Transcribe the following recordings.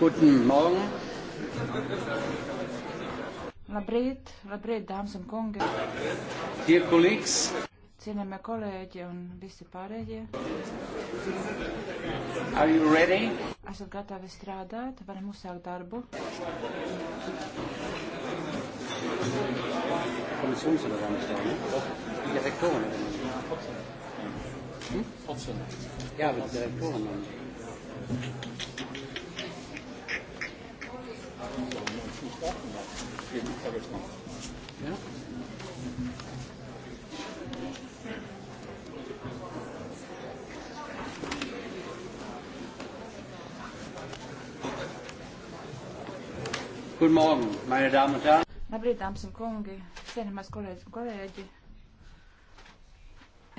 Guten Morgen. Labrīt, labrīt, dāmas un kungi. Dear colleagues. Cienījamie kolēģi un visi pārējie. Are you ready? Esat gatavi strādāt, varam uzsākt darbu. Direktoren. Hm? Ja, mit Direktoren. Yeah. Guten Morgen, meine Damen und Herren. Labrīt, dāmas un kungi, cienījamās kolēģis un kolēģi.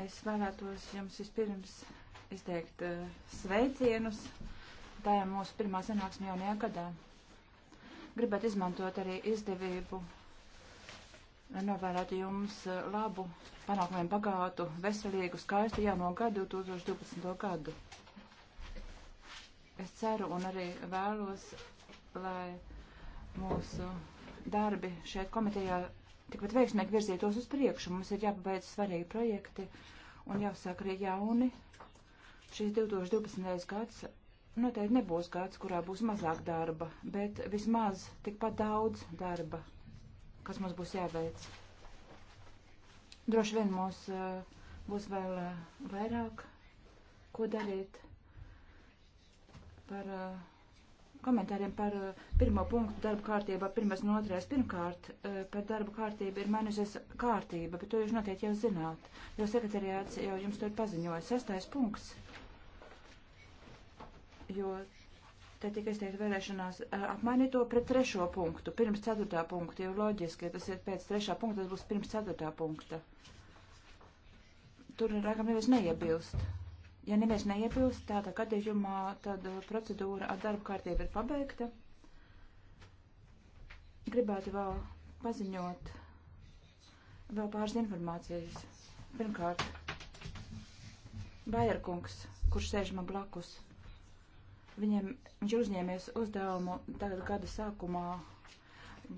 Es vēlētos jums vispirms izteikt uh, sveicienus. Tā jau mūsu pirmā sanāksme jaunajā gadā. Gribētu izmantot arī izdevību, novēlēt jums eh, labu, panākumiem bagātu, veselīgu, skaistu jauno gadu, 2012. gadu. Es ceru un arī vēlos, lai mūsu darbi šeit komitejā tikpat veiksmīgi virzītos uz priekšu. Mums ir jāpabeidz svarīgi projekti un jāsāk arī jauni. Šis 2012. gads Noteikti nebūs gads, kurā būs mazāk darba, bet vismaz tikpat daudz darba, kas mums būs jāveic. Droši vien mums eh, būs vēl eh, vairāk, ko darīt par eh, komentāriem par pirmo punktu darba kārtībā, pirmais un otrais. Pirmkārt, par darba kārtību ir mainījusies kārtība, bet to jūs noteikti jau zināt, jo sekretariāts jau jums to ir paziņojis. Sestais punkts jo te tika izteikta vēlēšanās apmainīt to pret trešo punktu, pirms ceturtā punkta, jo loģiski, ja tas ir pēc trešā punkta, tas būs pirms ceturtā punkta. Tur rākam neviens neiebilst. Ja neviens neiebilst, tādā gadījumā tad procedūra ar darba kārtību ir pabeigta. Gribētu vēl paziņot vēl pāris informācijas. Pirmkārt, Bajerkungs, kurš sēž man blakus. Viņam, viņš ir uzņēmies uzdevumu tagad gada sākumā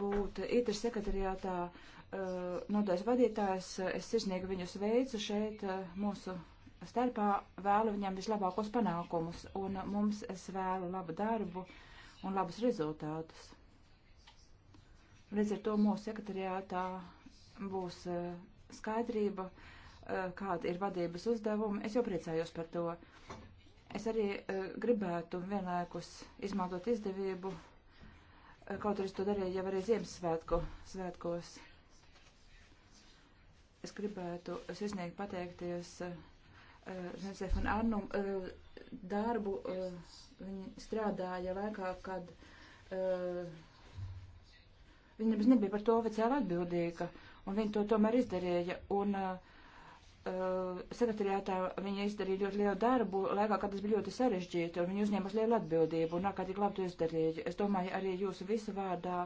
būt ITRI sekretariātā uh, nodaļas vadītājs. Es sirsnīgi viņu sveicu šeit uh, mūsu starpā, vēlu viņam vislabākos panākumus un mums es vēlu labu darbu un labus rezultātus. Līdz ar to mūsu sekretariātā būs uh, skaidrība, uh, kāda ir vadības uzdevumi. Es jau priecājos par to. Uh, Es arī uh, gribētu vienlaikus izmantot izdevību, uh, kaut arī es to darīju jau arī Ziemassvētku svētkos. Es gribētu sirsnīgi pateikties uh, eh, Zemsef un Arnu uh, darbu. Uh, viņi strādāja laikā, kad uh, viņi nebija par to oficiāli atbildīga, un viņi to tomēr izdarīja. Un, uh, uh, sekretariātā viņi izdarīja ļoti lielu darbu, laikā, kad tas bija ļoti sarežģīti, un viņi uzņēmas lielu atbildību, un ārkārtīgi labi to izdarīja. Es domāju, arī jūsu visu vārdā,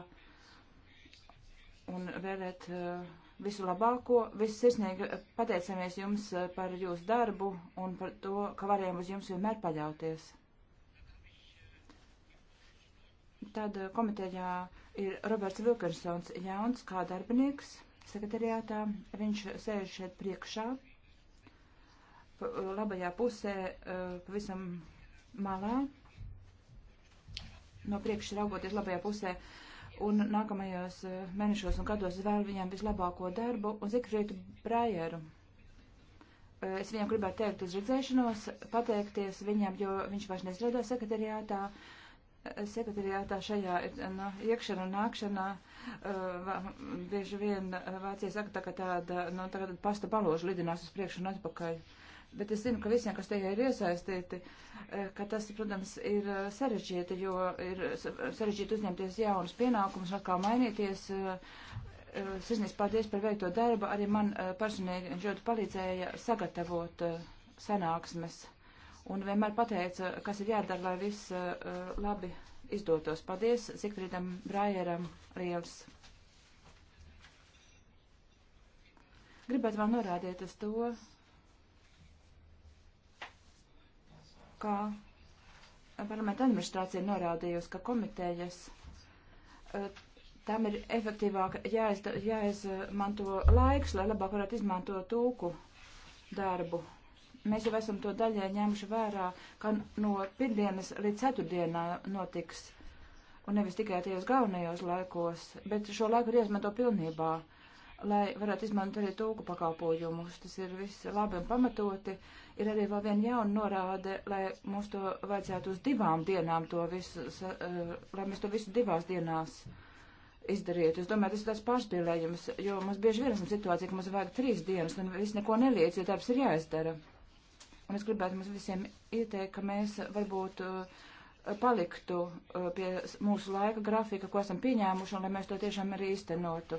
un vēlēt uh, visu labāko, visu sirsnīgi pateicamies jums eh, par jūsu darbu, un par to, ka varējām uz jums vienmēr paļauties. Tad komitejā ir Roberts Vilkinsons jauns kā darbinieks sekretariātā. Viņš sēž šeit priekšā labajā pusē, e, pavisam malā, no priekšu raugoties labajā pusē, un nākamajos e, mēnešos un gados vēl viņiem vislabāko darbu un Zikfrīdu Brajeru. E, es viņam gribētu teikt uz redzēšanos, pateikties viņam, jo viņš vairs nesredā sekretariātā. Sekretariātā šajā ir no, iekšana un nākšana. Uh, bieži vien Vācija saka tā, ka tāda, nu, no, tagad pasta baloža lidinās uz priekšu un atpakaļ. Uh, bet es zinu, ka visiem, kas tajā ir iesaistīti, eh, ka tas, protams, ir eh, sarežģīti, jo ir sarežģīti uzņemties jaunus pienākumus, atkal mainīties. Eh, sirsnīgs paldies par veikto darbu. Arī man personīgi ļoti palīdzēja sagatavot sanāksmes un vienmēr pateica, kas ir jādara, lai viss labi izdotos. Paldies Zikfrīdam Brajeram Liels. Gribētu vēl norādīt uz to, ka parlamenta administrācija norādījusi, ka komitejas e, tam ir efektīvāk jāiz, jāizmanto laiks, lai labāk varētu izmantot tūku darbu. Mēs jau esam to daļai ņēmuši vērā, ka no pirmdienas līdz ceturtdienā notiks, un nevis tikai tajos galvenajos laikos, bet šo laiku ir jāizmanto pilnībā. Uh, lai varētu izmantot arī tūku pakalpojumus. Tas ir viss labi un pamatoti. Ir arī vēl viena jauna norāde, lai mums to vajadzētu uz divām dienām to visu, eh, lai mēs to visu divās dienās izdarītu. Es domāju, tas ir tāds pārspīlējums, jo mums bieži vien esam situācija, ka mums vajag trīs dienas un viss neko neliec, jo darbs ir jāizdara. Un es gribētu mums visiem ieteikt, ka mēs varbūt uh, paliktu eh, pie mūsu laika grafika, ko esam pieņēmuši, un lai mēs to tiešām arī īstenotu.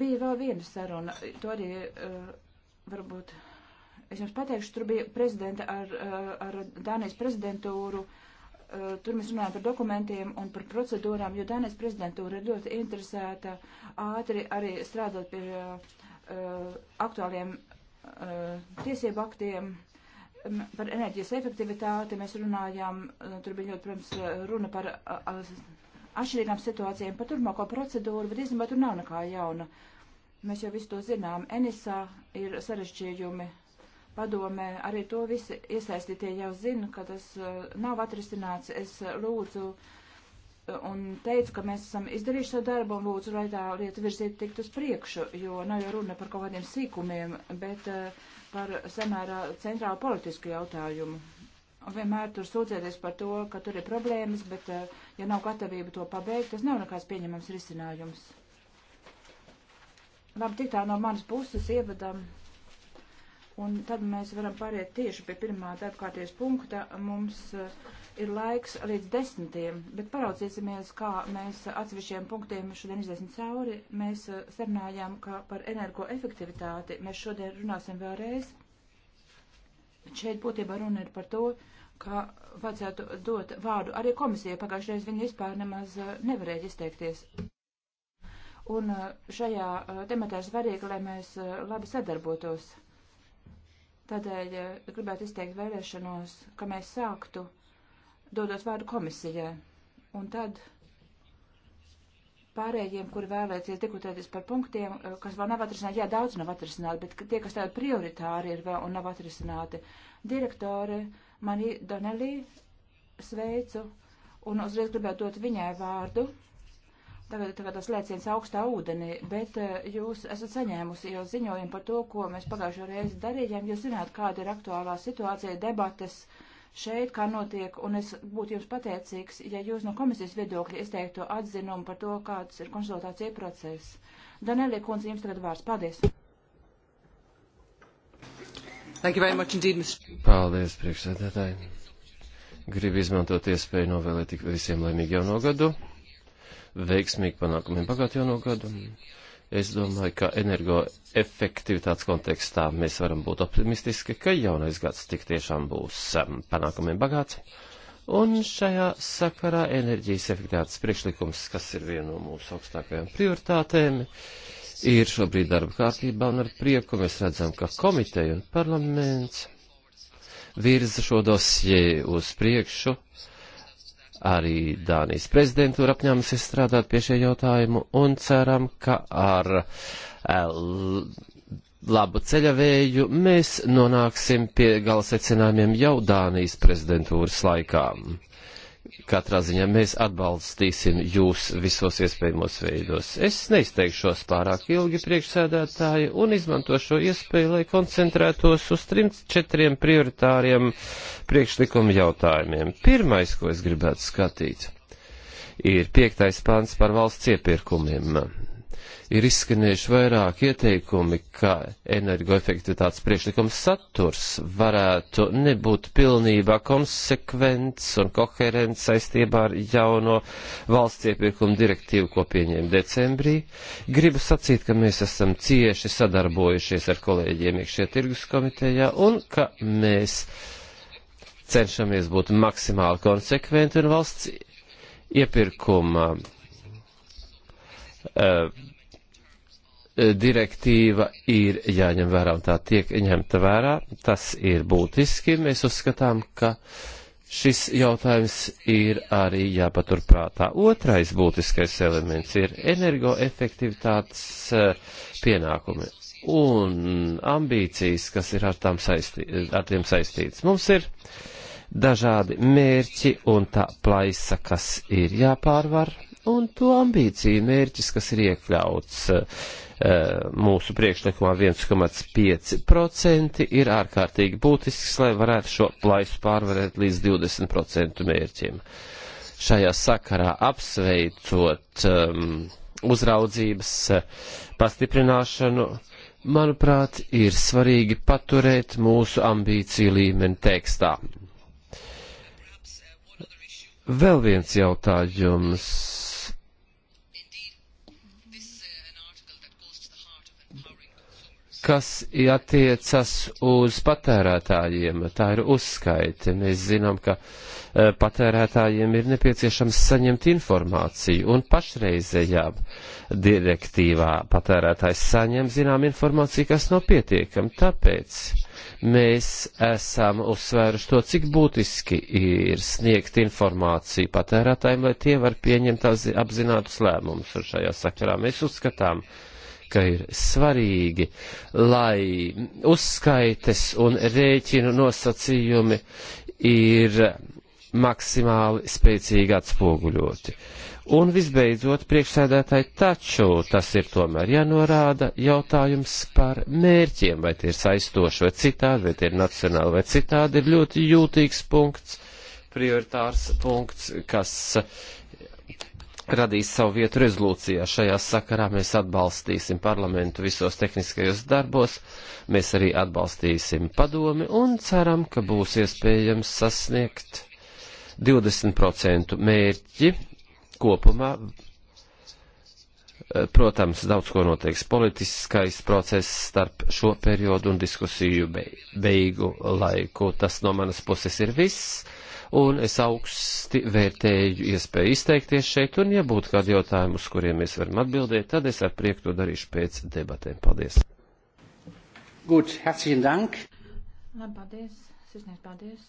Bija vēl viena saruna, to arī uh, varbūt es jums pateikšu, tur bija prezidenta ar, uh, ar Dānijas prezidentūru. Uh, tur mēs runājam par dokumentiem un par procedūrām, jo Dānijas prezidentūra ir ļoti interesēta ātri arī strādāt pie uh, aktuāliem tiesību aktiem. Um, par enerģijas efektivitāti mēs runājām, tur bija ļoti, protams, runa par atšķirīgām situācijām par turmāko procedūru, bet īstenībā tur nav nekā jauna. Mēs jau visu to zinām. Enisā ir sarežģījumi padomē, arī to visi iesaistītie jau zina, ka tas uh, nav atrisināts. Es uh, lūdzu uh, un teicu, ka mēs esam izdarījuši savu darbu un lūdzu, lai tā lieta virzītu tikt uz priekšu, jo nav jau runa par kaut kādiem sīkumiem, bet par samērā centrālu politisku jautājumu vienmēr tur sūdzēties par to, ka tur ir problēmas, bet eh, ja nav gatavība to pabeigt, tas nav nekāds pieņemams risinājums. Labi, tik tā no manas puses ievadam. Un tad mēs varam pāriet tieši pie pirmā darba kārtības punkta. Mums eh, ir laiks līdz desmitiem, bet paraudzīsimies, kā mēs atsevišķiem punktiem šodien iziesim cauri. Mēs eh, sarunājām, ka par energoefektivitāti mēs šodien runāsim vēlreiz. Bet šeit būtībā runa ir par to, uh, ka vajadzētu dot vārdu arī komisijai. Pagājušajā reizē viņi vispār nemaz eh, nevarēja izteikties. Un eh, šajā eh, tematā ir svarīgi, lai mēs labi sadarbotos. Tādēļ gribētu izteikt vēlēšanos, ka mēs sāktu dodot vārdu komisijai. Un tad pārējiem, kuri vēlēties diskutēties par punktiem, kas vēl nav atrisināti, jā, daudz nav atrisināti, bet tie, kas tādi prioritāri ir vēl un nav atrisināti, direktore Mani Donelī sveicu un uzreiz gribētu dot viņai vārdu. Tagad, tagad tas lēciens augstā ūdenī, bet eh, jūs esat saņēmusi jau ziņojumu par to, ko mēs pagājušo reizi darījām. Jūs zināt, kāda ir aktuālā situācija, debates šeit, kā notiek, un es būtu jums pateicīgs, ja jūs no komisijas viedokļa izteiktu atzinumu par to, kāds ir konsultācija process. Danelija Kunze, jums tagad vārds. Paldies! Indeed, Paldies, priekšsēdētāji. Gribu izmantot iespēju novēlēt visiem laimīgu jauno gadu, veiksmīgu panākumiem bagātu jauno gadu. Es domāju, ka energoefektivitātes kontekstā mēs varam būt optimistiski, ka jaunais gads tik tiešām būs um, panākumiem bagāts. Un šajā sakarā enerģijas efektivitātes priekšlikums, kas ir viena no mūsu augstākajām prioritātēm, uh, ir šobrīd darba kārtībā, un ar prieku mēs redzam, ka komiteja un parlaments virza šo dosie uz priekšu. Arī Dānijas prezidentūra apņēmusies strādāt pie šie jautājumu un ceram, ka ar labu ceļavēju mēs nonāksim pie gala secinājumiem jau Dānijas prezidentūras laikām. Katrā ziņā mēs atbalstīsim jūs visos iespējamos veidos. Es neizteikšos pārāk ilgi priekšsēdētāji un izmantošu iespēju, lai koncentrētos uz trim, četriem prioritāriem priekšlikumu jautājumiem. Pirmais, ko es gribētu skatīt, ir piektais pāns par valsts iepirkumiem ir izskanējuši vairāk ieteikumi, ka energoefektivitātes priekšlikums saturs varētu nebūt pilnībā konsekvents un koherents saistībā ar jauno valsts iepirkumu direktīvu, ko pieņēma decembrī. Gribu sacīt, ka mēs esam cieši sadarbojušies ar kolēģiem iekšē tirgus komitejā un ka mēs cenšamies būt maksimāli konsekventi un valsts iepirkuma. Uh, Eh, direktīva ir jāņem vērā un tā tiek ņemta vērā. Tas ir būtiski. Mēs uzskatām, ka šis jautājums ir arī jāpaturprātā. Otrais būtiskais elements ir energoefektivitātes eh, pienākumi un ambīcijas, kas ir ar, saistī, ar tiem saistītas. Mums ir dažādi mērķi un tā plaisa, kas ir jāpārvar, un to ambīciju mērķis, kas ir iekļauts uh, Eh, mūsu priekšlikumā 1,5% ir ārkārtīgi būtisks, lai varētu šo plaisu pārvarēt līdz 20% mērķiem. Šajā sakarā apsveicot um, uzraudzības eh, pastiprināšanu, manuprāt, ir svarīgi paturēt mūsu ambīciju līmeni tekstā. Vēl viens jautājums kas attiecas uz patērētājiem. Tā ir uzskaite. Mēs zinām, ka eh, patērētājiem ir nepieciešams saņemt informāciju, un pašreizējā direktīvā patērētājs saņem zinām informāciju, kas nav pietiekama. Tāpēc mēs esam uzsvēruši to, cik būtiski ir sniegt informāciju patērētājiem, lai tie var pieņemt apzinātus lēmumus. Un šajā sakarā mēs uzskatām, ka ka ir svarīgi, lai uzskaites un rēķinu nosacījumi ir maksimāli spēcīgi atspoguļoti. Un visbeidzot, priekšsēdētāji, taču tas ir tomēr jānorāda jautājums par mērķiem, vai tie ir saistoši vai citādi, vai tie ir nacionāli vai citādi, ir ļoti jūtīgs punkts, prioritārs punkts, kas radīs savu vietu rezolūcijā. Šajā sakarā mēs atbalstīsim parlamentu visos tehniskajos darbos, mēs arī atbalstīsim padomi un ceram, ka būs iespējams sasniegt 20% mērķi kopumā Protams, daudz ko noteiks politiskais process starp šo periodu un diskusiju beigu laiku. Tas no manas puses ir viss, un es augsti vērtēju iespēju izteikties šeit, un ja būtu kādi jautājumi, uz kuriem mēs varam atbildēt, tad es ar prieku to darīšu pēc debatēm. Paldies! Gut, herzlichen Dank! Labi, paldies! Sirsnīgs paldies!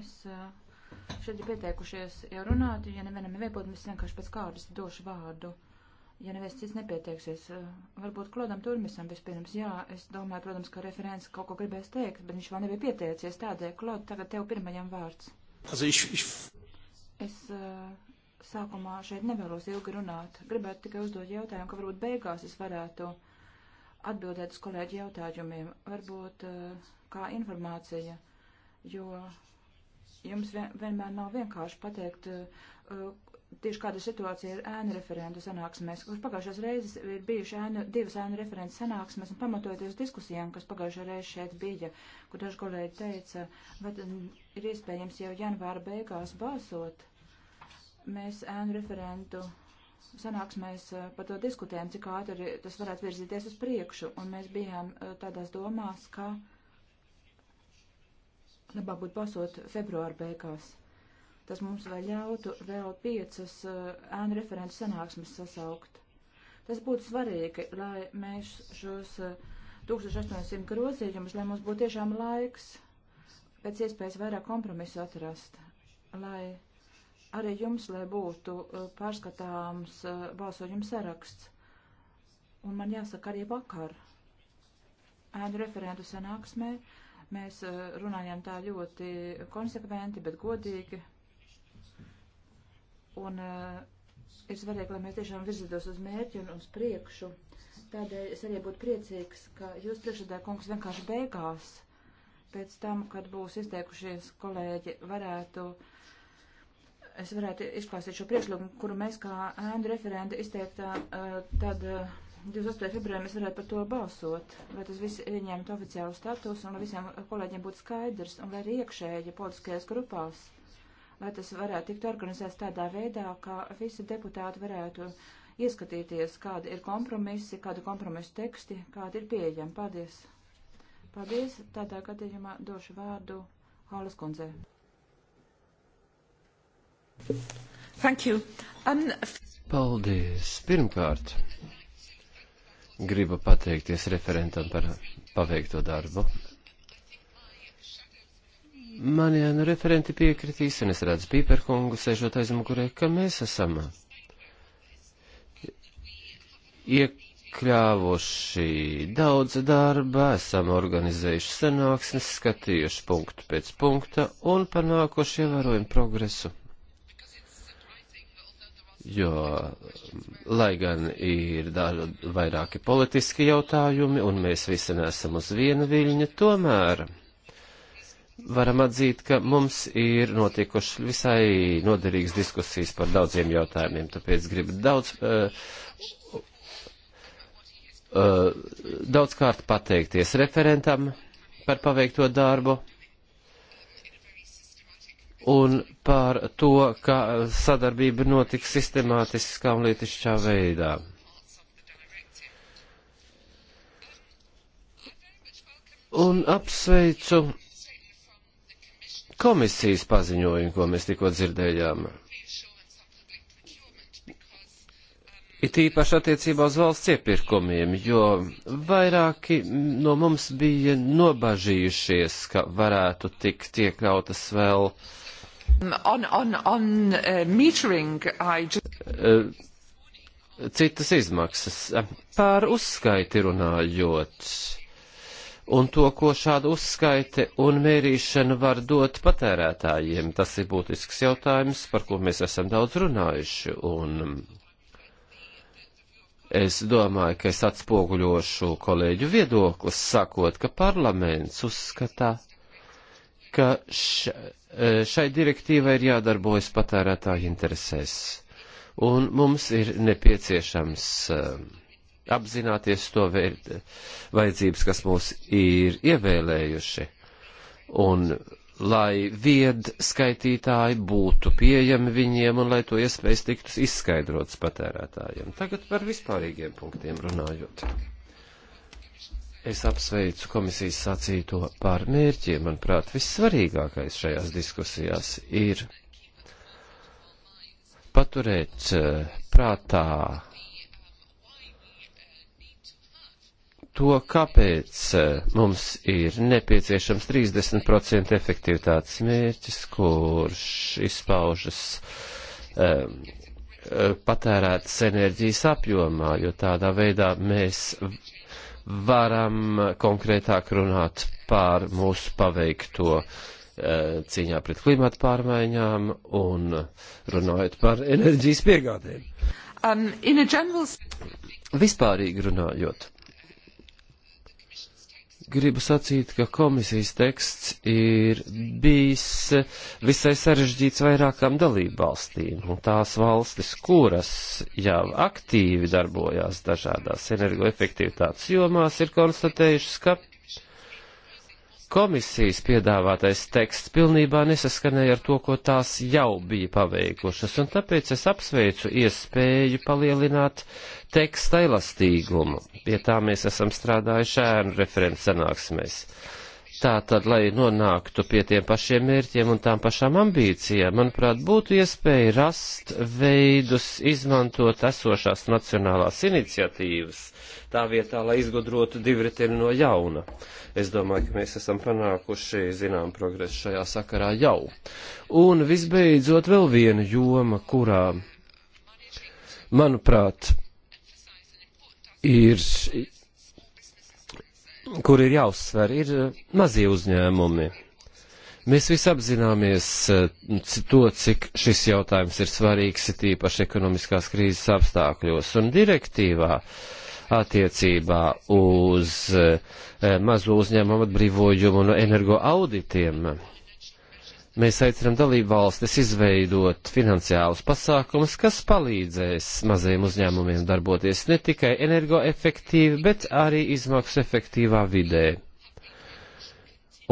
Es uh, šeit ir pieteikušies jau runāt, ja nevienam nevienam, mēs vienkārši pēc kārtas došu vārdu ja neviens cits nepieteiksies. Eh, varbūt Klodam Turmisam vispirms, jā, es domāju, protams, ka referents kaut ko gribēs teikt, bet viņš vēl nebija pieteicies tādēļ. Klod, tagad tev pirmajam vārds. Es eh, sākumā šeit nevēlos ilgi runāt. Gribētu tikai uzdot jautājumu, ka varbūt beigās es varētu atbildēt uz kolēģi jautājumiem. Varbūt eh, kā informācija, jo jums vienmēr nav vienkārši pateikt, tieši kāda situācija ir ēnu referentu sanāksmēs, kurš pagājušās reizes ir bijuši ēnu, divas ēnu referentu sanāksmēs un pamatojoties diskusijām, kas pagājušā reize šeit bija, kur daži kolēģi teica, vai ir iespējams jau janvāra beigās balsot. Mēs ēnu referentu sanāksmēs eh, par to diskutējām, cik ātri tas varētu virzīties uz priekšu, un mēs bijām eh, tādās domās, ka labāk būtu balsot februāra beigās. Tas mums vēl ļautu vēl piecas eh, ēnu referentu sanāksmes sasaukt. Tas būtu svarīgi, lai mēs šos 1800 eh, grozījumus, lai mums būtu tiešām laiks pēc iespējas vairāk kompromisu atrast, lai arī jums, lai būtu eh, pārskatāms balsojums saraksts. Un man jāsaka arī vakar. Ēnu referentu sanāksmē mēs runājām tā ļoti konsekventi, bet godīgi Un uh, ir svarīgi, lai mēs tiešām virzītos uz mērķi un uz priekšu. Tādēļ es arī būtu priecīgs, ka jūs priekšredē kungs vienkārši beigās, pēc tam, kad būs izteikušies kolēģi, varētu. Es varētu izklāstīt šo priekšlikumu, kuru mēs kā ēnu referenti izteiktā, uh, tad uh, eh, 28. februārī mēs varētu par to balsot, lai tas viss ieņemtu oficiālu statusu un lai visiem kolēģiem būtu skaidrs un lai arī iekšēji politiskajās grupās lai tas varētu tikt organizēts tādā veidā, ka visi deputāti varētu ieskatīties, kādi ir kompromisi, kādi kompromisu teksti, kādi ir pieejami. Paldies! Paldies! Tādā gadījumā došu vārdu Hālas kundzei. Thank you. Um... Paldies! Pirmkārt, gribu pateikties referentam par paveikto darbu. Manijānu referenti piekritīs, un es redzu Pīperkungu sēžot aiz mugurē, ka mēs esam iekļāvuši daudz darba, esam organizējuši sanāksmes, skatījuši punktu pēc punkta un panākuši ievērojumu progresu. Jo, lai gan ir daži vairāki politiski jautājumi, un mēs visi nesam uz viena viļņa, tomēr varam atzīt, ka mums ir notikuši visai noderīgas diskusijas par daudziem jautājumiem, tāpēc gribu daudz, uh, uh, daudzkārt pateikties referentam par paveikto darbu un par to, ka sadarbība notiks sistemātiskā un lietišķā veidā. Un apsveicu komisijas paziņojumu, ko mēs tikko dzirdējām. It īpaši attiecībā uz valsts iepirkumiem, jo vairāki no mums bija nobažījušies, ka varētu tikt iekļautas vēl. On, on, on, uh, metering, I just... Uh, citas izmaksas. Pār uzskaiti runājot. Uh, un to, ko šāda uzskaite un mērīšana var dot patērētājiem. Tas ir būtisks jautājums, par ko mēs esam daudz runājuši, un es domāju, ka es atspoguļošu kolēģu viedoklis, sakot, ka parlaments uzskatā, ka e, šai direktīvai ir jādarbojas patērētāju interesēs, un mums ir nepieciešams uh, apzināties to vērt, vajadzības, kas mūs ir ievēlējuši. Un lai vied skaitītāji būtu pieejami viņiem un lai to iespējas tiktu izskaidrots patērētājiem. Tagad par vispārīgiem punktiem runājot. Es apsveicu komisijas sacīto par mērķiem. Manuprāt, vissvarīgākais šajās diskusijās ir paturēt eh, prātā to, kāpēc eh, mums ir nepieciešams 30% efektivitātes mērķis, kurš izpaužas um, patērētas enerģijas apjomā, jo tādā veidā mēs varam konkrētāk runāt par mūsu paveikto uh, cīņā pret klimatu pārmaiņām un runājot par enerģijas piegādēm. Um, general... Vispārīgi runājot gribu sacīt, ka komisijas teksts ir bijis visai sarežģīts vairākām dalībvalstīm, un tās valstis, kuras jau aktīvi darbojās dažādās energoefektivitātes jomās, ir konstatējušas, ka komisijas piedāvātais teksts pilnībā nesaskanēja ar to, ko tās jau bija paveikušas, un tāpēc es apsveicu iespēju palielināt teksta elastīgumu. Pie tā mēs esam strādājuši ēnu referents sanāksmēs. Uh, Tā tad, lai nonāktu pie tiem pašiem mērķiem un tām pašām ambīcijām, manuprāt, būtu iespēja rast veidus izmantot esošās nacionālās iniciatīvas, tā vietā, lai izgudrotu divriteni no jauna. Es domāju, ka mēs esam panākuši, zinām, progresu šajā sakarā jau. Un visbeidzot vēl viena joma, kurā, manuprāt, ir kur ir jāuzsver, ir eh, mazie uzņēmumi. Mēs visi apzināmies eh, to, cik šis jautājums ir svarīgs, ir tīpaši ekonomiskās krīzes apstākļos un direktīvā attiecībā uz eh, mazo uzņēmumu atbrīvojumu no energo auditiem Mēs aicinām dalību valstis izveidot finansiālus pasākumus, kas palīdzēs mazajiem uzņēmumiem darboties ne tikai energoefektīvi, bet arī izmaksu efektīvā vidē.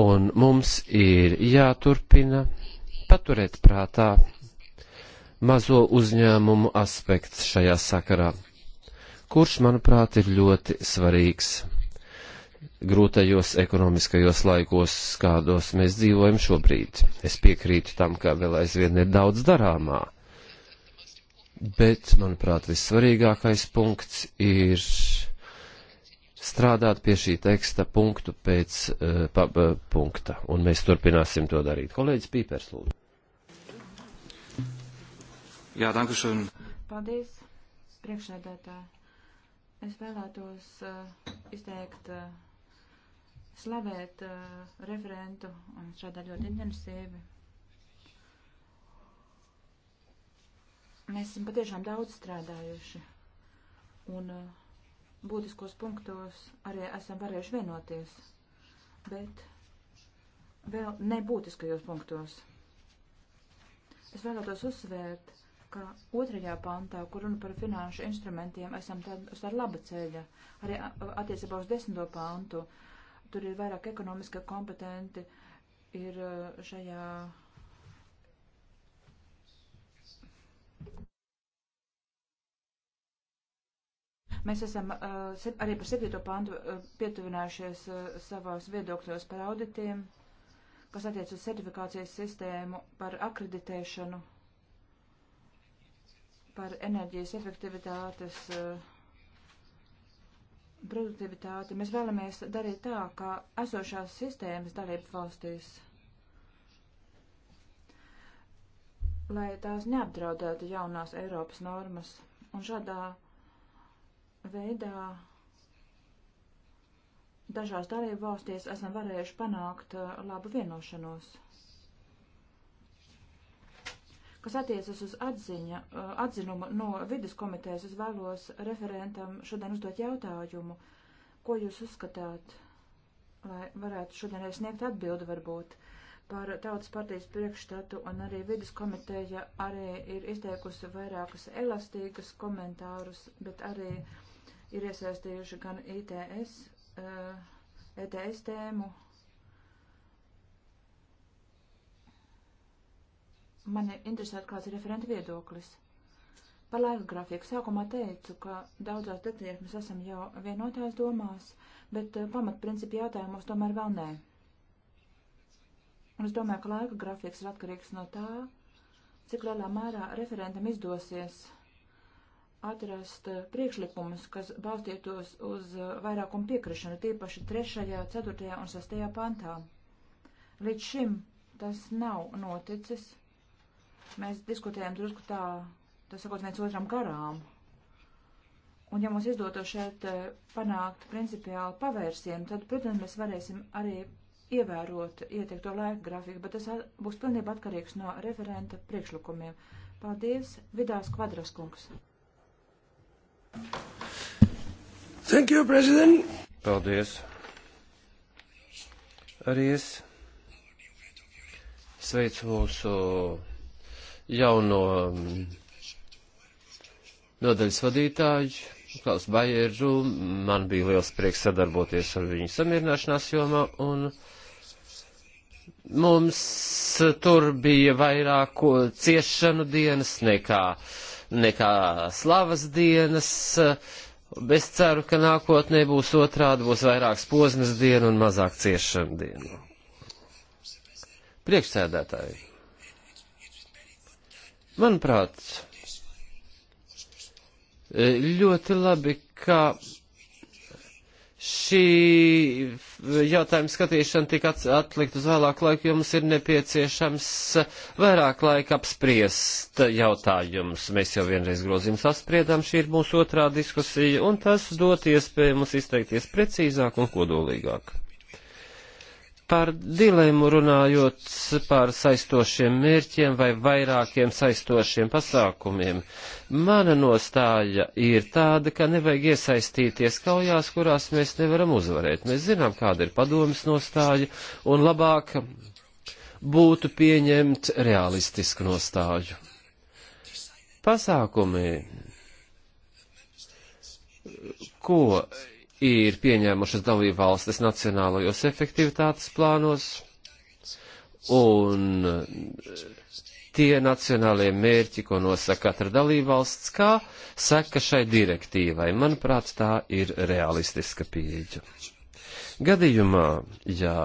Un mums ir jāturpina paturēt prātā mazo uzņēmumu aspekts šajā sakarā, kurš, manuprāt, ir ļoti svarīgs grūtajos ekonomiskajos laikos, kādos mēs dzīvojam šobrīd. Es piekrītu tam, ka vēl aizvien ir daudz darāmā. Bet, manuprāt, vissvarīgākais punkts ir strādāt pie šī teksta punktu pēc uh, pa, uh, punkta, un mēs turpināsim to darīt. Kolēģis Pīpers, lūdzu. Jā, dankušan. Paldies, priekšsēdētāji. Es vēlētos uh, izteikt. Uh, slavēt uh, referentu un strādā ļoti intensīvi. Mēs esam patiešām daudz strādājuši un uh, būtiskos punktos arī esam varējuši vienoties, bet vēl nebūtiskajos punktos. Es vēlētos uzsvērt, ka otrajā pantā, kur runa par finanšu instrumentiem, esam tad uz tāda laba ceļa. Arī uh, attiecībā uz desmito pantu Tur ir vairāk ekonomiski kompetenti ir uh, šajā. Mēs esam uh, arī par 7. pantu uh, pietuvinājušies uh, savās viedokļos par auditiem, kas attiec uz certifikācijas sistēmu, par akreditēšanu, par enerģijas efektivitātes. Uh, produktivitāti. Mēs vēlamies darīt tā, ka esošās sistēmas dalību valstīs, lai tās neapdraudētu jaunās Eiropas normas. Un šādā veidā dažās dalību valstīs esam varējuši panākt uh, labu vienošanos. Kas attiecas uz atziņa, uh, atzinumu no vidas komitejas, es vēlos referentam šodien uzdot jautājumu, ko jūs uzskatāt, lai varētu šodien arī sniegt atbildi varbūt par tautas partijas priekšstatu, un arī vidas komiteja arī ir izteikusi vairākas elastīgas komentārus, bet arī ir iesaistījuši gan ITS, uh, ETS tēmu mani interesētu kāds referenta viedoklis. Par laika grafiku sākumā teicu, ka daudzās detaļās mēs esam jau vienotās domās, bet eh, pamatprincipi jautājumos tomēr vēl nē. Un es domāju, ka laika grafiks ir atkarīgs no tā, cik lielā mērā referentam izdosies atrast eh, priekšlikumus, kas balstītos uz eh, vairākumu piekrišanu, tīpaši 3., 4. un 6. pantā. Līdz šim tas nav noticis. Mēs diskutējam drusku tā, tas sakot viens otram garām. Un ja mums izdotos šeit eh, panākt principiāli pavērsienu, tad, protams, mēs varēsim arī ievērot ieteikto laika grafiku, bet tas būs pilnībā atkarīgs no referenta priekšlikumiem. Paldies, Vidās Kvadraskungs. Thank you, President. Paldies. Arī es sveicu mūsu. So jauno mm, nodaļas vadītāju, Klaus Bajeru. Man bija liels prieks sadarboties ar viņu samierināšanās jomā un mums tur bija vairāk ciešanu dienas nekā, nekā slavas dienas. Es ceru, ka nākotnē būs otrādi, būs vairāk posmas dienu un mazāk ciešanu dienu. Priekšsēdētāji. Manuprāt, ļoti labi, ka šī jautājuma skatīšana tika atlikt uz vēlāku laiku, jo mums ir nepieciešams vairāk laika apspriest jautājumus. Mēs jau vienreiz grozījums apspriedām, šī ir mūsu otrā diskusija, un tas dot iespēju mums izteikties precīzāk un kodolīgāk par dilemu runājot par saistošiem mērķiem vai vairākiem saistošiem pasākumiem. Mana nostāja ir tāda, ka nevajag iesaistīties kaujās, kurās mēs nevaram uzvarēt. Mēs zinām, kāda ir padomas nostāja, un labāk būtu pieņemt realistisku nostāju. Pasākumi, ko ir pieņēmušas dalību valstis nacionālajos efektivitātes plānos, un tie nacionālie mērķi, ko nosaka katra dalībvalsts, kā saka šai direktīvai. Manuprāt, tā ir realistiska pieeja. Gadījumā, ja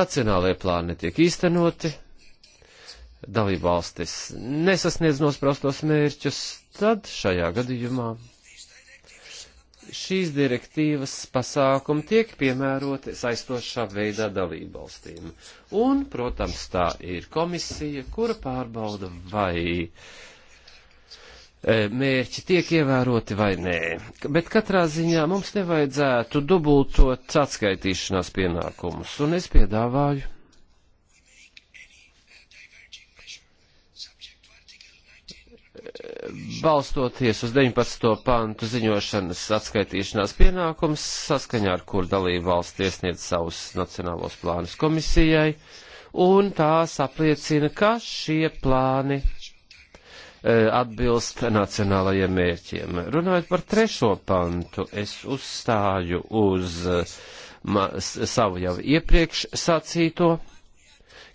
nacionālajie plāni netiek īstenoti, dalībvalstis nesasniedz nosprostos mērķus, tad šajā gadījumā šīs direktīvas pasākumi tiek piemēroti saistošā veidā dalībvalstīm. Un, protams, tā ir komisija, kura pārbauda, vai e, mērķi tiek ievēroti vai nē. Bet katrā ziņā mums nevajadzētu dubultot atskaitīšanās pienākumus, un es piedāvāju balstoties uz 19. pantu ziņošanas atskaitīšanās pienākums, saskaņā ar kur dalību valsts iesniedz savus nacionālos plānus komisijai, un tās apliecina, ka šie plāni e, atbilst nacionālajiem mērķiem. Runājot par trešo pantu, es uzstāju uz ma, savu jau iepriekš sacīto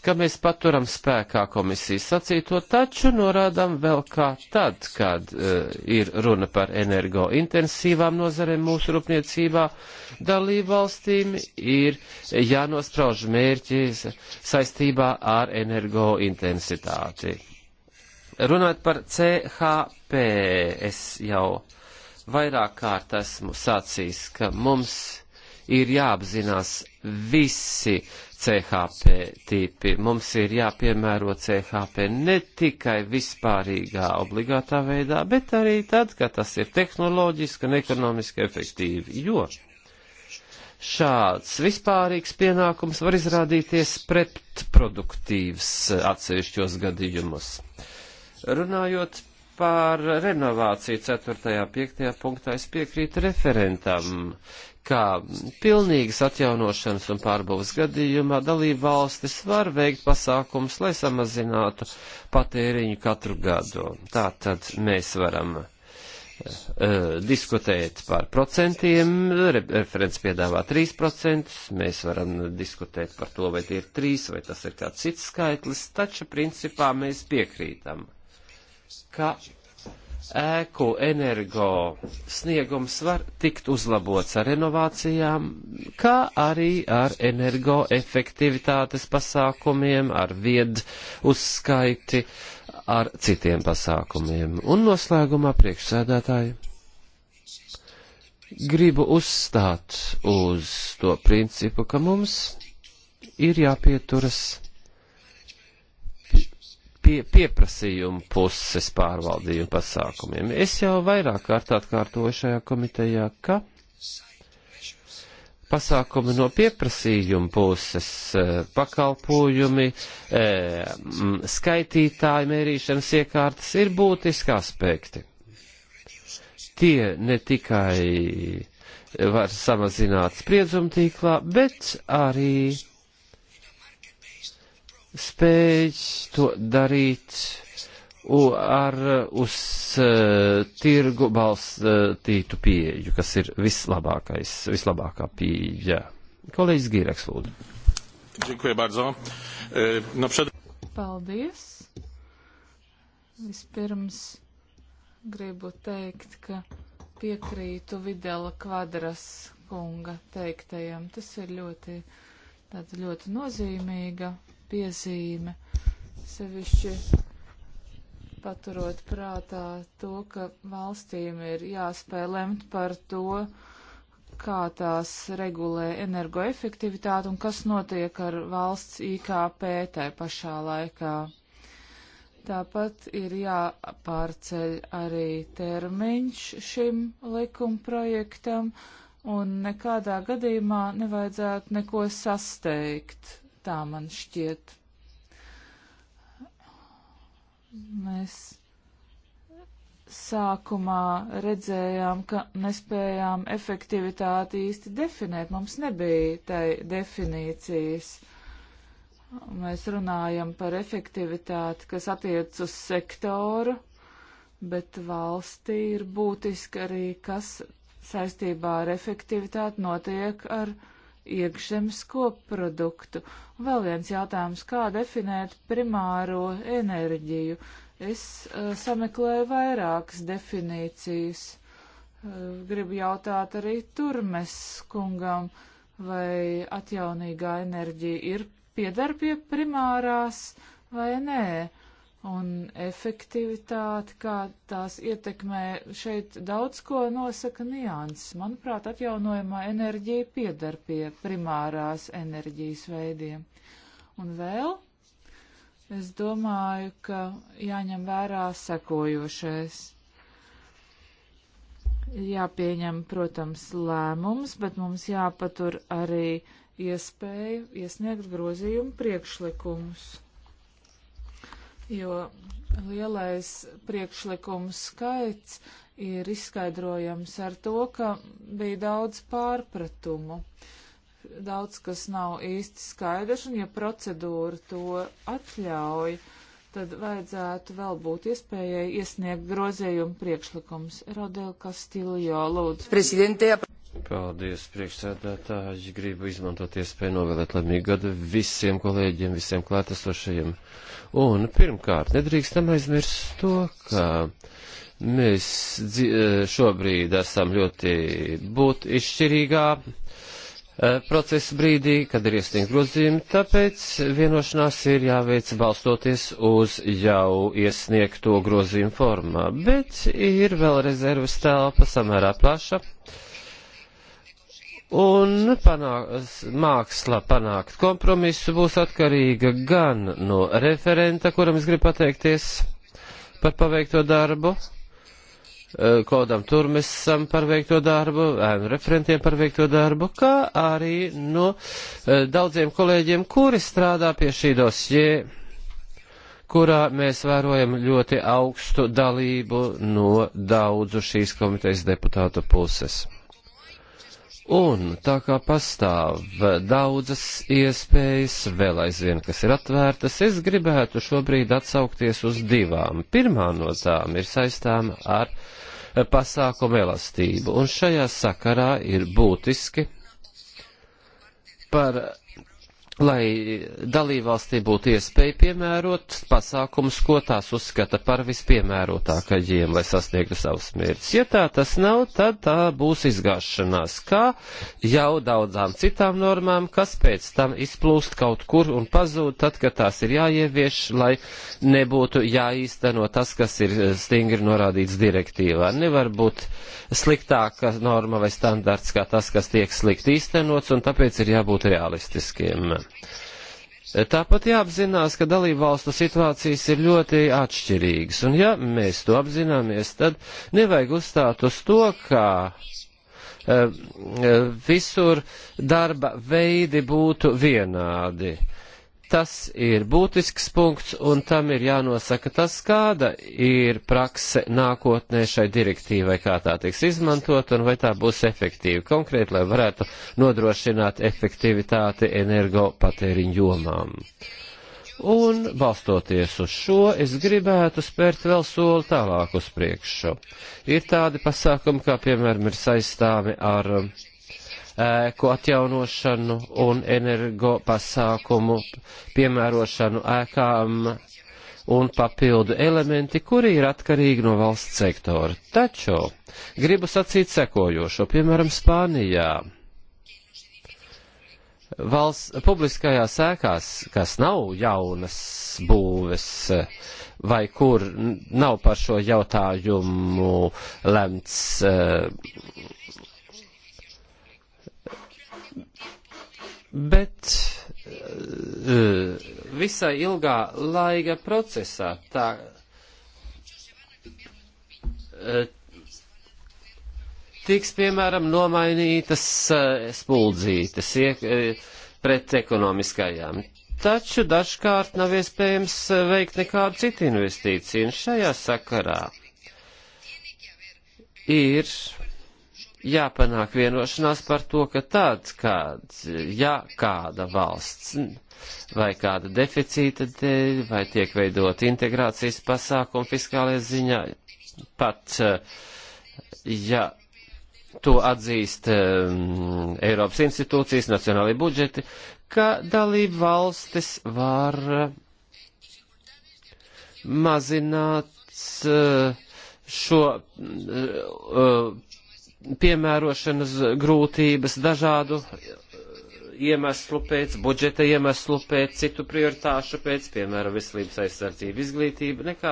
ka mēs paturam spēkā komisijas sacīto, taču norādām vēl kā tad, kad uh, ir runa par energointensīvām nozarēm mūsu rūpniecībā, dalībvalstīm ir jānosprauž mērķi saistībā ar energointensitāti. Runājot par CHP, es jau vairāk kārt esmu sacījis, ka mums ir jāapzinās visi CHP tipi. Mums ir jāpiemēro CHP ne tikai vispārīgā obligātā veidā, bet arī tad, kad tas ir tehnoloģiski un ekonomiski efektīvi, jo šāds vispārīgs pienākums var izrādīties pretproduktīvs atsevišķos gadījumus. Runājot par renovāciju 4. un 5. punktā, es piekrītu referentam, ka pilnīgas atjaunošanas un pārbūves gadījumā dalība valstis var veikt pasākums, lai samazinātu patēriņu katru gadu. Tātad mēs varam uh, diskutēt par procentiem, Re referents piedāvā 3%, mēs varam diskutēt par to, vai tie ir 3 vai tas ir kāds cits skaitlis, taču principā mēs piekrītam, ka ēku energo sniegums var tikt uzlabots ar renovācijām, kā arī ar energoefektivitātes pasākumiem, ar vied uzskaiti, ar citiem pasākumiem. Un noslēgumā priekšsēdētāji gribu uzstāt uz to principu, ka mums ir jāpieturas pie, pieprasījumu puses pārvaldījumu pasākumiem. Es jau vairāk kārt atkārtoju šajā komitejā, ka pasākumi no pieprasījuma puses, eh, pakalpojumi, eh, skaitītāji, mērīšanas iekārtas ir būtiski aspekti. Tie ne tikai var samazināt spriedzumtīklā, bet arī spēj to darīt ar uz uh, tirgu balstītu uh, pieeju, kas ir vislabākais, vislabākā pieeja. Kolēģis Gīreks, lūdzu. Dziękuję bardzo. E, no przed... Paldies. Vispirms gribu teikt, ka piekrītu Videla kvadras kunga teiktajam. Tas ir ļoti, tāds ļoti nozīmīga piezīme, sevišķi paturot prātā to, ka valstīm ir jāspēj lemt par to, kā tās regulē energoefektivitāti un kas notiek ar valsts IKP tai pašā laikā. Tāpat ir jāpārceļ arī termiņš šim likumprojektam, un nekādā gadījumā nevajadzētu neko sasteigt Tā man šķiet. Mēs sākumā redzējām, ka nespējām efektivitāti īsti definēt. Mums nebija tai definīcijas. Mēs runājam par efektivitāti, kas attiec uz sektoru, bet valstī ir būtiski arī, kas saistībā ar efektivitāti notiek ar iekšzemes kopproduktu. Un vēl viens jautājums, kā definēt primāro enerģiju? Es uh, sameklēju vairākas definīcijas. Uh, gribu jautāt arī Turmes kungam, vai atjaunīgā enerģija ir piedar pie primārās vai nē. Uh, un efektivitāti, kā tās ietekmē. Šeit daudz ko nosaka nianses. Manuprāt, atjaunojamā enerģija piedar pie primārās enerģijas veidiem. Un vēl es domāju, ka jāņem vērā sekojošais. Jāpieņem, protams, lēmums, bet mums jāpatur arī iespēju iesniegt grozījumu priekšlikumus jo lielais priekšlikums skaits ir izskaidrojams ar to, ka bija daudz pārpratumu. Daudz, kas nav īsti skaidrs, un ja procedūra to atļauj, tad vajadzētu vēl būt iespējai iesniegt grozējumu priekšlikums. Rodēl Kastiljo, lūdzu. Presidente... Paldies, priekšsēdētāji. Gribu izmantot iespēju novēlēt laimīgu gadu visiem kolēģiem, visiem klātesošajiem. Un pirmkārt, nedrīkstam aizmirst to, ka mēs eh, šobrīd esam ļoti būt izšķirīgā eh, procesa brīdī, kad ir iesniegt grozījumi, tāpēc vienošanās ir jāveic balstoties uz jau iesniegto grozījumu formā, bet ir vēl rezervas telpa samērā plaša. Uh, Un panāk, māksla panākt kompromisu būs atkarīga gan no referenta, kuram es gribu pateikties par paveikto darbu, e, kodam turmesam par veikto darbu, ēnu referentiem par veikto darbu, kā arī no e, daudziem kolēģiem, kuri strādā pie šī dosjē, kurā mēs vērojam ļoti augstu dalību no daudzu šīs komitejas deputātu puses. Un tā kā pastāv daudzas iespējas, vēl aizvien, kas ir atvērtas, es gribētu šobrīd atsaukties uz divām. Pirmā no tām ir saistām ar pasākumu elastību, un šajā sakarā ir būtiski par lai dalībvalstī būtu iespēja piemērot pasākumus, ko tās uzskata par vispiemērotākajiem, lai sasniegtu savus mērķus. Ja tā tas nav, tad tā būs izgāšanās, kā jau daudzām citām normām, kas pēc tam izplūst kaut kur un pazūd, tad, kad tās ir jāievieš, lai nebūtu jāīsteno tas, kas ir stingri norādīts direktīvā. Nevar būt sliktāka norma vai standarts kā tas, kas tiek slikti īstenots, un tāpēc ir jābūt realistiskiem. Tāpat jāapzinās, ka dalībvalstu situācijas ir ļoti atšķirīgas, un ja mēs to apzināmies, tad nevajag uzstāt uz to, ka eh, eh, visur darba veidi būtu vienādi. Uh, tas ir būtisks punkts, un tam ir jānosaka tas, kāda ir prakse nākotnē šai direktīvai, kā tā tiks izmantot, un vai tā būs efektīva konkrēti, lai varētu nodrošināt efektivitāti energopatēriņu jomām. Un, balstoties uz šo, es gribētu spērt vēl soli tālāk uz priekšu. Ir tādi pasākumi, kā piemēram ir saistāmi ar uh, ēku atjaunošanu un energo pasākumu piemērošanu ēkām un papildu elementi, kuri ir atkarīgi no valsts sektora. Taču gribu sacīt sekojošo, piemēram, Spānijā. Valsts publiskajās ēkās, kas nav jaunas būves vai kur nav par šo jautājumu lemts Bet eh, visai ilgā laika procesā tā eh, tiks, piemēram, nomainītas eh, spuldzītes pret ekonomiskajām. Taču dažkārt nav iespējams veikt nekādu citu investīciju, un šajā sakarā ir jāpanāk vienošanās par to, ka tāds kāds, ja kāda valsts vai kāda deficīta dēļ, vai tiek veidot integrācijas pasākumu fiskālajā ziņā, pat ja to atzīst um, Eiropas institūcijas, nacionālajie budžeti, ka dalību valstis var mazināt uh, šo uh, piemērošanas grūtības, dažādu uh, iemeslu pēc, budžeta iemeslu pēc, citu prioritāšu pēc, piemēram, veselības aizsardzība, izglītība, nekā,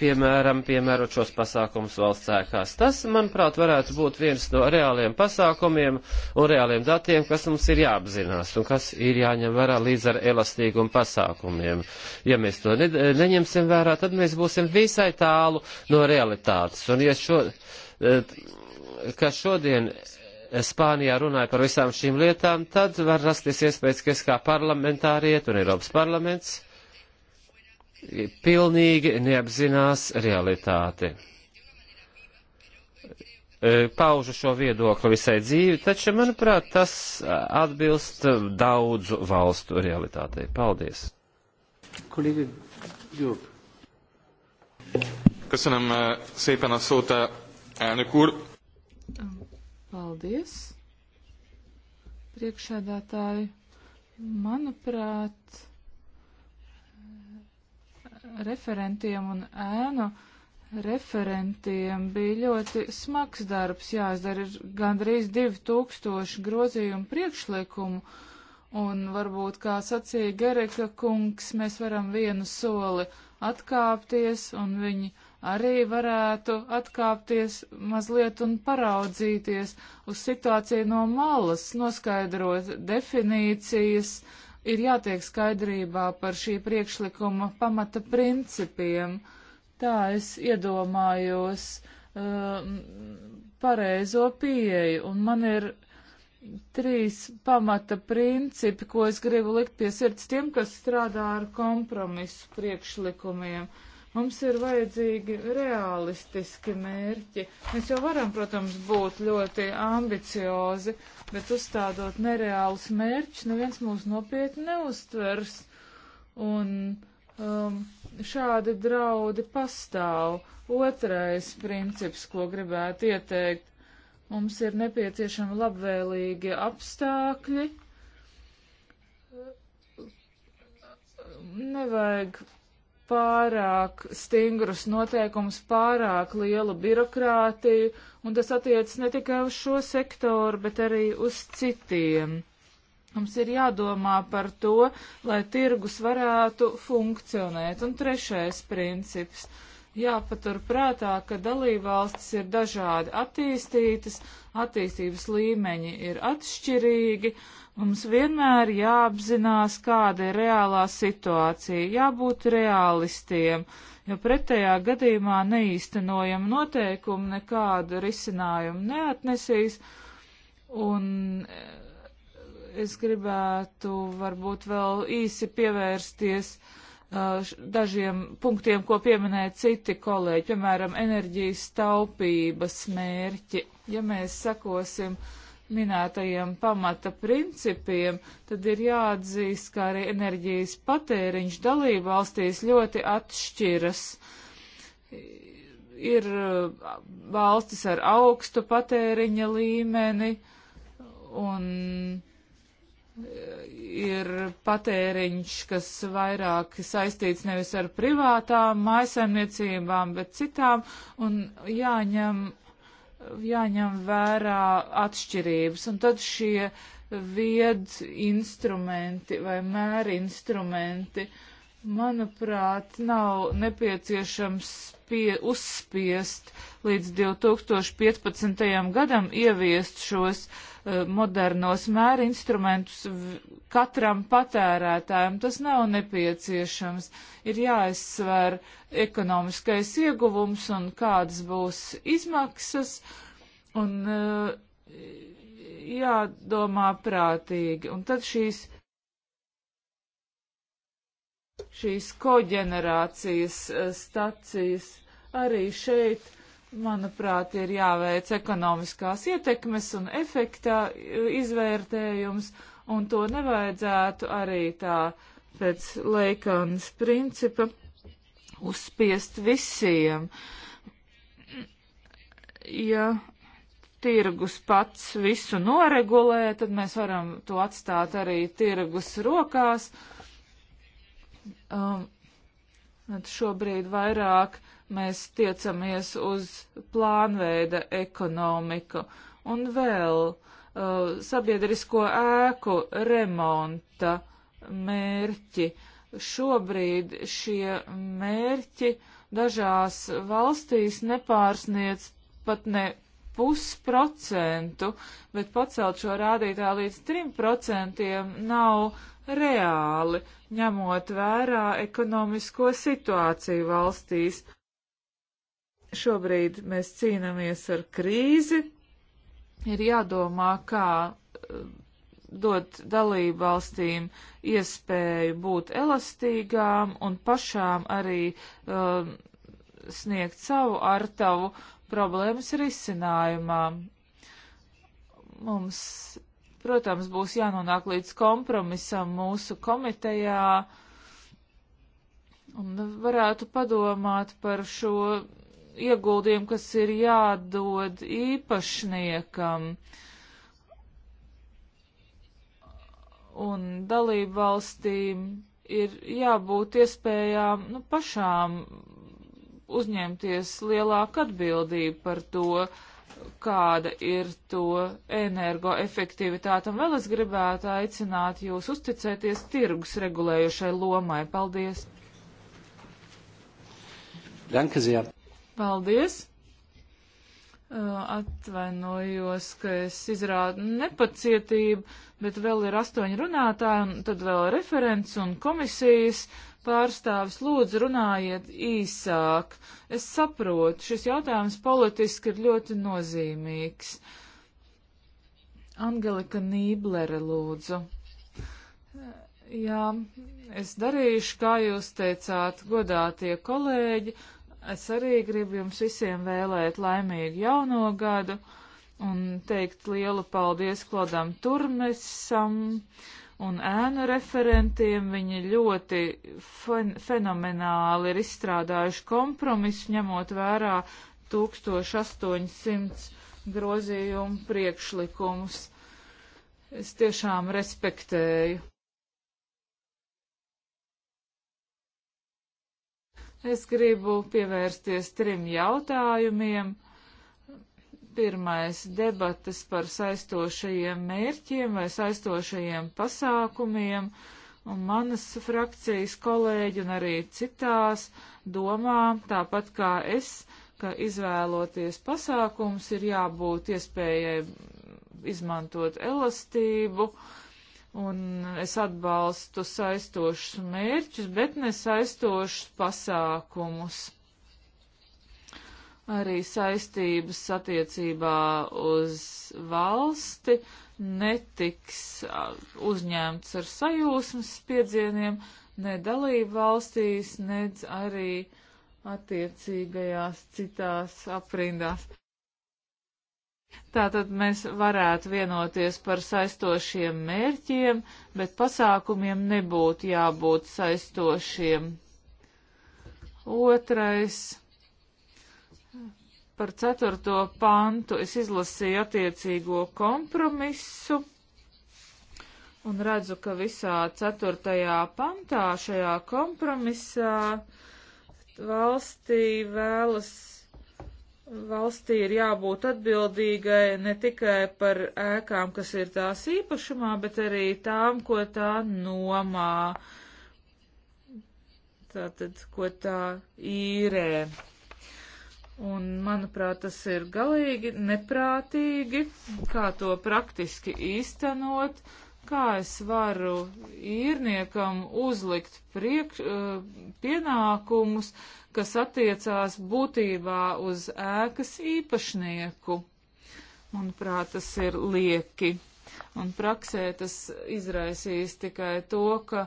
piemēram, piemērot šos pasākumus valsts ēkās. Tas, manuprāt, varētu būt viens no reāliem pasākumiem un reāliem datiem, kas mums ir jāapzinās un kas ir jāņem vērā līdz ar elastīgumu pasākumiem. Ja mēs to ne, neņemsim vērā, tad mēs būsim visai tālu no realitātes. Un, ja šo, eh, ka šodien Spānijā runāju par visām šīm lietām, tad var rasties iespējas, ka es kā parlamentāriet un Eiropas parlaments pilnīgi neapzinās realitāti. E, paužu šo viedokli visai dzīvi, taču, manuprāt, tas atbilst daudzu valstu realitātei. Paldies! Kolēģi Jobb. Köszönöm e, szépen a szót, e, elnök úr. Paldies, priekšēdātāji. Manuprāt, referentiem un ēnu referentiem bija ļoti smags darbs jāizdara. Ir gandrīz 2000 grozījumu priekšlikumu, un varbūt, kā sacīja Gereka kungs, mēs varam vienu soli atkāpties, un viņi arī varētu atkāpties mazliet un paraudzīties uz situāciju no malas, noskaidrot definīcijas, ir jātiek skaidrībā par šī priekšlikuma pamata principiem. Tā es iedomājos um, pareizo pieeju, un man ir trīs pamata principi, ko es gribu likt pie sirds tiem, kas strādā ar kompromisu priekšlikumiem. Uh, Mums ir vajadzīgi realistiski mērķi. Mēs jau varam, protams, būt ļoti ambiciozi, bet uzstādot nereālus mērķus, neviens mūs nopietni neustvers. Un um, šādi draudi pastāv. Otrais princips, ko gribētu ieteikt, mums ir nepieciešami labvēlīgi apstākļi. Nevajag pārāk stingrus noteikumus, pārāk lielu birokrātiju, un tas attiec ne tikai uz šo sektoru, bet arī uz citiem. Mums ir jādomā par to, lai tirgus varētu funkcionēt. Un trešais princips jāpaturprātā, ka dalībvalstis ir dažādi attīstītas, attīstības līmeņi ir atšķirīgi. Mums vienmēr jāapzinās, kāda ir reālā situācija, jābūt realistiem, jo pretējā gadījumā neīstenojam noteikumu nekādu risinājumu neatnesīs. Un eh, es gribētu varbūt vēl īsi pievērsties uh, dažiem punktiem, ko pieminēja citi kolēģi, piemēram, enerģijas taupības mērķi. Ja mēs sakosim minētajiem pamata principiem, tad ir jāatzīst, ka arī enerģijas patēriņš dalību valstīs ļoti atšķiras. Ir valstis ar augstu patēriņa līmeni un ir patēriņš, kas vairāk saistīts nevis ar privātām mājasemniecībām, bet citām, un jāņem, jāņem vērā atšķirības. Un tad šie vied instrumenti vai mēri instrumenti, manuprāt, nav nepieciešams spie, uzspiest līdz 2015. gadam ieviest šos uh, Eh, modernos mērinstrumentus katram patērētājam. Tas nav nepieciešams. Ir jāizsver ekonomiskais ieguvums un kādas būs izmaksas un eh, jādomā prātīgi. Un tad šīs šīs koģenerācijas eh, stacijas arī šeit manuprāt, ir jāveic ekonomiskās ietekmes un efekta e, izvērtējums, un to nevajadzētu arī tā pēc Leikānas principa uzspiest visiem. Ja tirgus pats visu noregulē, tad mēs varam to atstāt arī tirgus rokās. Um, šobrīd vairāk uh, mēs tiecamies uz plānveida ekonomiku un vēl uh, sabiedrisko ēku remonta mērķi. Šobrīd šie mērķi dažās valstīs nepārsniec pat ne pusprocentu, bet pacelt šo rādītāju līdz trim procentiem nav reāli, ņemot vērā ekonomisko situāciju valstīs. Šobrīd mēs cīnāmies ar krīzi. Ir jādomā, kā eh, dot dalību valstīm iespēju būt elastīgām un pašām arī um, sniegt savu artavu problēmas risinājumā. Mums, protams, būs jānonāk līdz kompromisam mūsu komitejā un varētu padomāt par šo ieguldījumu, kas ir jādod īpašniekam. Un dalību valstīm ir jābūt iespējām nu, pašām uzņemties lielāku atbildību par to, kāda ir to energoefektivitāte. Un vēl es gribētu aicināt jūs uzticēties tirgus regulējušai lomai. Paldies! Danke sehr. Paldies! Uh, atvainojos, ka es izrādu nepacietību, bet vēl ir astoņi runātāji, un tad vēl referents un komisijas pārstāvis. Lūdzu, runājiet īsāk. Es saprotu, šis jautājums politiski ir ļoti nozīmīgs. Angelika Nīblere, lūdzu. Jā, es darīšu, kā jūs teicāt, godātie kolēģi Es arī gribu jums visiem vēlēt laimīgu jauno gadu un teikt lielu paldies Klodam Turmesam un ēnu referentiem. Viņi ļoti fen fenomenāli ir izstrādājuši kompromisu, ņemot vērā 1800 grozījumu priekšlikumus. Es tiešām respektēju. Es gribu pievērsties trim jautājumiem. Pirmais - debatas par saistošajiem mērķiem vai saistošajiem pasākumiem, un manas frakcijas kolēģi un arī citās domā, tāpat kā es, ka izvēloties pasākums ir jābūt iespējai izmantot elastību, uh, un es atbalstu saistošus mērķus, bet nesaistošus pasākumus. Arī saistības attiecībā uz valsti netiks uzņemts ar sajūsmas spiedzieniem ne dalību valstīs, ne arī attiecīgajās citās aprindās. Tātad mēs varētu vienoties par saistošiem mērķiem, bet pasākumiem nebūtu jābūt saistošiem. Otrais. Par ceturto pantu es izlasīju attiecīgo kompromisu un redzu, ka visā ceturtajā pantā šajā kompromisā valstī vēlas valstī ir jābūt atbildīgai ne tikai par ēkām, kas ir tās īpašumā, bet arī tām, ko tā nomā, tātad, ko tā īrē. Un, manuprāt, tas ir galīgi neprātīgi, kā to praktiski īstenot, kā es varu īrniekam uzlikt priekš, eh, pienākumus, kas attiecās būtībā uz ēkas īpašnieku. Manuprāt, tas ir lieki. Un praksē tas izraisīs tikai to, ka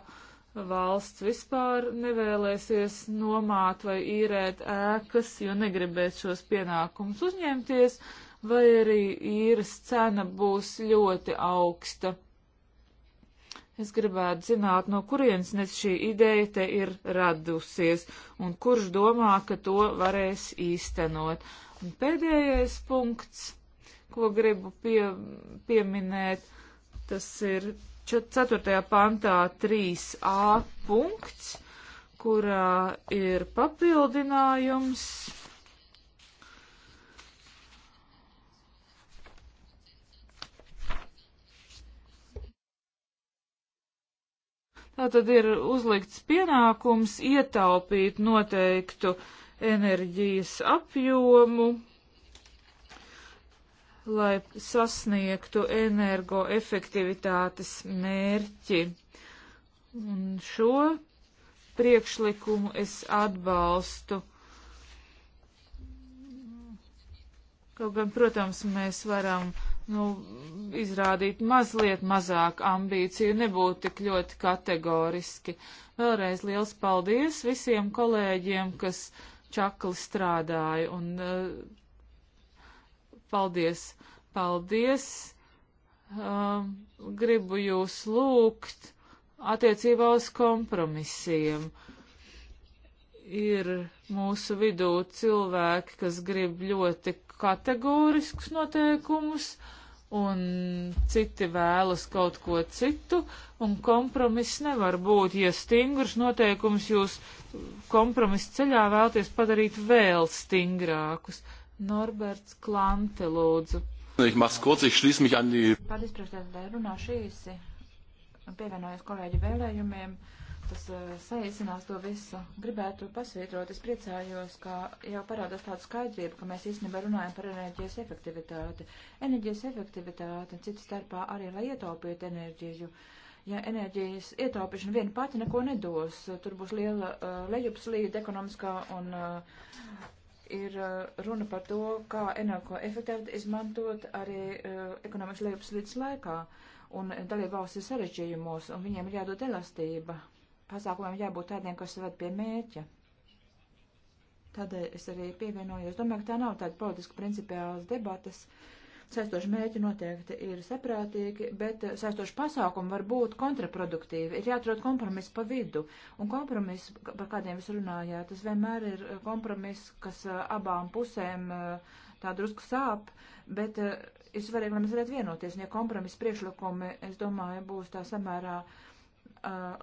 valsts vispār nevēlēsies nomāt vai īrēt ēkas, jo negribēs šos pienākumus uzņemties, vai arī īras cena būs ļoti augsta. Es gribētu zināt, no kurienes nes šī ideja te ir radusies un kurš domā, ka to varēs īstenot. Un pēdējais punkts, ko gribu pie, pieminēt, tas ir 4. pantā 3a punkts, kurā ir papildinājums Tātad nu, ir uzlikts pienākums ietaupīt noteiktu enerģijas apjomu, lai sasniegtu energoefektivitātes mērķi. Un šo priekšlikumu es atbalstu. Kaut gan, protams, mēs varam nu, izrādīt mazliet mazāk ambīciju, nebūt tik ļoti kategoriski. Vēlreiz liels paldies visiem kolēģiem, kas čakli strādāja un uh, paldies, paldies. Uh, gribu jūs lūgt attiecībā uz kompromisiem ir mūsu vidū cilvēki, kas grib ļoti kategoriskus noteikumus, un citi vēlas kaut ko citu, un kompromiss nevar būt, ja stingrs noteikums jūs kompromisa ceļā vēlties padarīt vēl stingrākus. Norberts Klante, lūdzu. Paldies, priekšstādātāji, runāšu īsi. Pievienojos kolēģi vēlējumiem. Uh, tas eh, saīsinās to visu. Gribētu pasvītrot, es priecājos, ka jau parādās tāda skaidrība, ka mēs īstenībā runājam par enerģijas efektivitāti. Enerģijas efektivitāte, cits starpā arī, lai ietaupītu enerģiju. Ja enerģijas ietaupīšana viena pati neko nedos, tur būs liela uh, lejupslīde ekonomiskā un uh, ir runa par to, kā energoefektivitāti izmantot arī uh, ekonomikas lejupslīdes laikā. Un dalībvalsts ir sarežģījumos, un viņiem ir jādod elastība pasākumiem jābūt tādiem, kas ved pie mērķa. Tādēļ es arī pievienojos. Domāju, ka tā nav tāda politiska principiālas debatas. Saistoši mērķi noteikti ir saprātīgi, bet saistoši pasākumi var būt kontraproduktīvi. Ir jāatrod kompromiss pa vidu. Un kompromiss, par kādiem jūs runājāt, tas vienmēr ir kompromiss, kas eh, abām pusēm eh, tā drusku sāp, bet eh, ir svarīgi, lai mēs varētu vienoties. Un ja kompromiss priekšlikumi, es domāju, būs tā samērā. Uh,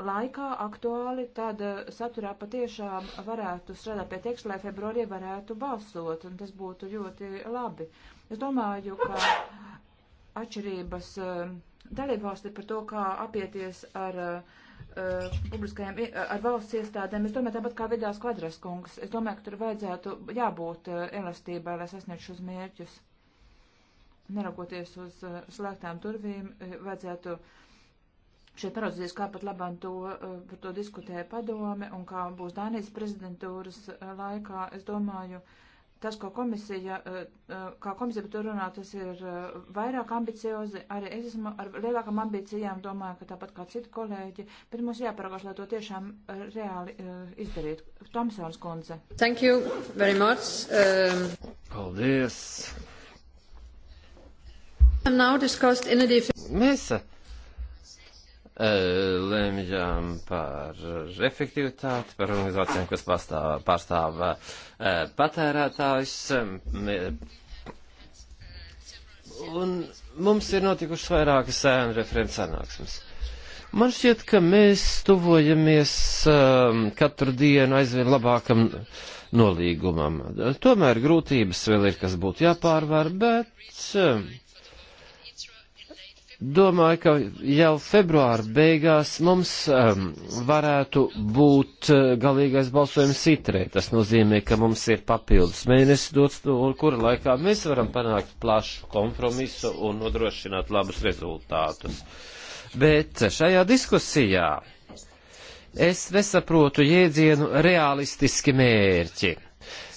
laikā aktuāli, tad saturā patiešām varētu strādāt pie teksta, lai februārī varētu balsot, un tas būtu ļoti labi. Es domāju, ka atšķirības dalībvalsti par to, kā apieties ar uh, publiskajiem, ar valsts iestādēm, es domāju, tāpat kā vidās kvadras kungs, es domāju, ka tur vajadzētu jābūt elastībai, lai sasniegtu šos mērķus. Neraugoties uz slēgtām durvīm, vajadzētu uh, šeit paraudzēties, kā pat labāk to, eh, par to diskutē padome un kā būs Dānijas prezidentūras eh, laikā. Es domāju, tas, ko komisija, eh, kā komisija par to runā, tas ir vairāk ambiciozi. Arī es esmu ar lielākām ambīcijām, domāju, ka tāpat kā citi kolēģi, bet mums jāparaugās, lai to tiešām reāli izdarītu. Tomsons kundze. Thank you very much. Um... Paldies. Mēs lemjam par efektivitāti, par organizācijām, kas pārstāv, pārstāv patērētājus. Un mums ir notikušas vairākas sēnu referents sanāksmes. Man šķiet, ka mēs tuvojamies um, katru dienu aizvien labākam nolīgumam. Tomēr grūtības vēl ir, kas būtu jāpārvar, bet. Um, Domāju, ka jau februāra beigās mums um, varētu būt uh, galīgais balsojums sitrē. Tas nozīmē, ka mums ir papildus mēnesis dots, nu, un kura laikā mēs varam panākt plašu kompromisu un nodrošināt labus rezultātus. Bet šajā diskusijā es nesaprotu jēdzienu realistiski mērķi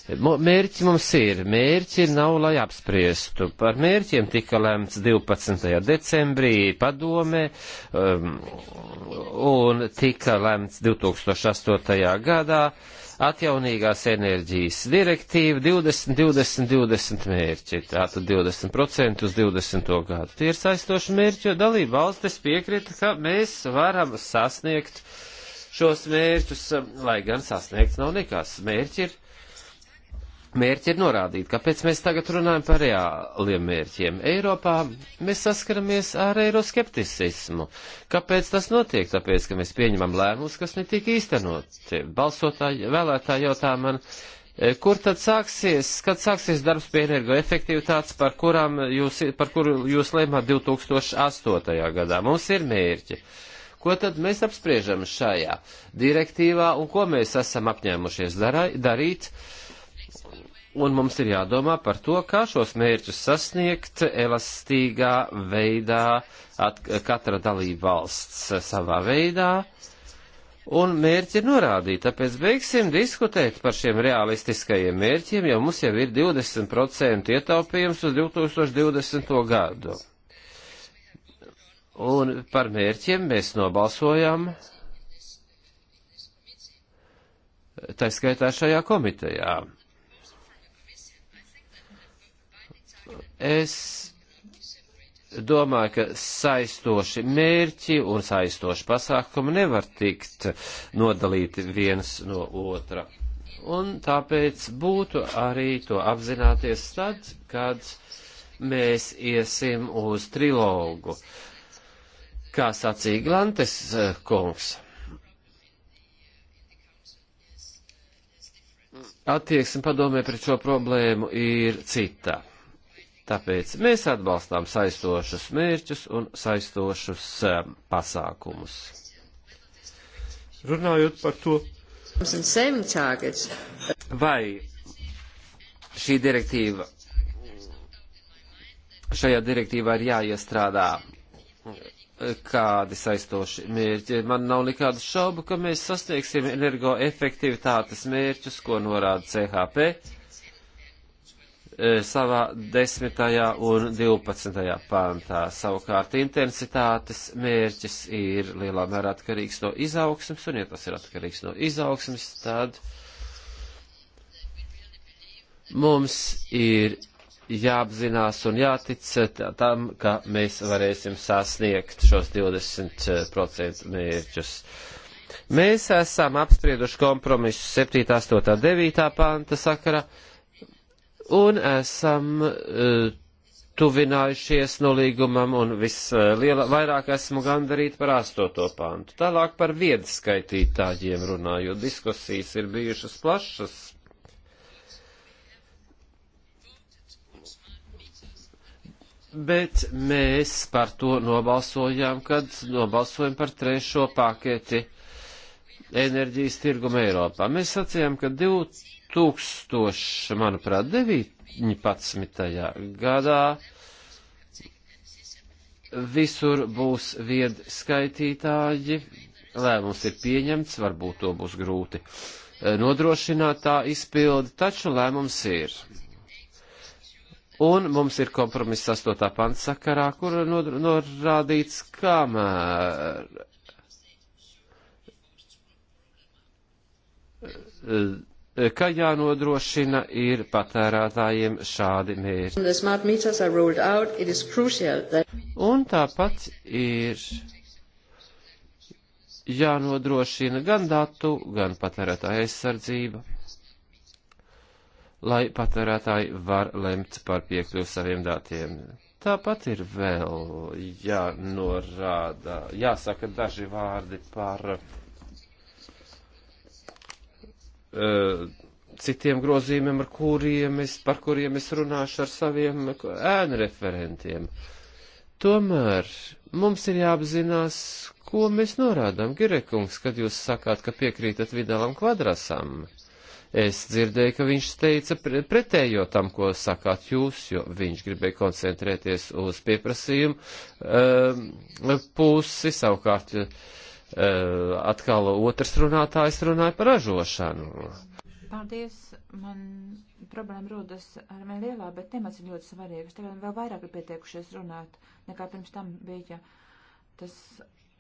Mērķi mums ir, mērķi nav, lai apspriestu. Par mērķiem tika lemts 12. decembrī padome um, un tika lemts 2008. gadā atjaunīgās enerģijas direktīva 20, 20, 20 mērķi. Tātad 20% uz 20. gadu. Tie ir saistoši mērķi, jo dalība valstis piekrita, ka mēs varam sasniegt šos mērķus, lai gan sasniegts nav nekas. Mērķi ir mērķi ir norādīti. Kāpēc mēs tagad runājam par reāliem mērķiem? Eiropā mēs saskaramies ar eiroskepticismu. Kāpēc tas notiek? Tāpēc, ka mēs pieņemam lēmumus, kas netika īstenoti. Balsotāji, vēlētāji jautā man, e, kur tad sāksies, kad sāksies darbs pie energoefektivitātes, par, kurām jūs, par kuru jūs lēmāt 2008. gadā? Mums ir mērķi ko tad mēs apspriežam šajā direktīvā un ko mēs esam apņēmušies darā, darīt, Un mums ir jādomā par to, kā šos mērķus sasniegt elastīgā veidā, at, katra dalība valsts savā veidā. Un mērķi ir norādīti, tāpēc beigsim diskutēt par šiem realistiskajiem mērķiem, jo mums jau ir 20% ietaupījums uz 2020. gadu. Un par mērķiem mēs nobalsojam tā skaitā šajā komitejā. Es domāju, ka saistoši mērķi un saistoši pasākumi nevar tikt nodalīti viens no otra. Un tāpēc būtu arī to apzināties tad, kad mēs iesim uz trilogu. Kā sacīja Glantes eh, kungs, attieksme padomē pret šo problēmu ir cita Tāpēc mēs atbalstām saistošus mērķus un saistošus eh, pasākumus. Runājot par to, vai šī direktīva, šajā direktīvā ir jāiestrādā eh, kādi saistoši mērķi. Man nav nekādu šaubu, ka mēs sasniegsim energoefektivitātes mērķus, ko norāda CHP E, savā 10. un 12. pāntā. Savukārt intensitātes mērķis ir lielā mērā atkarīgs no izaugsmes, un ja tas ir atkarīgs no izaugsmes, tad mums ir jāapzinās un jātic tam, ka mēs varēsim sasniegt šos 20% mērķus. Mēs esam apsprieduši kompromisu 7, 8, 9 panta sakara un esam uh, tuvinājušies nolīgumam, un visvairāk e, esmu gandarīti par astoto pāntu. Tālāk par viedskaitītājiem runājot, diskusijas ir bijušas plašas. Bet mēs par to nobalsojām, kad nobalsojam par trešo paketi enerģijas tirgumu Eiropā. Mēs sacījām, ka 20 2000, manuprāt, 19. gadā visur būs viedskaitītāji, lēmums ir pieņemts, varbūt to būs grūti eh, nodrošināt tā izpildi, taču lēmums ir. Un mums ir kompromiss 8. pants sakarā, kur norādīts, kamēr eh, Eh, ka jānodrošina ir patērētājiem šādi mērķi. Un tāpat ir jānodrošina gan datu, gan patērētāja aizsardzība, lai patērētāji var lemt par piekļuvu saviem datiem. Tāpat ir vēl jānorāda, jāsaka daži vārdi par uh, citiem grozījumiem, ar kuriem es, par kuriem es runāšu ar saviem ēnu referentiem. Tomēr mums ir jāapzinās, ko mēs norādām, Girekungs, kad jūs sakāt, ka piekrītat Vidalam kvadrasam. Es dzirdēju, ka viņš teica pretējo tam, ko sakāt jūs, jo viņš gribēja koncentrēties uz pieprasījumu um, pusi savukārt. Uh, Eh, atkal otrs runātājs runāja par ražošanu. Paldies, man problēma rodas ar vien lielā, bet temats ir ļoti svarīgs. Tagad vēl vairāk ir pieteikušies runāt, nekā pirms tam bija. Tas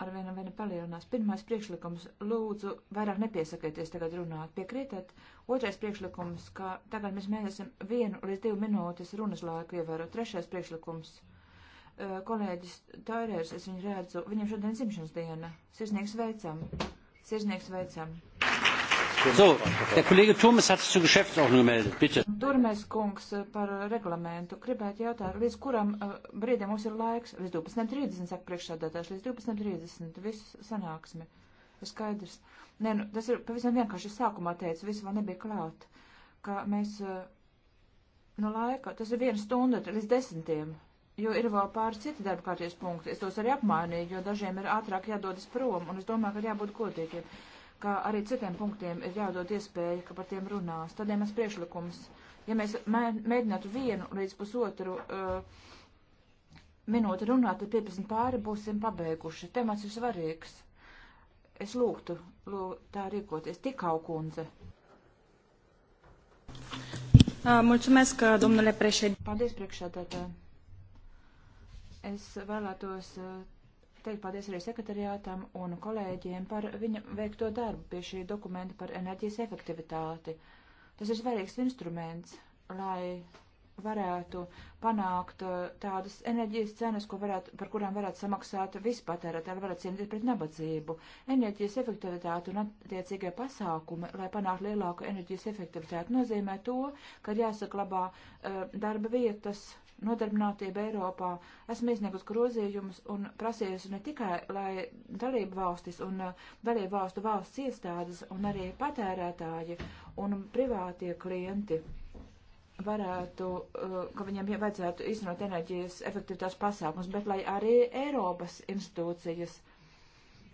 ar vienu vienu palielinās. Pirmais priekšlikums, lūdzu, vairāk nepiesakieties tagad runāt, piekrītat. Otrais priekšlikums, ka tagad mēs mēģināsim vienu līdz divu minūtes runas laiku ievērot. Trešais priekšlikums Eh, kolēģis Tairērs, es viņu redzu, viņam šodien dzimšanas diena. Sirsnieks veicam. Sirsnieks veicam. So, der Kollege Turmes hat sich zu Geschäftsordnung gemeldet, bitte. Turmes kungs eh, par reglamentu gribētu jautāt, līdz kuram uh, brīdim mums ir laiks? Līdz 12.30, saka priekšsādātājs, līdz 12.30, viss sanāksme. Ir skaidrs. Nē, nu, tas ir pavisam vienkārši sākumā teicu, viss vēl nebija klāt, ka mēs uh, no laika, tas ir viena stunda līdz desmitiem jo ir vēl pāris citi darba kārtības punkti. Es tos arī apmainīju, jo dažiem ir ātrāk jādodas prom, un es domāju, ka jābūt godīgiem, ka arī citiem punktiem ir jādod iespēja, ka par tiem runās. Tad, ja mēs priekšlikums, ja mēs mēģinātu vienu līdz pusotru uh, minūti runāt, tad 15 pāri būsim pabeiguši. Temats ir svarīgs. Es lūgtu lūg, tā rīkoties tikau kundze. Uh, mulțumesc, domnule președinte. Paldies, priekšsēdētāji. Es vēlētos eh, teikt paldies arī sekretariātam un kolēģiem par viņa veikto darbu pie šī dokumenta par enerģijas efektivitāti. Tas ir svarīgs instruments, lai varētu panākt eh, tādas enerģijas cenas, ko varētu, par kurām varētu samaksāt vispatērētāji, lai varētu cīnīties pret nabadzību. Enerģijas efektivitāte un attiecīgie pasākumi, lai panāktu lielāku enerģijas efektivitāti, nozīmē to, ka jāsaklabā uh, eh, darba vietas, nodarbinātību Eiropā. Esmu izniegus grozījumus un prasījusi ne tikai, lai dalību valstis un eh, dalību valstu valsts iestādes un arī patērētāji un privātie klienti varētu, eh, ka viņiem vajadzētu izrunāt enerģijas efektivitātes pasākums, bet lai arī Eiropas institūcijas,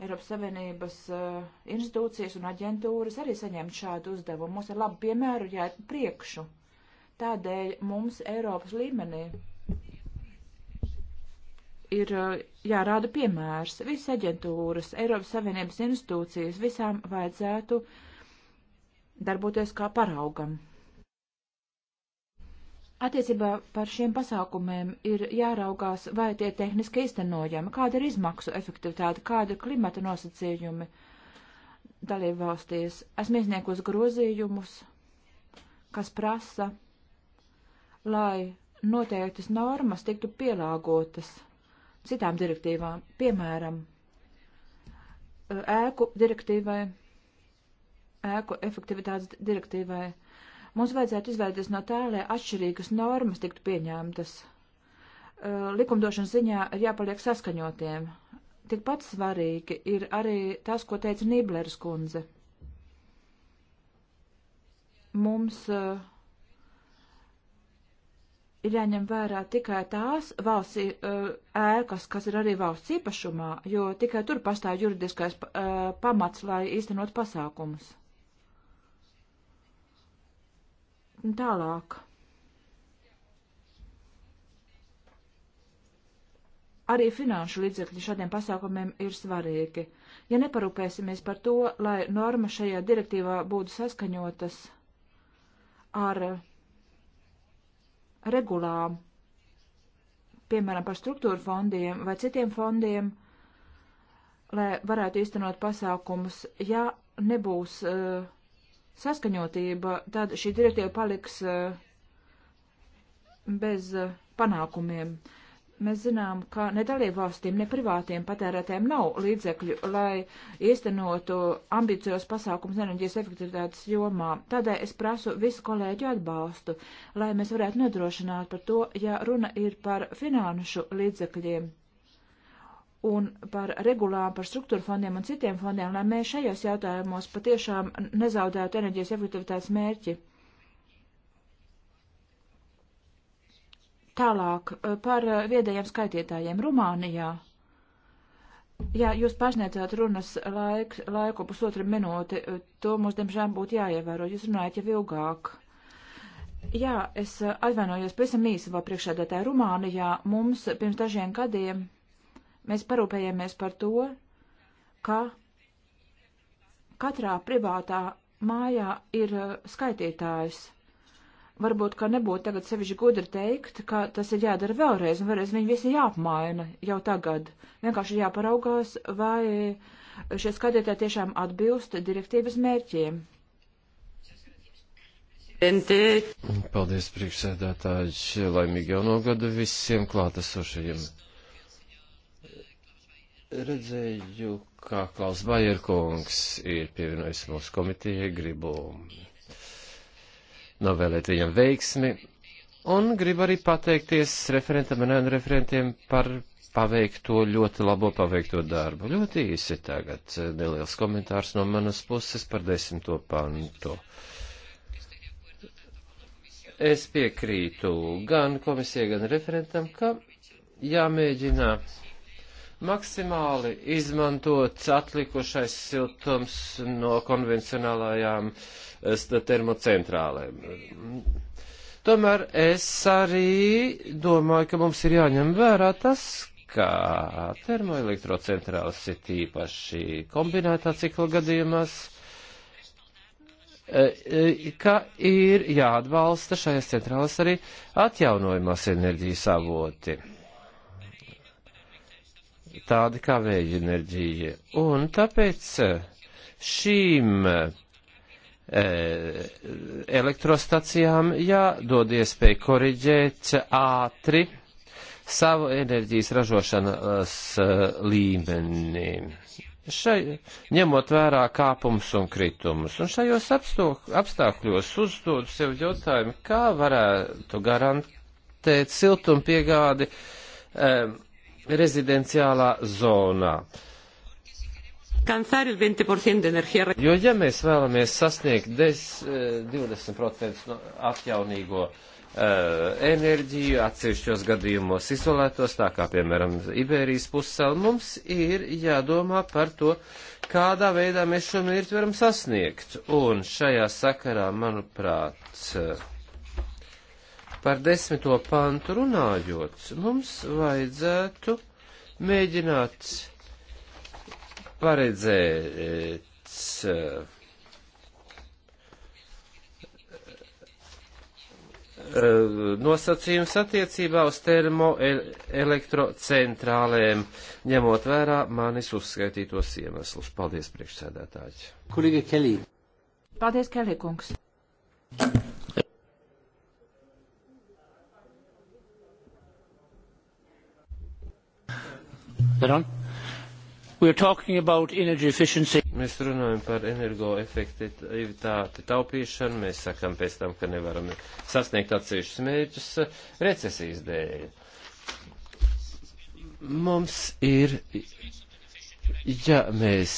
Eiropas Savienības eh, institūcijas un aģentūras arī saņemtu šādu uzdevumu. Mums ir labi piemēru jāiet priekšu. Tādēļ mums Eiropas līmenī ir eh, jārāda piemērs. Visas aģentūras, Eiropas Savienības institūcijas, visām vajadzētu darboties kā paraugam. Attiecībā par šiem pasākumiem ir jāraugās, vai tie tehniski īstenojami, kāda ir izmaksu efektivitāte, kāda ir klimata nosacījumi dalībvalstīs. Esmu izniekus grozījumus, kas prasa lai noteiktas normas tiktu pielāgotas citām direktīvām, piemēram, ēku direktīvai, ēku efektivitātes direktīvai. Mums vajadzētu izvairīties no tā, lai atšķirīgas normas tiktu pieņemtas. Likumdošanas ziņā ir jāpaliek saskaņotiem. Tikpat svarīgi ir arī tas, ko teica Nībleres kundze. Mums uh, ir jāņem vērā tikai tās valsts uh, ēkas, kas ir arī valsts īpašumā, jo tikai tur pastāv juridiskais uh, pamats, lai īstenot pasākumus. Tālāk. Arī finanšu līdzekļi šādiem pasākumiem ir svarīgi. Ja neparūpēsimies par to, lai norma šajā direktīvā būtu saskaņotas ar uh, regulā, piemēram, par struktūru fondiem vai citiem fondiem, lai varētu īstenot pasākumus. Ja nebūs uh, saskaņotība, tad šī direktīva paliks uh, bez uh, panākumiem. Uh, Mēs zinām, ka ne dalībvalstīm, ne privātiem patērētēm nav līdzekļu, lai īstenotu ambicios pasākums enerģijas efektivitātes jomā. Tādēļ es prasu visu kolēģu atbalstu, lai mēs varētu nodrošināt par to, ja runa ir par finanšu līdzekļiem un par regulām, par struktūra fondiem un citiem fondiem, lai mēs šajos jautājumos patiešām nezaudētu enerģijas efektivitātes mērķi. Tālāk eh, par eh, viedajiem skaitītājiem Rumānijā. Jā, jūs pārsniedzāt runas laik, laiku pusotru minūti. Eh, to mums, diemžēl, būtu jāievēro. Jūs runājat jau ilgāk. Jā, es atvainojos pavisam īsi vēl priekšādētāju Rumānijā. Mums pirms dažiem gadiem mēs parūpējāmies par to, ka katrā privātā mājā ir skaitītājs varbūt, ka nebūtu tagad sevišķi gudri teikt, ka tas ir jādara vēlreiz, un vēlreiz viņi visi jāapmaina jau tagad. Vienkārši jāparaugās, vai šie skatītāji tiešām atbilst direktīvas mērķiem. Paldies, priekšsēdētājs, laimīgi jau nogada visiem klātesošajiem. Redzēju, kā Klaus Bajerkungs ir pievienojis mūsu komitejai, gribu novēlēt viņam veiksmi, un gribu arī pateikties referentam un referentiem par paveikto, ļoti labo paveikto darbu. Ļoti īsi tagad eh, neliels komentārs no manas puses par desmito pantu. Es piekrītu gan komisijai, gan referentam, ka jāmēģina maksimāli izmantot atlikušais siltums no konvencionālājām termocentrālēm. Tomēr es arī domāju, ka mums ir jāņem vērā tas, ka termoelektrocentrāls ir tīpaši kombinētā cikla gadījumās e, e, ka ir jāatbalsta šajās centrālās arī atjaunojumās enerģijas avoti tādi kā vēja enerģija. Un tāpēc eh, šīm eh, elektrostacijām jādod iespēja koriģēt ātri savu enerģijas ražošanas eh, līmeni. Šai, ņemot vērā kāpumus un kritumus. Un šajos apstākļos uzdod sev jautājumu, kā varētu garantēt siltumpiegādi um, rezidenciālā zonā. Jo, ja mēs vēlamies sasniegt 10, 20% eh, no atjaunīgo uh, enerģiju, atsevišķos gadījumos izolētos, tā kā, piemēram, Iberijas pussel, mums ir jādomā par to, kādā veidā mēs šo mērķi varam sasniegt. Un šajā sakarā, manuprāt, uh, Par desmito pantu runājot, mums vajadzētu mēģināt paredzēt eh, eh, nosacījums attiecībā uz termoelektrocentrālēm, ņemot vērā manis uzskaitītos iemeslus. Paldies, priekšsēdētāji. Kurīgi Kelī? Paldies, Kelī, kungs. that on? We're talking about energy efficiency. Mēs runājam par energoefektivitāti taupīšanu, mēs sakam pēc tam, ka nevaram sasniegt atsevišķus mērķus recesijas dēļ. Mums ir ja mēs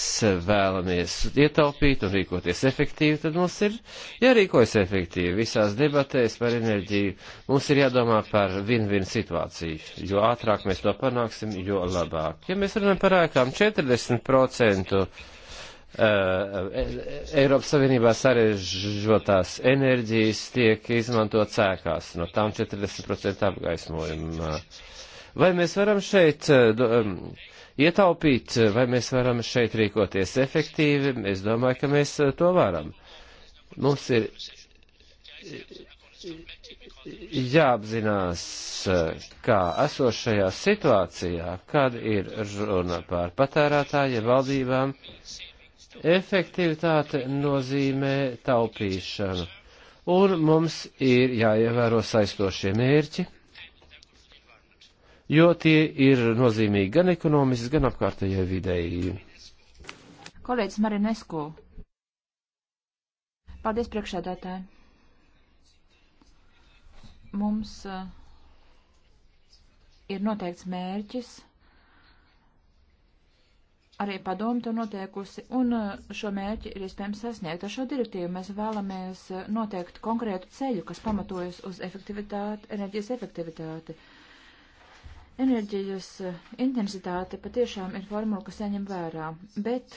vēlamies ietaupīt un rīkoties efektīvi, tad mums ir jārīkojas efektīvi visās debatēs par enerģiju. Mums ir jādomā par win-win situāciju. Jo ātrāk mēs to panāksim, jo labāk. Ja mēs runājam par ēkām 40%. Eh, Eiropas Savienībā sarežģotās enerģijas tiek izmantot cēkās, no tām 40% apgaismojumā. Vai mēs varam šeit uh, ietaupīt, vai mēs varam šeit rīkoties efektīvi, es domāju, ka mēs eh, to varam. Mums ir eh, jāapzinās, eh, kā esošajā situācijā, kad ir runa par patērētājiem, valdībām, efektivitāte nozīmē taupīšanu. Un mums ir jāievēro saistošie mērķi jo tie ir nozīmīgi gan ekonomiski, gan apkārtējai videi. Kolēģis Marinesku. Paldies priekšēdētāji. Mums uh, ir noteikts mērķis arī padomu to noteikusi, un eh, šo mērķi ir iespējams sasniegt. Ar šo direktīvu mēs vēlamies eh, noteikt konkrētu ceļu, kas pamatojas uz efektivitāti, enerģijas efektivitāti. Uh, Enerģijas eh, intensitāte patiešām ir formula, kas jāņem vērā, bet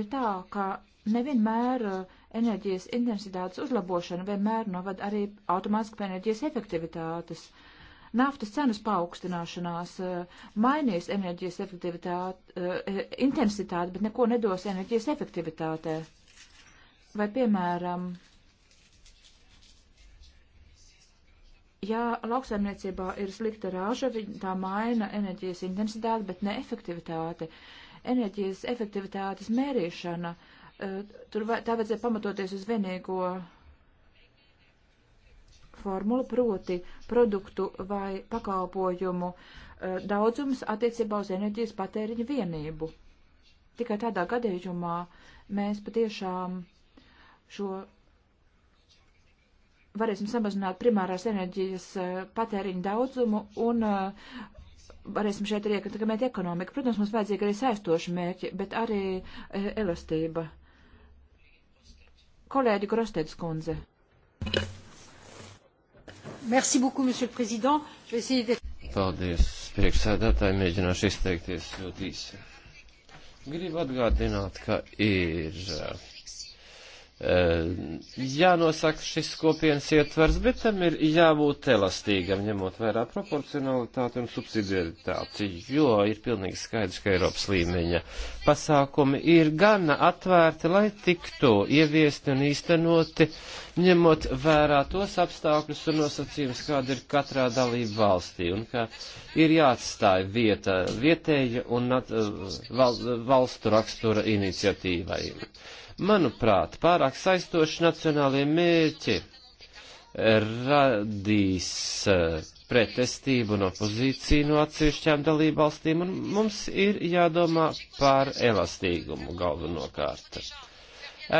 ir tā, ka nevienmēr eh, enerģijas intensitātes uzlabošana vienmēr novad arī automātiski pie enerģijas efektivitātes. Naftas cenas paaugstināšanās eh, mainīs enerģijas intensitāti, bet neko nedos enerģijas efektivitātē. Vai, piemēram, ja lauksaimniecībā ir slikta raža, tā maina enerģijas intensitāti, bet ne efektivitāti. Enerģijas efektivitātes mērīšana, eh, tur tā vajadzēja pamatoties uz vienīgo formulu, proti produktu vai pakalpojumu eh, daudzums attiecībā uz enerģijas patēriņu vienību. Tikai tādā gadījumā mēs patiešām šo varēsim samazināt primārās enerģijas eh, patēriņu daudzumu un eh, varēsim šeit arī ietekmēt ekonomiku. Protams, mums vajadzīga arī saistoša mērķi, bet arī eh, elastība. Kolēģi Grostēdz kundze. Merci beaucoup, monsieur le président. Je vais essayer d'être. Paldies, priekšsēdētāji, mēģināšu izteikties ļoti īsi. Gribu atgādināt, ka ir Eh, jānosaka šis kopienas ietvers, bet tam ir jābūt elastīgam, ņemot vērā proporcionalitāti un subsidiaritāti, jo ir pilnīgi skaidrs, ka Eiropas līmeņa pasākumi ir gana atvērti, lai tiktu ieviesti un īstenoti, ņemot vērā tos apstākļus un nosacījumus, kāda ir katrā dalība valstī, un ka ir jāatstāja vieta vietēja un uh, val, valstu rakstura iniciatīvai. Manuprāt, pārāk saistoši nacionālie mērķi radīs eh, pretestību un opozīciju no atsevišķām dalībvalstīm, un mums ir jādomā par elastīgumu galvenokārt.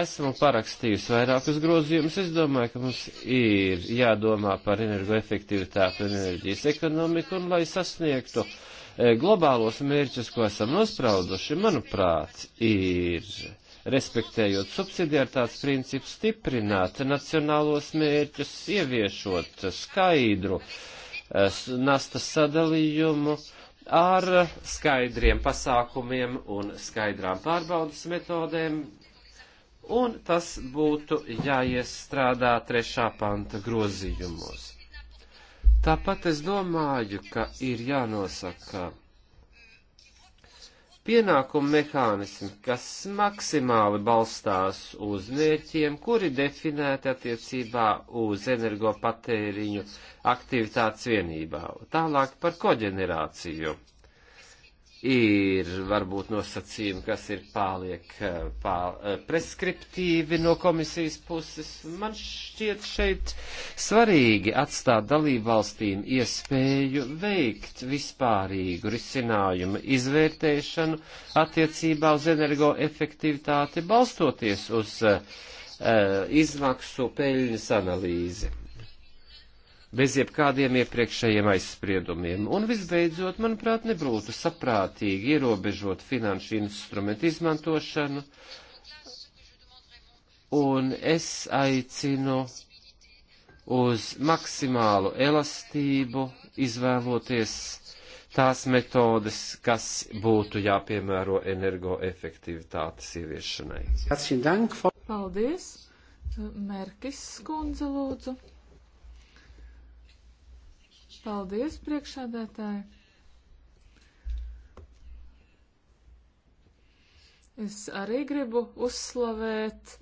Esmu parakstījusi vairākus grozījumus. Es domāju, ka mums ir jādomā par energoefektivitāti un enerģijas ekonomiku, un lai sasniegtu eh, globālos mērķus, ko esam nosprauduši, manuprāt, ir respektējot subsidiartāts principu, stiprināt nacionālos mērķus, ieviešot skaidru eh, nastas sadalījumu ar skaidriem pasākumiem un skaidrām pārbaudas metodēm, un tas būtu jāiestrādā trešā panta grozījumos. Tāpat es domāju, ka ir jānosaka, ka pienākumu mehānismi, kas maksimāli balstās uz mērķiem, kuri definēti attiecībā uz energopatēriņu aktivitātes vienībā. Tālāk par koģenerāciju ir varbūt nosacījumi, kas ir pārliek eh, pār, eh, preskriptīvi no komisijas puses. Man šķiet šeit svarīgi atstāt dalību valstīm iespēju veikt vispārīgu risinājumu izvērtēšanu attiecībā uz energoefektivitāti balstoties uz uh, izmaksu peļņas analīzi bez jebkādiem iepriekšējiem aizspriedumiem. Un visbeidzot, manuprāt, nebūtu saprātīgi ierobežot finanšu instrumentu izmantošanu, un es aicinu uz maksimālu elastību izvēloties tās metodes, kas būtu jāpiemēro energoefektivitātes ieviešanai. Paldies! Merkis skundze lūdzu. Paldies, priekšādētāji! Es arī gribu uzslavēt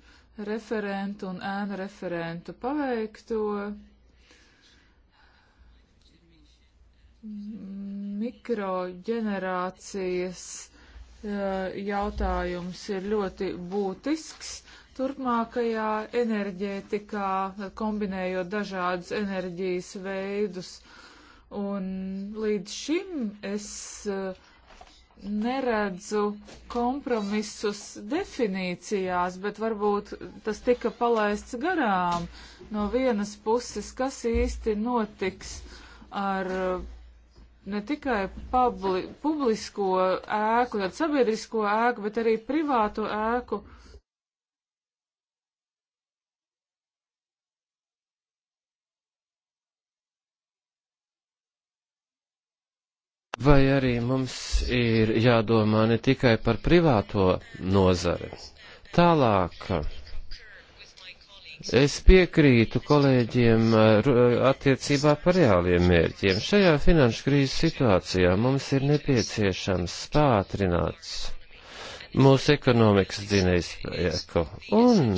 referentu un ēnu referentu paveikto. Mikroģenerācijas eh, jautājums ir ļoti būtisks turpmākajā enerģētikā, kombinējot dažādus enerģijas veidus. Uh, Un līdz šim es eh, neredzu kompromisus definīcijās, bet varbūt tas tika palaists garām no vienas puses, kas īsti notiks ar eh, ne tikai publi, publisko ēku, tad sabiedrisko ēku, bet arī privātu ēku Vai arī mums ir jādomā ne tikai par privāto nozari. Tālāk. Es piekrītu kolēģiem attiecībā par reāliem mērķiem. Šajā finanšu krīzes situācijā mums ir nepieciešams pātrināts mūsu ekonomikas dzinējs spēku un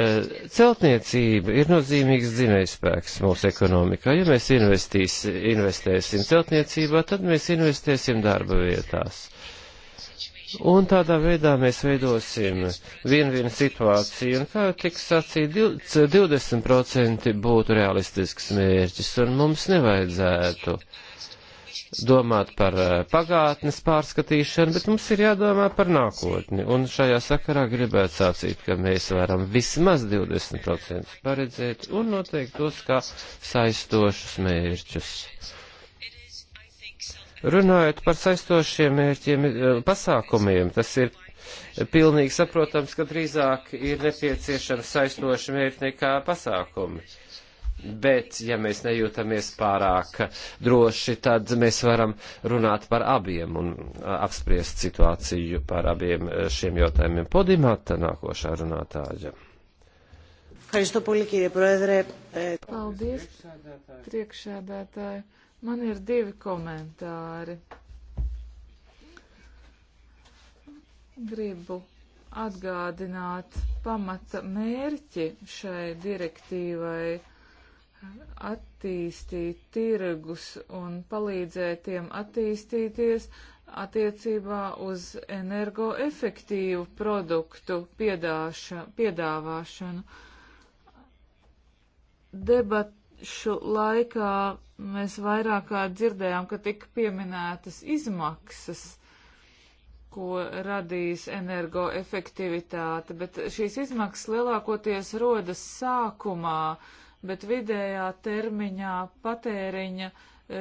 Eh, celtniecība ir nozīmīgs dzinējspēks mūsu ekonomikā. Ja mēs investēsim celtniecībā, tad mēs investēsim darba vietās. Un tādā veidā mēs veidosim vienvienu situāciju, un kā tiks sacīt, 20% būtu realistisks mērķis, un mums nevajadzētu uh, domāt par eh, pagātnes pārskatīšanu, bet mums ir jādomā par nākotni. Un šajā sakarā gribētu sacīt, ka mēs varam vismaz 20% paredzēt un noteikt tos kā saistošus mērķus. Runājot par saistošiem mērķiem, eh, pasākumiem, tas ir pilnīgi saprotams, ka drīzāk ir nepieciešams saistoši mērķi nekā pasākumi bet ja mēs nejūtamies pārāk droši, tad mēs varam runāt par abiem un apspriest situāciju par abiem e, šiem jautājumiem. Podimata nākošā runātāja. Paldies, priekšsēdētāji. Man ir divi komentāri. Gribu atgādināt pamata mērķi šai direktīvai attīstīt tirgus un palīdzēt tiem attīstīties attiecībā uz energoefektīvu produktu piedāša, piedāvāšanu. Debatšu laikā mēs vairāk kā dzirdējām, ka tika pieminētas izmaksas, ko radīs energoefektivitāte, bet šīs izmaksas lielākoties rodas sākumā, uh, bet vidējā termiņā patēriņa e,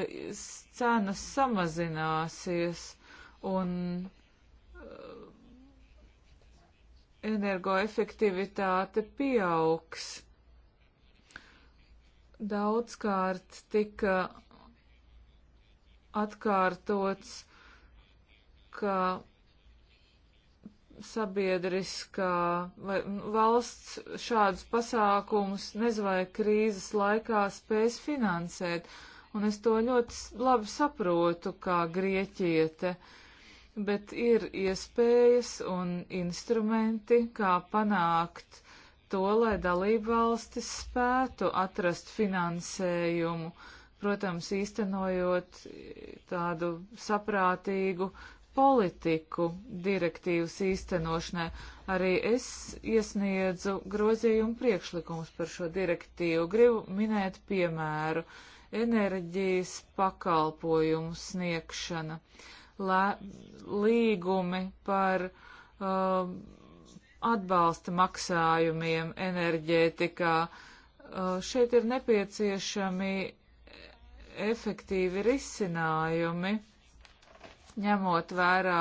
cenas samazināsies un e, energoefektivitāte pieaugs. Daudzkārt tika atkārtots, ka sabiedriskā vai valsts šādus pasākumus nezinu vai krīzes laikā spēs finansēt. Un es to ļoti labi saprotu kā grieķiete, bet ir iespējas un instrumenti, kā panākt to, lai dalībvalstis spētu atrast finansējumu, protams, īstenojot tādu saprātīgu politiku direktīvas īstenošanai. Arī es iesniedzu grozījumu priekšlikumus par šo direktīvu. Gribu minēt piemēru - enerģijas pakalpojumu sniegšana, lē, līgumi par uh, atbalsta maksājumiem enerģētikā. Uh, šeit ir nepieciešami efektīvi risinājumi ņemot vērā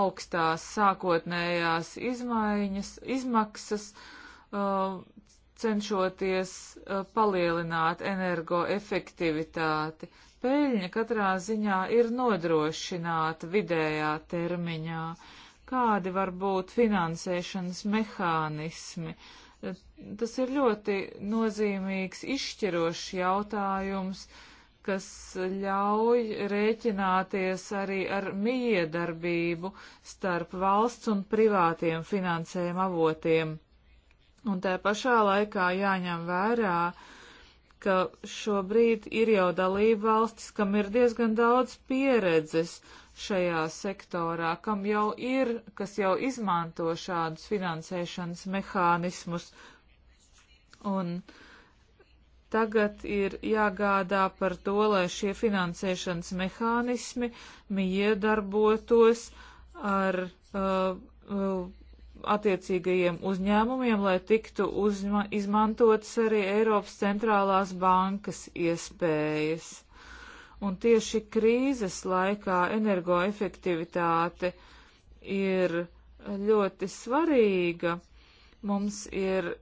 augstās sākotnējās izmaiņas, izmaksas, uh, cenšoties uh, palielināt energoefektivitāti. Peļņa katrā ziņā ir nodrošināta vidējā termiņā. Kādi var būt finansēšanas mehānismi? Tas ir ļoti nozīmīgs, izšķirošs jautājums. Uh, kas ļauj rēķināties arī ar miedarbību starp valsts un privātiem finansējuma avotiem. Un tā pašā laikā jāņem vērā, ka šobrīd ir jau dalība valstis, kam ir diezgan daudz pieredzes šajā sektorā, kam jau ir, kas jau izmanto šādus finansēšanas mehānismus. Un uh, Tagad ir jāgādā par to, lai šie finansēšanas mehānismi iedarbotos ar uh, uh, attiecīgajiem uzņēmumiem, lai tiktu uzma, izmantotas arī Eiropas centrālās bankas iespējas. Un tieši krīzes laikā energoefektivitāte ir ļoti svarīga. Mums ir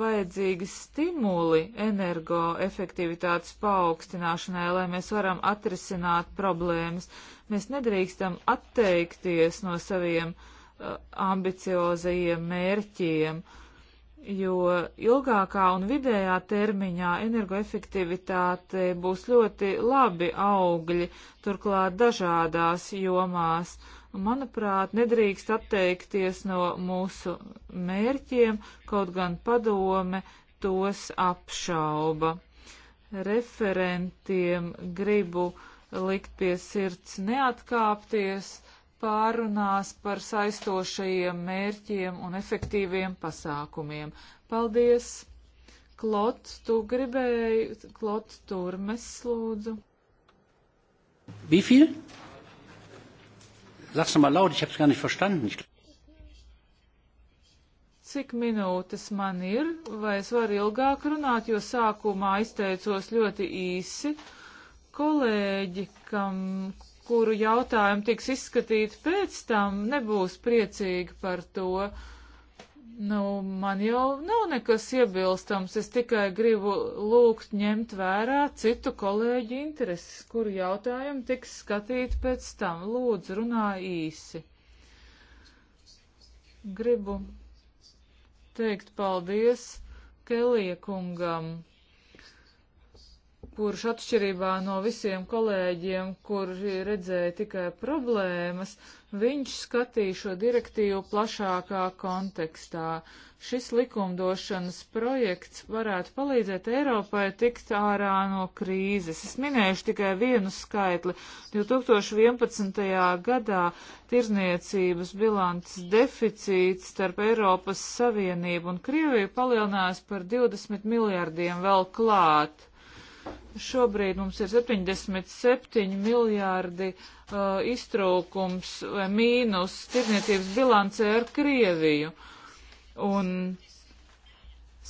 vajadzīgi stimuli energoefektivitātes paaugstināšanai, lai mēs varam atrisināt problēmas. Mēs nedrīkstam atteikties no saviem uh, ambiciozajiem mērķiem, jo ilgākā un vidējā termiņā energoefektivitāte būs ļoti labi augļi, turklāt dažādās jomās. Uh, Manuprāt, nedrīkst atteikties no mūsu mērķiem, kaut gan padome tos apšauba. Referentiem gribu likt pie sirds neatkāpties pārunās par saistošajiem mērķiem un efektīviem pasākumiem. Paldies! Klot, tu gribēji, Klot, turmes lūdzu. Wie viel? Sag's nochmal laut, ich hab's gar nicht verstanden. Ich... Cik minūtes man ir, vai es varu ilgāk runāt, jo sākumā izteicos ļoti īsi. Kolēģi, kam, kuru jautājumu tiks izskatīt pēc tam, nebūs priecīgi par to, uh, Nu, man jau nav nekas iebilstams, es tikai gribu lūgt ņemt vērā citu kolēģu intereses, kuru jautājumu tiks skatīt pēc tam. Lūdzu, runā īsi. Gribu teikt paldies Kelija kungam kurš atšķirībā no visiem kolēģiem, kuri redzēja tikai problēmas, viņš skatīja šo direktīvu plašākā kontekstā. Šis likumdošanas projekts varētu palīdzēt Eiropai tikt ārā no krīzes. Es minēšu tikai vienu skaitli. 2011. gadā tirzniecības bilants deficīts starp Eiropas Savienību un Krieviju palielinājās par 20 miljardiem vēl klāt Šobrīd mums ir 77 miljārdi uh, iztrūkums vai mīnus tirniecības bilancē ar Krieviju. Un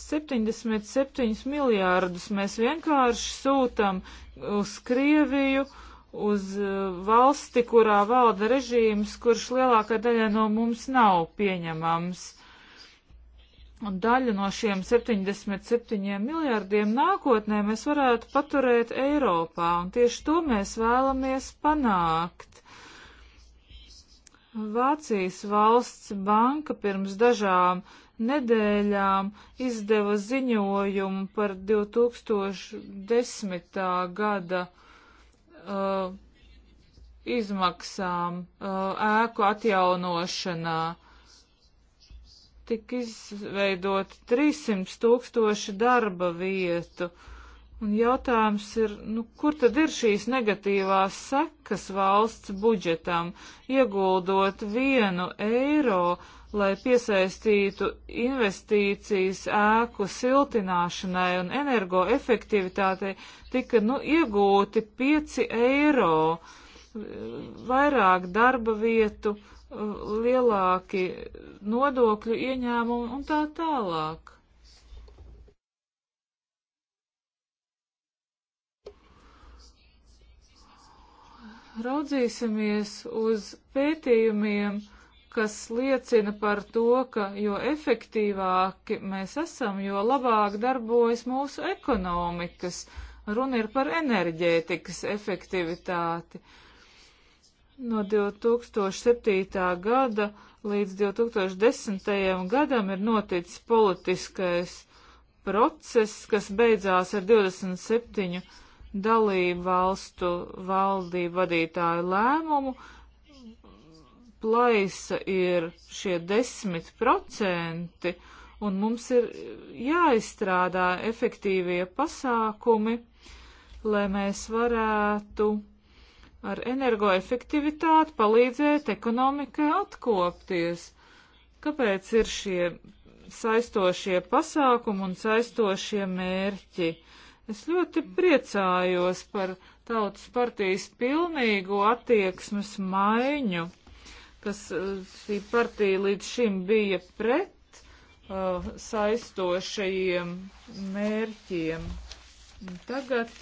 77 miljārdus mēs vienkārši sūtam uz Krieviju, uz uh, valsti, kurā valda režīms, kurš lielākā daļa no mums nav pieņemams. Un daļu no šiem 77 miljārdiem nākotnē mēs varētu paturēt Eiropā, un tieši to mēs vēlamies panākt. Vācijas valsts banka pirms dažām nedēļām izdeva ziņojumu par 2010. gada uh, izmaksām uh, ēku atjaunošanā. Uh, tika izveidot 300 tūkstoši darba vietu. Un jautājums ir, nu, kur tad ir šīs negatīvās sekas valsts budžetam, ieguldot vienu eiro, lai piesaistītu investīcijas ēku siltināšanai un energoefektivitātei, tika, nu, iegūti 5 eiro, vairāk darba vietu lielāki nodokļu ieņēmumi un tā tālāk. Raudzīsimies uz pētījumiem, kas liecina par to, ka jo efektīvāki mēs esam, jo labāk darbojas mūsu ekonomikas. Runa ir par enerģētikas efektivitāti. Uh, No 2007. gada līdz 2010. gadam ir noticis politiskais process, kas beidzās ar 27 dalību valstu valdību vadītāju lēmumu. Plaisa ir šie 10%, un mums ir jāizstrādā efektīvie pasākumi, lai mēs varētu ar energoefektivitāti palīdzēt ekonomikai atkopties. Kāpēc ir šie saistošie pasākumi un saistošie mērķi? Es ļoti priecājos par tautas partijas pilnīgu attieksmes maiņu, kas eh, šī partija līdz šim bija pret uh, saistošajiem mērķiem. Tagad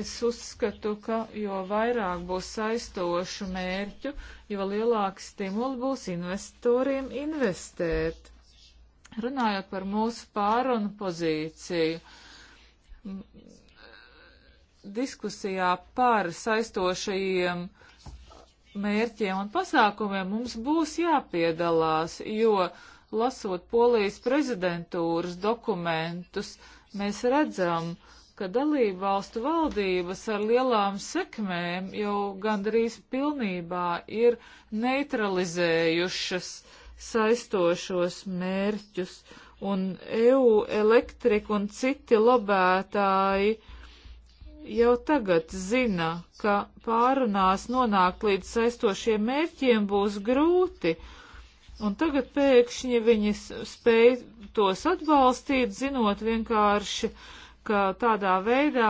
Es uzskatu, ka jo vairāk būs saistošu mērķu, jo lielāks stimuli būs investoriem investēt. Runājot par mūsu pārunu pozīciju, diskusijā par saistošajiem mērķiem un pasākumiem mums būs jāpiedalās, jo lasot polijas prezidentūras dokumentus, mēs redzam, uh, ka dalību valstu valdības ar lielām sekmēm jau gandrīz pilnībā ir neutralizējušas saistošos mērķus, un EU elektrika un citi lobētāji jau tagad zina, ka pārunās nonākt līdz saistošiem mērķiem būs grūti, un tagad pēkšņi viņi spēj tos atbalstīt, zinot vienkārši, uh, ka tādā veidā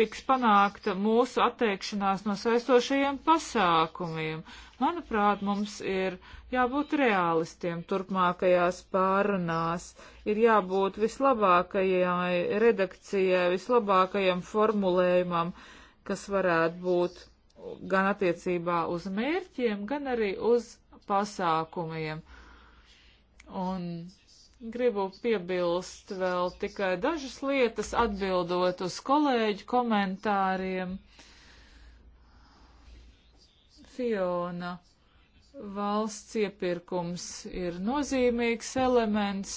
tiks panākta mūsu atteikšanās no saistošajiem pasākumiem. Manuprāt, mums ir jābūt realistiem turpmākajās pārunās, ir jābūt vislabākajai redakcijai, vislabākajam formulējumam, kas varētu būt gan attiecībā uz mērķiem, gan arī uz pasākumiem. Un gribu piebilst vēl tikai dažas lietas, atbildot uz kolēģu komentāriem. Fiona, valsts iepirkums ir nozīmīgs elements.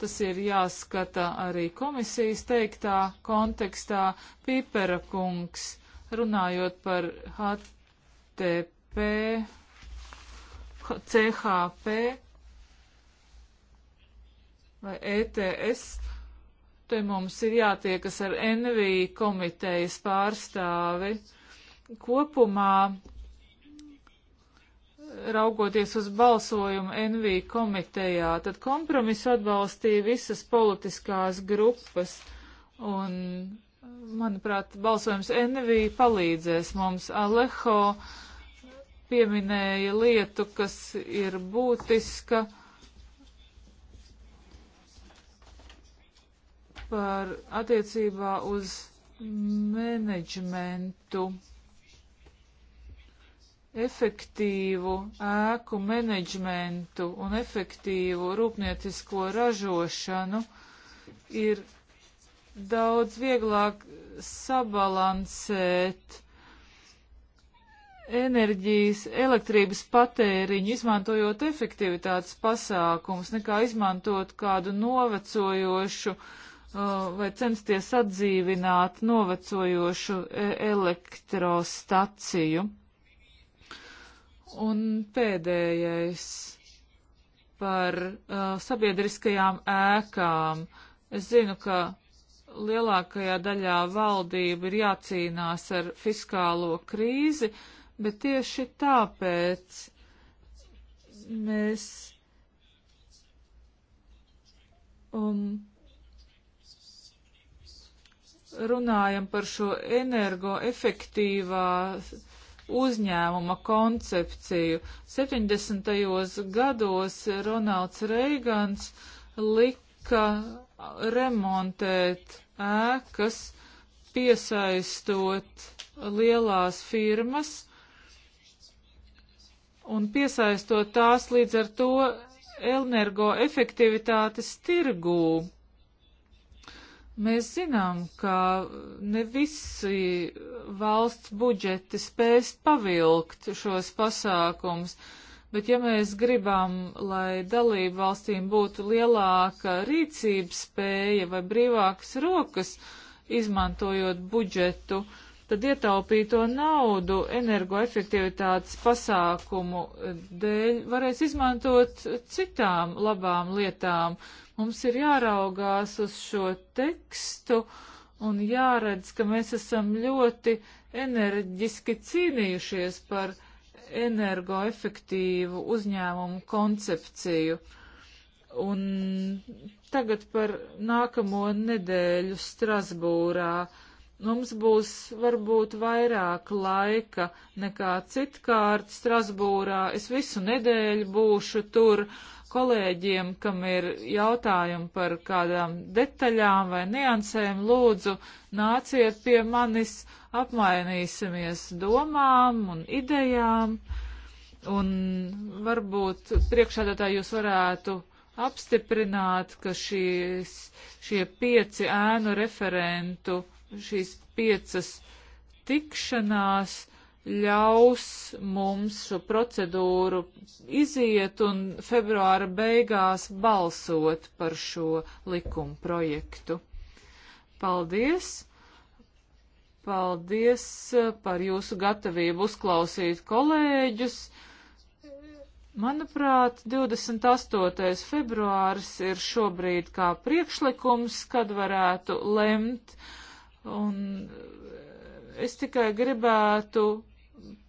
Tas ir jāskata arī komisijas teiktā kontekstā. Pīpera kungs, runājot par HTP, CHP, vai ETS, te mums ir jātiekas ar NV komitejas pārstāvi. Kopumā, raugoties uz balsojumu NV komitejā, tad kompromisu atbalstīja visas politiskās grupas un manuprāt, balsojums NV palīdzēs mums. Alejo pieminēja lietu, kas ir būtiska, par attiecībā uz menedžmentu efektīvu ēku menedžmentu un efektīvu rūpniecisko ražošanu ir daudz vieglāk sabalansēt enerģijas, elektrības patēriņu, izmantojot efektivitātes pasākums, nekā izmantot kādu novecojošu uh, vai censties atdzīvināt novecojošu e, elektrostaciju. Un pēdējais par uh, sabiedriskajām ēkām. Es zinu, ka lielākajā daļā valdība ir jācīnās ar fiskālo krīzi, bet tieši tāpēc mēs um, runājam par šo energoefektīvā uzņēmuma koncepciju. 70. gados Ronalds Reigans lika remontēt ēkas, piesaistot lielās firmas un piesaistot tās līdz ar to energoefektivitātes tirgū. Mēs zinām, ka ne visi valsts budžeti spēs pavilkt šos pasākums, bet ja mēs gribam, lai dalību valstīm būtu lielāka rīcības spēja vai brīvākas rokas, izmantojot budžetu, uh, tad ietaupīto naudu energoefektivitātes pasākumu dēļ varēs izmantot citām labām lietām. Mums ir jāraugās uz šo tekstu un jāredz, ka mēs esam ļoti enerģiski cīnījušies par energoefektīvu uzņēmumu koncepciju. Un tagad par nākamo nedēļu Strasbūrā. Uh, mums būs varbūt vairāk laika nekā citkārt Strasbūrā. Es visu nedēļu būšu tur kolēģiem, kam ir jautājumi par kādām detaļām vai niansēm, lūdzu, nāciet pie manis, apmainīsimies domām un idejām. Un varbūt priekšādātāji jūs varētu apstiprināt, ka šīs, šie pieci ēnu referentu šīs piecas tikšanās ļaus mums šo procedūru iziet un februāra beigās balsot par šo likumu projektu. Paldies! Paldies eh, par jūsu gatavību uzklausīt kolēģus. Manuprāt, 28. februāris ir šobrīd kā priekšlikums, kad varētu lemt, uh, Un eh, es tikai gribētu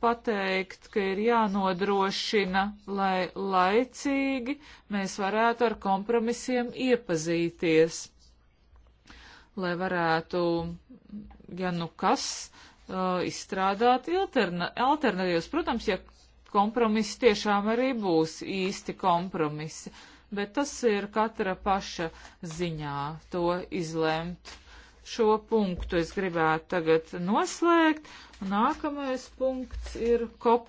pateikt, ka ir jānodrošina, lai laicīgi mēs varētu ar kompromisiem iepazīties, lai varētu, ja nu kas, uh, izstrādāt alterna alternatīvas. Protams, ja kompromisi tiešām arī būs īsti kompromisi, bet tas ir katra paša ziņā to izlemt šo punktu es gribētu tagad noslēgt. Nākamais punkts ir COP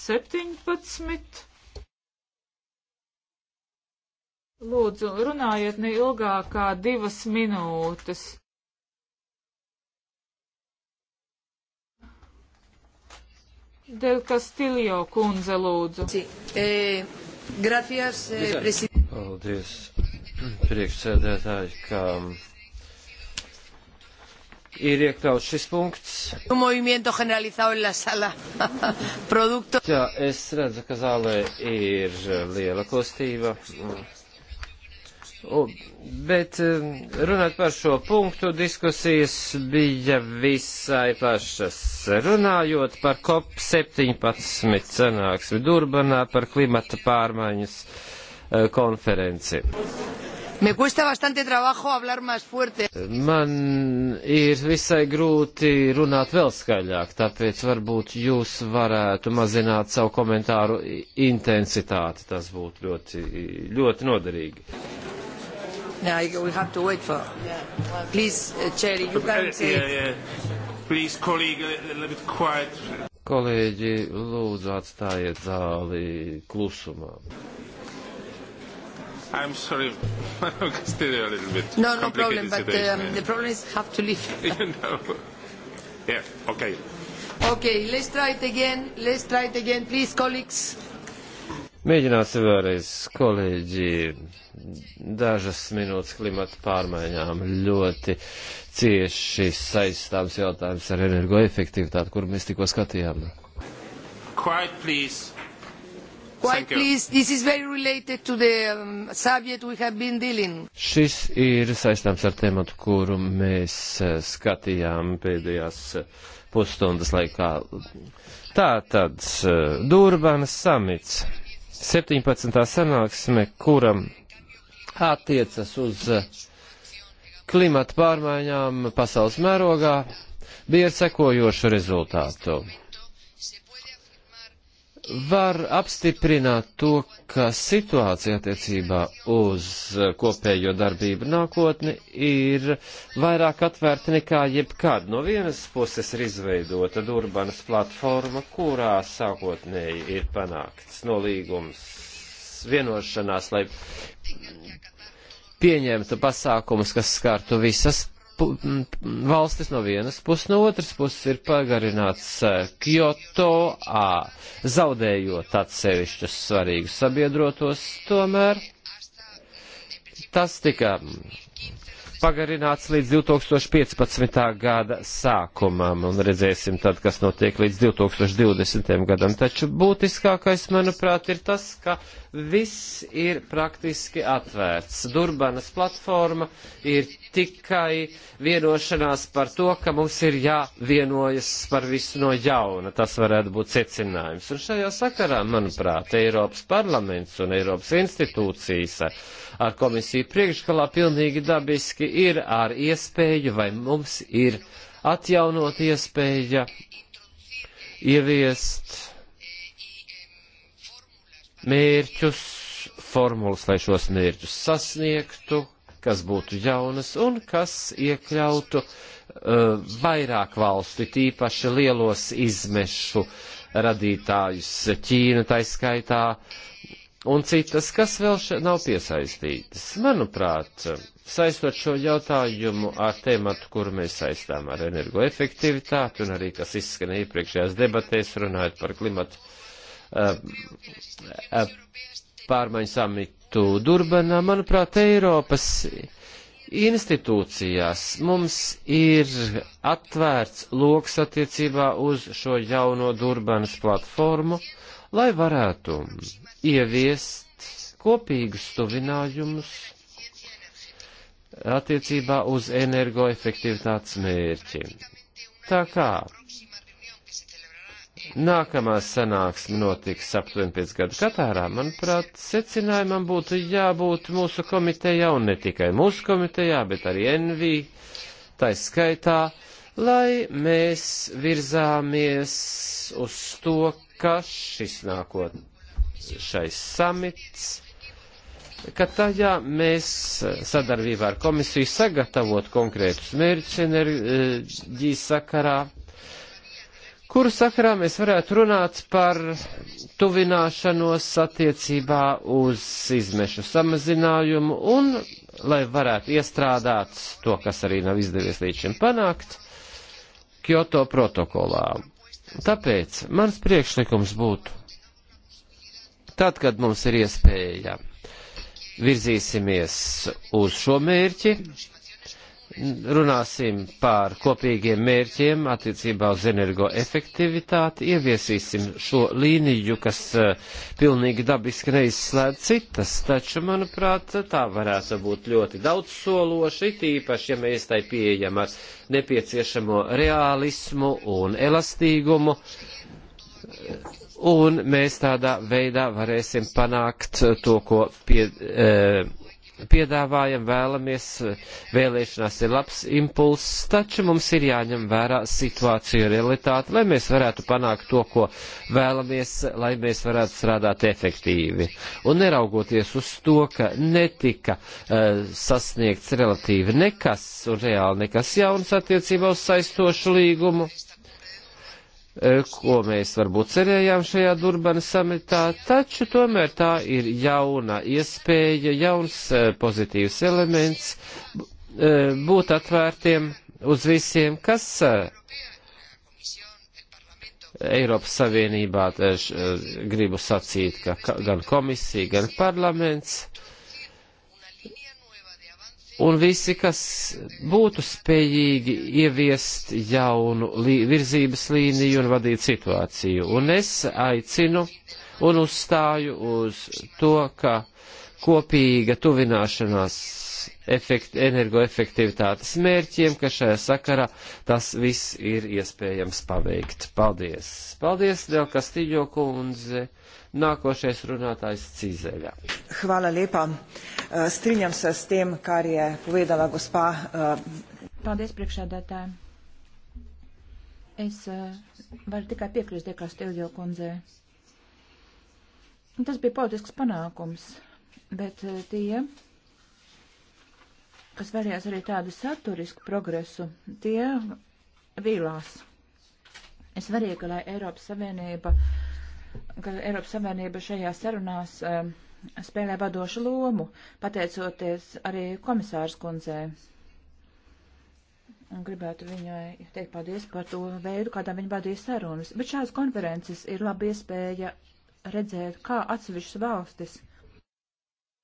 17. Lūdzu, runājiet ne ilgāk kā divas minūtes. Del Castillo kundze, lūdzu. Sí. Eh, gracias, eh, Paldies, priekšsēdētāji, ka ir iekļauts šis punkts. Jā, es redzu, ka zālē ir liela kostība. O, bet um, runāt par šo punktu, diskusijas bija visai plašas. Runājot par COP17 sanāksmi Durbanā par klimata pārmaiņas eh, konferenci. Me cuesta bastante trabajo hablar más fuerte. Man ir visai grūti runāt vēl skaļāk, tāpēc varbūt jūs varētu mazināt savu komentāru intensitāti. Tas būtu ļoti, ļoti noderīgi. Now we have to wait for. Please, uh, Cherry, you uh, can say. Yeah, yeah. Please, colleague, a little bit quiet. Kolēģi, lūdzu atstājiet zāli klusumā. I'm sorry, still a little bit. No, no problem. But um, yeah. the problem is have to leave. you know. Yeah. Okay. Okay. Let's try it again. Let's try it again, please, colleagues. Mēģināsim vēlreiz, kolēģi, dažas minūtes klimata pārmaiņām ļoti cieši saistāms jautājums ar energoefektivitāti, kur mēs tikko skatījām. Quiet, please. Quite please, this is very related to the um, subject we have been dealing. Šis ir saistāms ar tematu, kuru mēs uh, skatījām pēdējās uh, pusstundas laikā. Tā tad uh, Durbanas samits, 17. sanāksme, kuram attiecas uz klimata pārmaiņām pasaules mērogā, bija ar sekojošu rezultātu var apstiprināt to, ka situācija attiecībā uz kopējo darbību nākotni ir vairāk atvērta nekā jebkad. No vienas puses ir izveidota Durbanas platforma, kurā sākotnēji ir panākts nolīgums vienošanās, lai pieņemtu pasākumus, kas skārtu visas valstis no vienas puses, no otras puses ir pagarināts eh, Kyoto, a, zaudējot atsevišķus svarīgus sabiedrotos, tomēr tas tika pagarināts līdz 2015. gada sākumam, un redzēsim tad, kas notiek līdz 2020. gadam. Taču būtiskākais, manuprāt, ir tas, ka viss ir praktiski atvērts. Durbanas platforma ir tikai vienošanās par to, ka mums ir jāvienojas par visu no jauna. Tas varētu būt secinājums. Un šajā sakarā, manuprāt, Eiropas parlaments un Eiropas institūcijas ar komisiju priekšgalā pilnīgi dabiski ir ar iespēju, vai mums ir atjaunot iespēja ieviest mērķus, formulas, lai šos mērķus sasniegtu, kas būtu jaunas un kas iekļautu uh, vairāk valstu, tīpaši lielos izmešu radītājus Ķīnu taiskaitā un citas, kas vēl nav piesaistītas. Manuprāt, saistot šo jautājumu ar tēmatu, kuru mēs saistām ar energoefektivitāti un arī, kas izskanēja iepriekšējās debatēs, runājot par klimatu uh, uh, pārmaiņu samitu samitu Durbanā, manuprāt, Eiropas institūcijās mums ir atvērts loks attiecībā uz šo jauno Durbanas platformu, lai varētu ieviest kopīgus tuvinājumus attiecībā uz energoefektivitātes mērķi. Tā kā Nākamā sanāksme notiks aptuveni pēc gada Katārā. Manuprāt, secinājumam būtu jābūt mūsu komitejā, un ne tikai mūsu komitejā, bet arī NV, tā skaitā, lai mēs virzāmies uz to, ka šis nākotnešais samits, ka tajā mēs sadarbībā ar komisiju sagatavot konkrētus mērķus enerģijas sakarā kuru sakarā mēs varētu runāt par tuvināšanos attiecībā uz izmešu samazinājumu un, lai varētu iestrādāt to, kas arī nav izdevies līdz šim panākt, Kyoto protokolā. Tāpēc mans priekšlikums būtu, tad, kad mums ir iespēja, virzīsimies uz šo mērķi, runāsim par kopīgiem mērķiem attiecībā uz energoefektivitāti, ieviesīsim šo līniju, kas eh, pilnīgi dabiski neizslēdz citas, taču, manuprāt, tā varētu būt ļoti daudz sološi, tīpaši, ja mēs tai pieejam ar nepieciešamo realismu un elastīgumu. Un mēs tādā veidā varēsim panākt to, ko pie, e, piedāvājam, vēlamies, vēlēšanās ir labs impulss, taču mums ir jāņem vērā situācija realitāte, lai mēs varētu panākt to, ko vēlamies, lai mēs varētu strādāt efektīvi. Un neraugoties uz to, ka netika uh, sasniegts relatīvi nekas un reāli nekas jauns attiecībā uz saistošu līgumu, Eh, ko mēs varbūt cerējām šajā Durbanas samitā, taču tomēr tā ir jauna iespēja, jauns eh, pozitīvs elements eh, būt atvērtiem uz visiem, kas Eiropas Savienībā grib sacīt, ka gan komisija, gan parlaments un visi, kas būtu spējīgi ieviest jaunu lī, virzības līniju un vadīt situāciju. Un es aicinu un uzstāju uz to, ka kopīga tuvināšanās efekt, energoefektivitātes mērķiem, ka šajā sakarā tas viss ir iespējams paveikt. Paldies! Paldies, Del Kastīļo kundze! Nākošais runātājs Cizeļa. Hvala lijepa. E, Striņam sa s tiem, kar je povedala gospā. E, Paldies, priekšādātāji. Es e, varu tikai piekrist Dekastīļo kundzei. Tas bija politisks panākums, bet tie. Uh, kas varējās arī tādu saturisku progresu, tie vīlās. Es varēju, lai Eiropas Savienība, ka Eiropas Savienība šajā sarunās um, spēlē vadošu lomu, pateicoties arī komisārs kundzē. Un gribētu viņai teikt paldies par to veidu, kādā viņa vadīja sarunas. Bet šādas konferences ir laba iespēja redzēt, kā atsevišķas valstis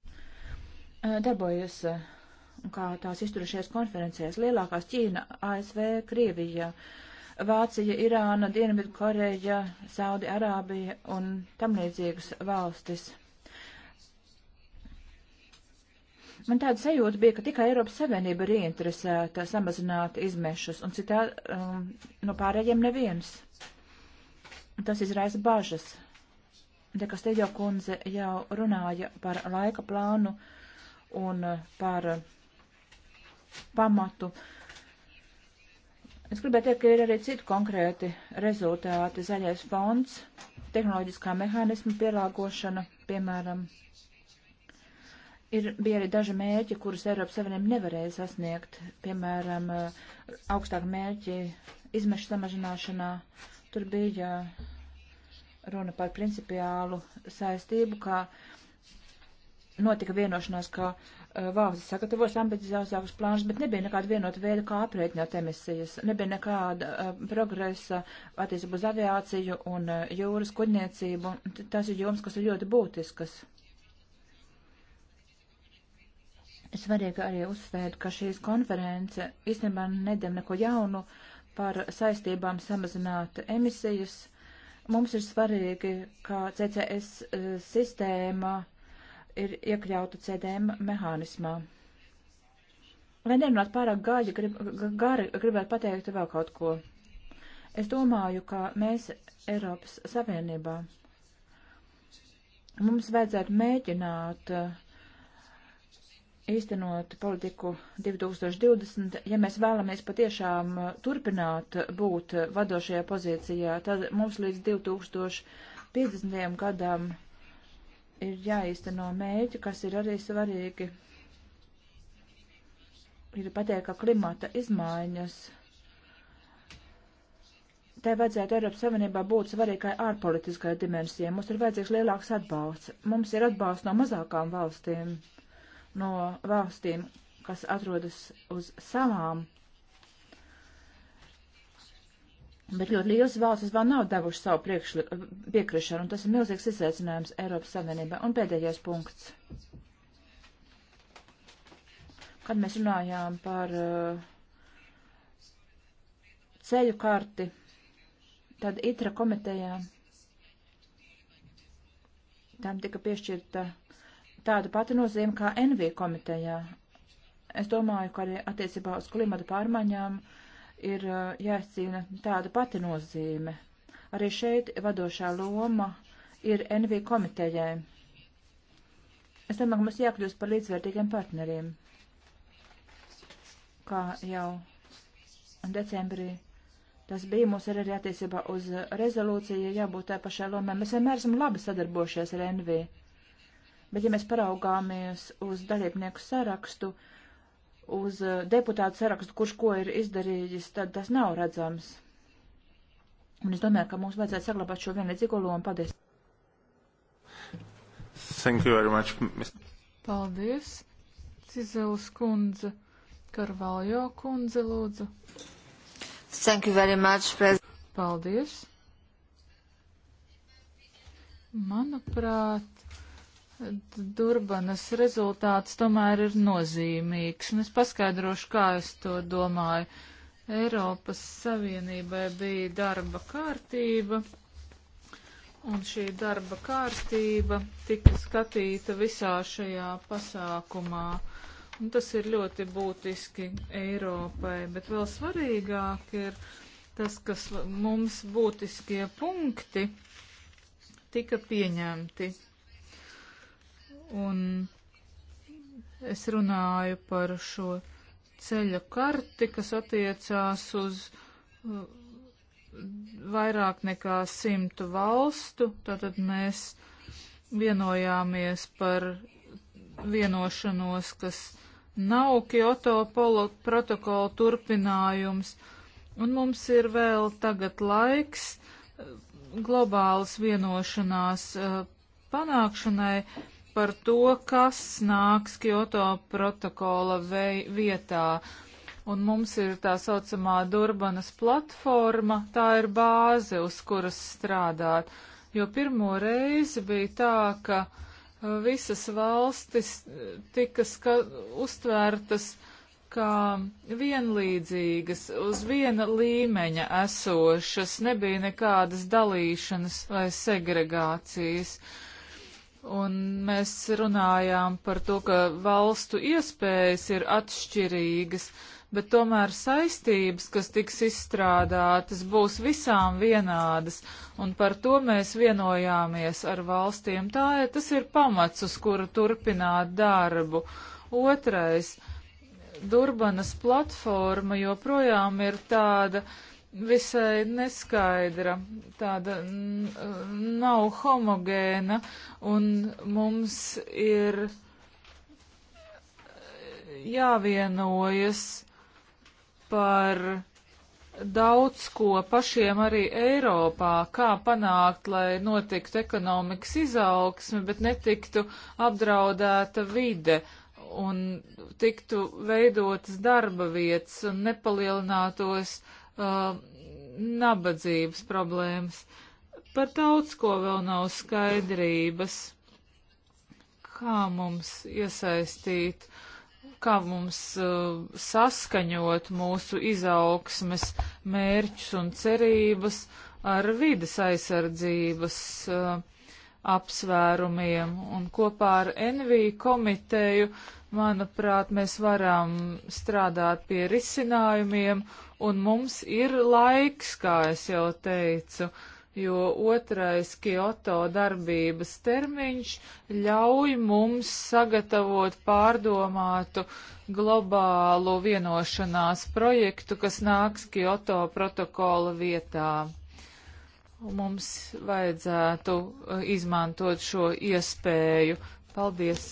uh, darbojas uh, kā tās izturušies konferencēs. Lielākās Ķīna, ASV, Krievija, Vācija, Irāna, Dienvidu Koreja, Saudi Arābija un tam līdzīgas valstis. Man tāda sajūta bija, ka tikai Eiropas Savienība ir ieinteresēta samazināt izmešus, un citā um, no pārējiem neviens. Tas izraisa bažas. De Kasteļo kundze jau runāja par laika plānu un par pamatu. Es gribētu teikt, ka ir arī citi konkrēti rezultāti. Zaļais fonds, tehnoloģiskā mehānisma pielāgošana, piemēram, ir, bija arī daži mērķi, kurus Eiropas Savienība nevarēja sasniegt, piemēram, eh, augstāk mērķi izmešu samazināšanā. Tur bija eh, runa par principiālu saistību, kā notika vienošanās, ka Eh, valsts sagatavo ambiciozākus plānus, bet nebija nekāda vienota veida, kā aprēķināt emisijas, nebija nekāda uh, progresa attiecībā uz aviāciju un uh, jūras kuģniecību. Tas ir joms, kas ir ļoti būtiskas. Svarīgi arī uzsvērt, ka šīs konference īstenībā nedem neko jaunu par saistībām samazināt emisijas. Mums ir svarīgi, ka CCS uh, sistēma uh, ir iekļauta CDM mehānismā. Lai nerunātu pārāk gaļi, grib, gari, gribētu pateikt vēl kaut ko. Es domāju, ka mēs Eiropas Savienībā mums vajadzētu mēģināt uh, īstenot politiku 2020, ja mēs vēlamies patiešām uh, turpināt būt vadošajā pozīcijā, tad mums līdz 2050. gadam ir jāīsteno mēķi, kas ir arī svarīgi. Ir pateikt, ka klimata izmaiņas. Tai vajadzētu Eiropas Savienībā būt svarīgai ārpolitiskai dimensijai. Mums ir vajadzīgs lielāks atbalsts. Mums ir atbalsts no mazākām valstīm, no valstīm, kas atrodas uz salām Bet ļoti liels valstis vēl nav devuši savu priekšli, piekrišanu, un tas ir milzīgs izaicinājums Eiropas Savienībā. Un pēdējais punkts. Kad mēs runājām par uh, ceļu karti, tad ITRA komitejā tam tika piešķirta tāda pati nozīme kā NV komitejā. Es domāju, ka arī attiecībā uz klimata pārmaiņām uh, ir jāizcīna tāda pati nozīme. Arī šeit vadošā loma ir NV komitejai. Es domāju, ka mums jākļūst par līdzvērtīgiem partneriem. Kā jau decembrī tas bija, mums ir arī attiecībā uz rezolūciju jābūt tā pašā lomā. Mēs vienmēr esam labi sadarbojušies ar NV. Bet, ja mēs paraugāmies uz dalībnieku sarakstu, uh, uz eh, deputātu sarakstu, kurš ko ir izdarījis, tad tas nav redzams. Un es domāju, ka mums vajadzētu saglabāt šo vienlīdzīgo lomu. Paldies! Thank you very much. Paldies! Cizels kundze, Karvaljo kundze, lūdzu. Thank you very much, President. Paldies! Manuprāt, Durbanas rezultāts tomēr ir nozīmīgs, un es paskaidrošu, kā es to domāju. Eiropas Savienībai bija darba kārtība, un šī darba kārtība tika skatīta visā šajā pasākumā. Un tas ir ļoti būtiski Eiropai, bet vēl svarīgāk ir tas, kas mums būtiskie punkti tika pieņemti un es runāju par šo ceļa karti, kas attiecās uz uh, vairāk nekā simtu valstu. Tātad mēs vienojāmies par vienošanos, kas nav Kyoto protokola turpinājums, un mums ir vēl tagad laiks uh, globālas vienošanās uh, panākšanai par to, kas nāks Kyoto protokola vietā. Un mums ir tā saucamā Durbanas platforma, tā ir bāze, uz kuras strādāt. Jo pirmo reizi bija tā, ka uh, visas valstis uh, tika uztvērtas kā vienlīdzīgas, uz viena līmeņa esošas, nebija nekādas dalīšanas vai segregācijas. Uh, Un mēs runājām par to, ka valstu iespējas ir atšķirīgas, bet tomēr saistības, kas tiks izstrādātas, būs visām vienādas, un par to mēs vienojāmies ar valstīm. Tā ir, tas ir pamats, uz kuru turpināt darbu. Otrais, Durbanas platforma joprojām ir tāda, uh, visai neskaidra, tāda nav homogēna, un mums ir jāvienojas par daudz ko pašiem arī Eiropā, kā panākt, lai notiktu ekonomikas izaugsme, bet netiktu apdraudēta vide un tiktu veidotas darba vietas un nepalielinātos uh, uh, nabadzības problēmas. Par daudz ko vēl nav skaidrības, kā mums iesaistīt, kā mums uh, saskaņot mūsu izaugsmes mērķus un cerības ar vides aizsardzības uh, apsvērumiem. Un kopā ar NV komiteju, manuprāt, mēs varam strādāt pie risinājumiem un mums ir laiks, kā es jau teicu, jo otrais Kyoto darbības termiņš ļauj mums sagatavot pārdomātu globālu vienošanās projektu, kas nāks Kyoto protokola vietā. Mums vajadzētu uh, izmantot šo iespēju. Paldies!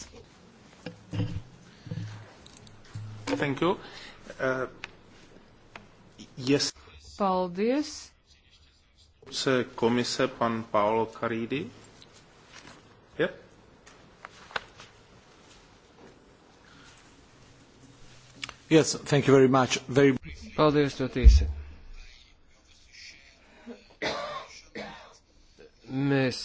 Thank you. Uh... Yes. Paldies. Se komise pan Paolo Caridi. Yep. Yes, thank you very much. Very... Paldies, ļoti īsi. Mēs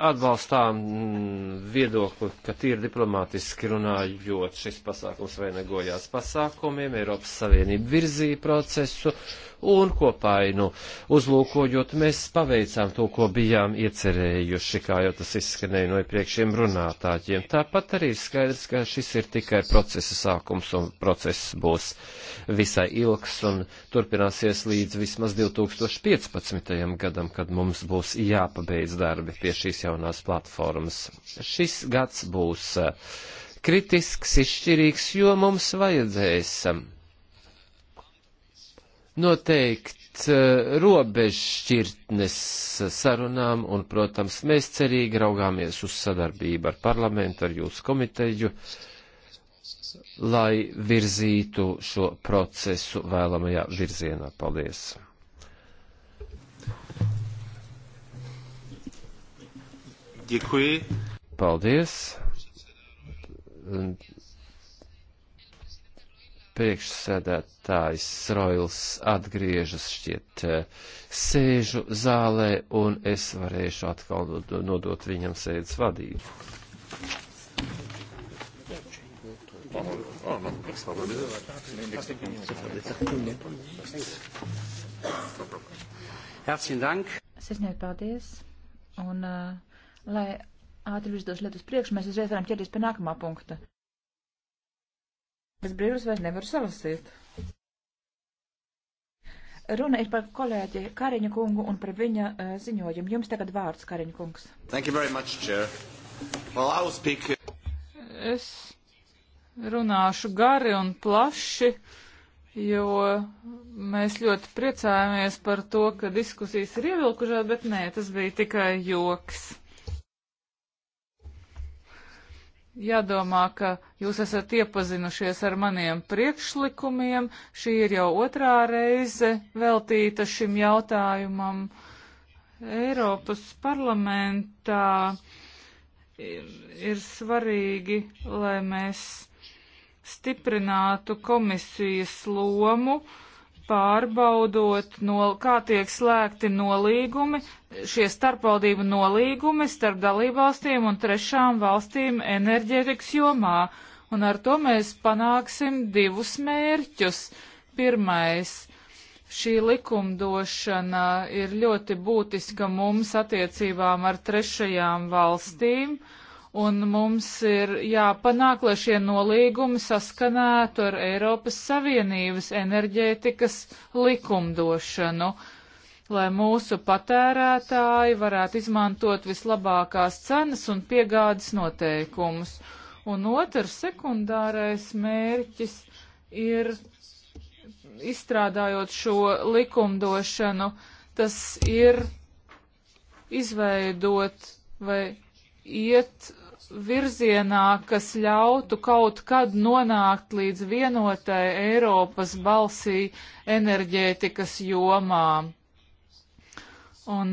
atbalstām mm, viedokli, ka tīri diplomātiski runājot šis pasākums vainagojās pasākumiem, Eiropas Savienība virzīja procesu un kopainu uzlūkojot, mēs paveicām to, ko bijām iecerējuši, kā jau tas izskanēja no iepriekšiem runātāģiem. Tāpat arī ir skaidrs, ka šis ir tikai procesa sākums un process būs visai ilgs un turpināsies līdz vismaz 2015. gadam, kad mums būs jāpabeidz darbi pie šīs jaunās platformas. Šis gads būs eh, kritisks, izšķirīgs, jo mums vajadzēs eh, noteikt eh, robežšķirtnes sarunām, un, protams, mēs cerīgi raugāmies uz sadarbību ar parlamentu, ar jūsu komiteju, lai virzītu šo procesu vēlamajā virzienā. Paldies! Děkuji. Paldies priekšsēdētājs Roils atgriežas šķiet eh, sēžu zālē, un es varēšu atkal nodot viņam sēdes vadību. Oh, no, extra bonne heure. Next Herzlichen Dank. Sirsnieki, paldies. Un, uh, lai ātri viss dos lietas priekš, mēs uzreiz varam ķerties pie nākamā punkta. Es brīvus vairs nevaru salasīt. Runa ir par kolēģi Kariņa kungu un par viņa uh, ziņojumu. Jums tagad vārds, Kariņa kungs. Thank you very much, Chair. Well, I will speak. Uh, es runāšu gari un plaši, jo mēs ļoti priecājamies par to, ka diskusijas ir ievilkušās, bet nē, tas bija tikai joks. jādomā, ka jūs esat iepazinušies ar maniem priekšlikumiem. Šī ir jau otrā reize veltīta šim jautājumam. Eiropas parlamentā ir, ir svarīgi, lai mēs stiprinātu komisijas lomu pārbaudot, no, kā tiek slēgti nolīgumi, šie starpvaldību nolīgumi starp dalībvalstīm un trešām valstīm enerģētikas jomā. Un ar to mēs panāksim divus mērķus. Pirmais, šī likumdošana ir ļoti būtiska mums attiecībām ar trešajām valstīm. Mm un mums ir jāpanāk, lai šie nolīgumi saskanētu ar Eiropas Savienības enerģētikas likumdošanu, lai mūsu patērētāji varētu izmantot vislabākās cenas un piegādes noteikumus. Un otrs sekundārais mērķis ir izstrādājot šo likumdošanu, tas ir izveidot vai iet virzienā, kas ļautu kaut kad nonākt līdz vienotai Eiropas balsī enerģētikas jomā. Un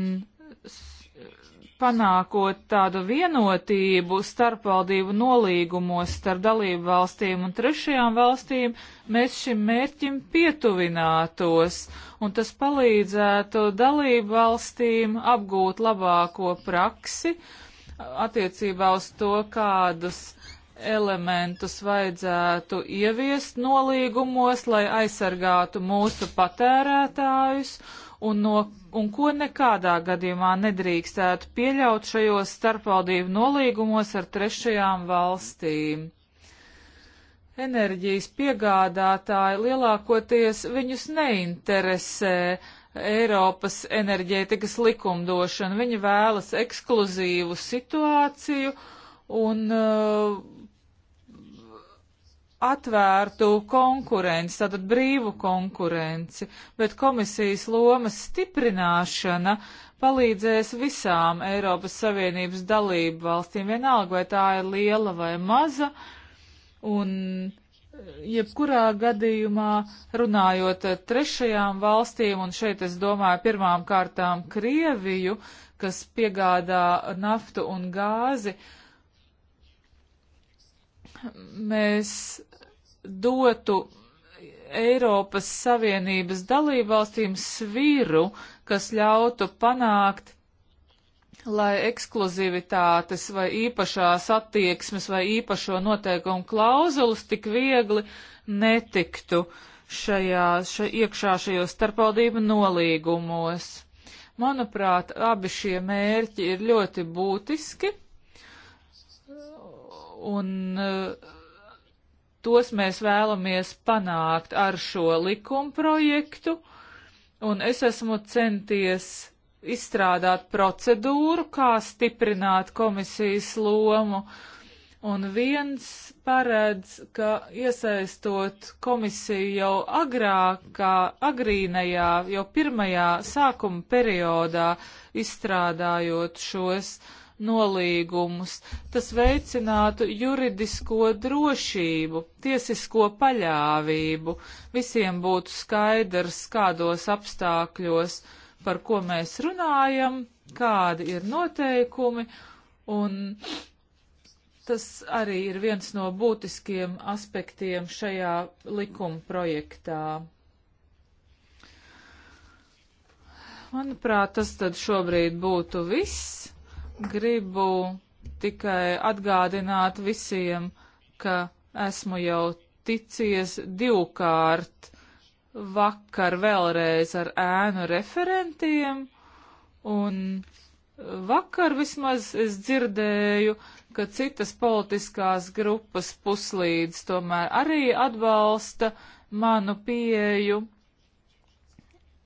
panākot tādu vienotību starpvaldību nolīgumos starp dalību valstīm un trešajām valstīm, mēs šim mērķim pietuvinātos, un tas palīdzētu dalību valstīm apgūt labāko praksi, uh, attiecībā uz to, kādus elementus vajadzētu ieviest nolīgumos, lai aizsargātu mūsu patērētājus un, no, un ko nekādā gadījumā nedrīkstētu pieļaut šajos starpvaldību nolīgumos ar trešajām valstīm. Enerģijas piegādātāji lielākoties viņus neinteresē uh, Eiropas enerģētikas likumdošanu. Viņi vēlas ekskluzīvu situāciju un uh, atvērtu konkurenci, tātad brīvu konkurenci, bet komisijas lomas stiprināšana palīdzēs visām Eiropas Savienības dalību valstīm, vienalga vai tā ir liela vai maza, un jebkurā gadījumā runājot ar trešajām valstīm, un šeit es domāju pirmām kārtām Krieviju, kas piegādā naftu un gāzi, mēs dotu Eiropas Savienības dalībvalstīm sviru, kas ļautu panākt lai ekskluzivitātes vai īpašās attieksmes vai īpašo noteikumu klauzulas tik viegli netiktu šajā, šajā iekšā šajos starpvaldību nolīgumos. Manuprāt, abi šie mērķi ir ļoti būtiski, un eh, tos mēs vēlamies panākt ar šo likumprojektu, un es esmu centies izstrādāt procedūru, kā stiprināt komisijas lomu. Un viens paredz, ka iesaistot komisiju jau agrākā, agrīnajā, jau pirmajā sākuma periodā, izstrādājot šos nolīgumus, tas veicinātu juridisko drošību, tiesisko paļāvību, visiem būtu skaidrs, kādos apstākļos par ko mēs runājam, kādi ir noteikumi, un tas arī ir viens no būtiskiem aspektiem šajā likuma projektā. Manuprāt, tas tad šobrīd būtu viss. Gribu tikai atgādināt visiem, ka esmu jau ticies divkārt vakar vēlreiz ar ēnu referentiem, un vakar vismaz es dzirdēju, ka citas politiskās grupas puslīdz tomēr arī atbalsta manu pieeju.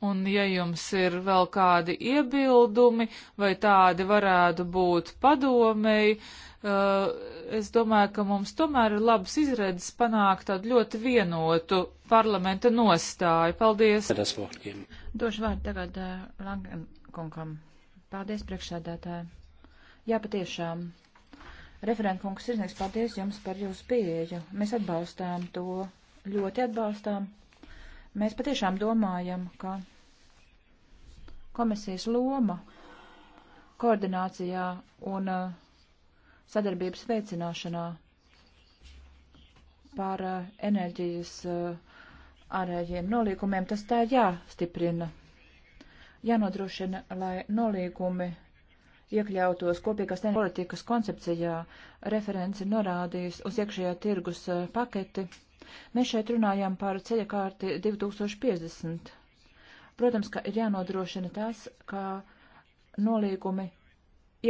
Un ja jums ir vēl kādi iebildumi, vai tādi varētu būt padomēji, eh, es domāju, ka mums tomēr ir labs izredzes panākt tādu ļoti vienotu parlamenta nostāju. Paldies! Došu vārdu tagad eh, Langenkungam. Paldies, priekšsēdētāji! Jā, patiešām. Referentkungs, sirsnīgs paldies jums par jūsu pieeju. Mēs atbalstām to, ļoti atbalstām. Mēs patiešām domājam, ka komisijas loma koordinācijā un eh, sadarbības veicināšanā par eh, enerģijas eh, ārējiem nolīgumiem, tas tā jāstiprina. Jānodrošina, lai nolīgumi iekļautos kopīgās politikas koncepcijā, referenci norādījis uz iekšējā tirgus paketi. Mēs šeit runājam par ceļakārti 2050 Protams, ka ir jānodrošina tas, ka nolīgumi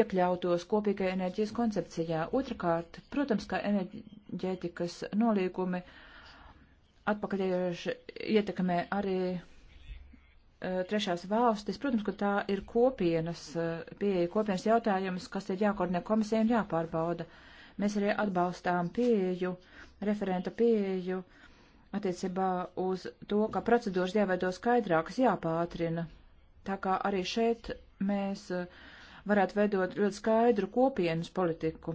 iekļautos kopīgajā enerģijas koncepcijā. Otrakārt, protams, ka enerģētikas nolīgumi atpakaļējoši ietekmē arī e, trešās valstis. Protams, ka tā ir kopienas e, pieeja, kopienas jautājums, kas ir jākoordinē komisija un jāpārbauda. Mēs arī atbalstām pieeju, referenta pieeju, uh, attiecībā uz to, ka procedūras jāveido skaidrākas, jāpātrina. Tā kā arī šeit mēs eh, varētu veidot ļoti skaidru kopienas politiku.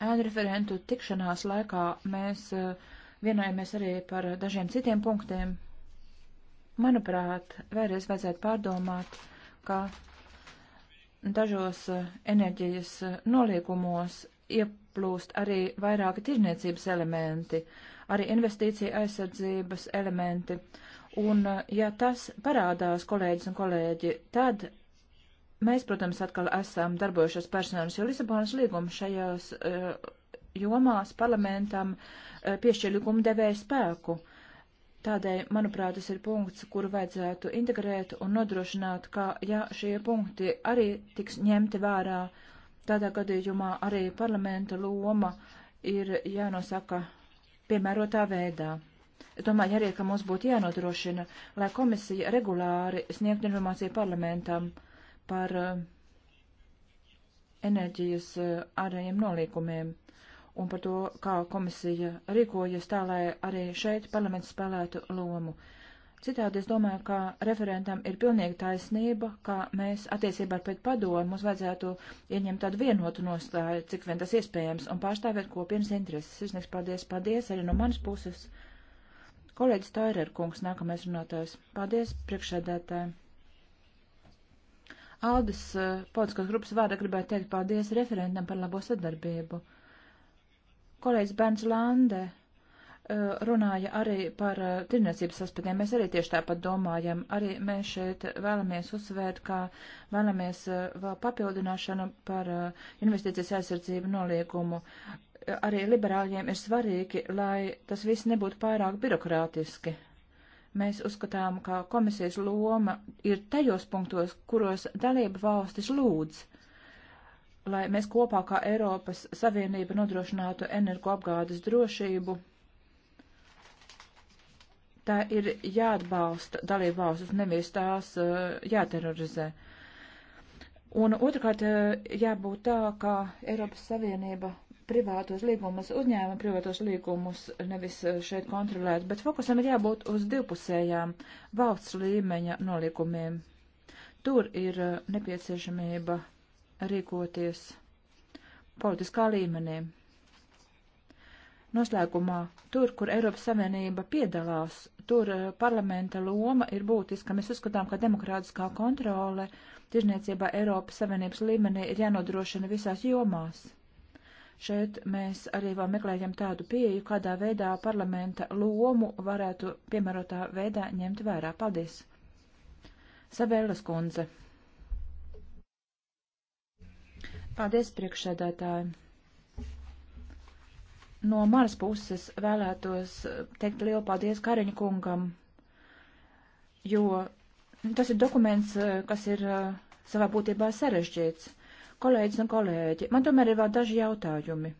Ēnu referentu tikšanās laikā mēs eh, vienojamies arī par dažiem citiem punktiem. Manuprāt, vēlreiz vajadzētu pārdomāt, ka dažos eh, enerģijas noliekumos iep ieplūst arī vairāki tirniecības elementi, arī investīcija aizsardzības elementi. Un, uh, ja tas parādās, kolēģis un kolēģi, tad mēs, protams, atkal esam darbojušies personālis, jo Lisabonas līgums šajās uh, jomās parlamentam uh, piešķir likumdevēju spēku. Tādēļ, manuprāt, tas ir punkts, kuru vajadzētu integrēt un nodrošināt, ka, ja šie punkti arī tiks ņemti vērā, uh, Tādā gadījumā arī parlamenta loma ir jānosaka piemērotā veidā. Es domāju arī, ka mums būtu jānodrošina, lai komisija regulāri sniegtu informāciju parlamentam par eh, enerģijas eh, ārējiem nolīkumiem un par to, kā komisija rīkojas tā, lai arī šeit parlaments spēlētu lomu. Citādi es domāju, ka referentam ir pilnīgi taisnība, ka mēs attiecībā pret padomu mums vajadzētu ieņemt tādu vienotu nostāju, cik vien tas iespējams, un pārstāvēt kopienas intereses. Sirsnieks, paldies, paldies arī no manas puses. Kolēģis Tairer kungs, nākamais runātājs. Paldies, priekšsēdētāji. Aldis eh, politiskās grupas vārdā gribētu teikt paldies referentam par labo sadarbību. Kolēģis Bērns Lande Eh, runāja arī par eh, tirniecības aspektiem. Mēs arī tieši tāpat domājam. Arī mēs šeit vēlamies uzsvērt, ka vēlamies eh, vēl papildināšanu par investīcijas aizsardzību noliegumu. Arī liberāļiem ir svarīgi, lai tas viss nebūtu pārāk birokrātiski. Mēs uzskatām, ka komisijas loma ir tajos punktos, kuros dalība valstis lūdz lai mēs kopā kā Eiropas Savienība nodrošinātu energoapgādes drošību tā ir jāatbalsta dalību valstis, nevis tās eh, jāterorizē. Un otrkārt eh, jābūt tā, ka Eiropas Savienība privātos līgumus, uzņēmuma privātos līgumus nevis eh, šeit kontrolēt, bet fokusam ir jābūt uz divpusējām valsts līmeņa nolikumiem. Tur ir nepieciešamība rīkoties politiskā līmenī. Noslēgumā, tur, kur Eiropas Savienība piedalās, tur eh, parlamenta loma ir būtiska. Mēs uzskatām, ka demokrātiskā kontrole tirzniecībā Eiropas Savienības līmenī ir jānodrošina visās jomās. Šeit mēs arī vēl meklējam tādu pieeju, kādā veidā parlamenta lomu varētu piemērotā veidā ņemt vērā. Paldies! Savēlas kundze. Paldies, priekšsēdētāji! No manas puses vēlētos teikt lielu paldies Kariņa kungam, jo nu, tas ir dokuments, eh, kas ir eh, savā būtībā sarežģīts. Kolēģis un kolēģi, man tomēr ir vēl daži jautājumi,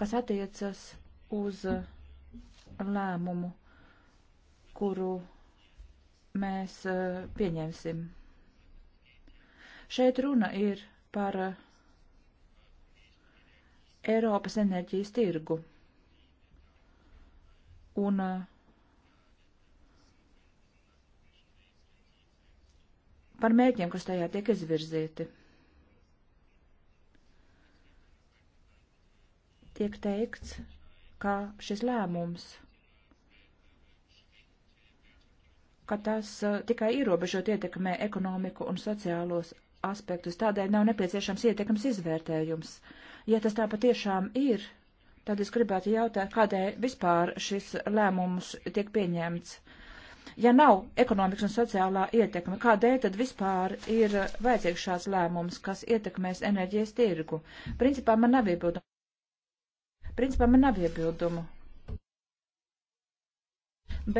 kas attiecas uz eh, lēmumu, kuru mēs pieņemsim. Šeit runa ir par uh, Eiropas enerģijas tirgu. Un eh, par mērķiem, kas tajā tiek izvirzīti. Tiek teikts, ka šis lēmums, ka tas eh, tikai ierobežot ietekmē ekonomiku un sociālos aspektus, tādēļ nav nepieciešams ietekmes izvērtējums. Uh, Ja tas tā patiešām ir, tad es gribētu jautāt, kādēļ vispār šis lēmums tiek pieņemts. Ja nav ekonomikas un sociālā ietekme, kādēļ tad vispār ir vajadzīgs šāds lēmums, kas ietekmēs enerģijas tirgu? Principā man nav iebildumu. Principā man nav iebildumu.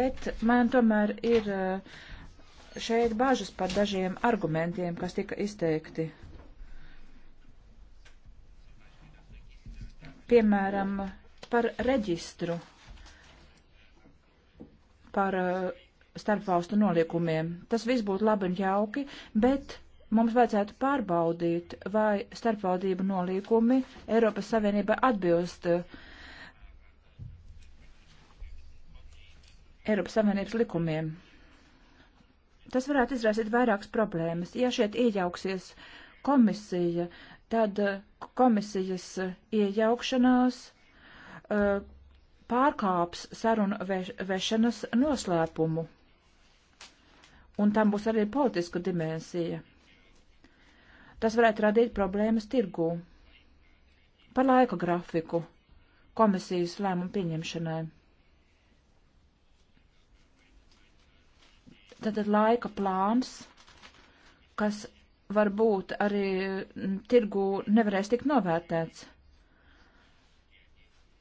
Bet man tomēr ir eh, šeit bažas par dažiem argumentiem, kas tika izteikti. piemēram, par reģistru, par eh, starpvalstu noliekumiem. Tas viss būtu labi un jauki, bet mums vajadzētu pārbaudīt, vai starpvaldību noliekumi Eiropas Savienībai atbilst eh, Eiropas Savienības likumiem. Tas varētu izraisīt vairākas problēmas. Ja šeit iejauksies komisija, tad eh, komisijas eh, iejaukšanās eh, pārkāps sarunu vešanas noslēpumu. Un tam būs arī politiska dimensija. Tas varētu radīt problēmas tirgū. Par laika grafiku komisijas lēmumu pieņemšanai. Tātad laika plāns, kas varbūt arī mm, tirgu nevarēs tikt novērtēts.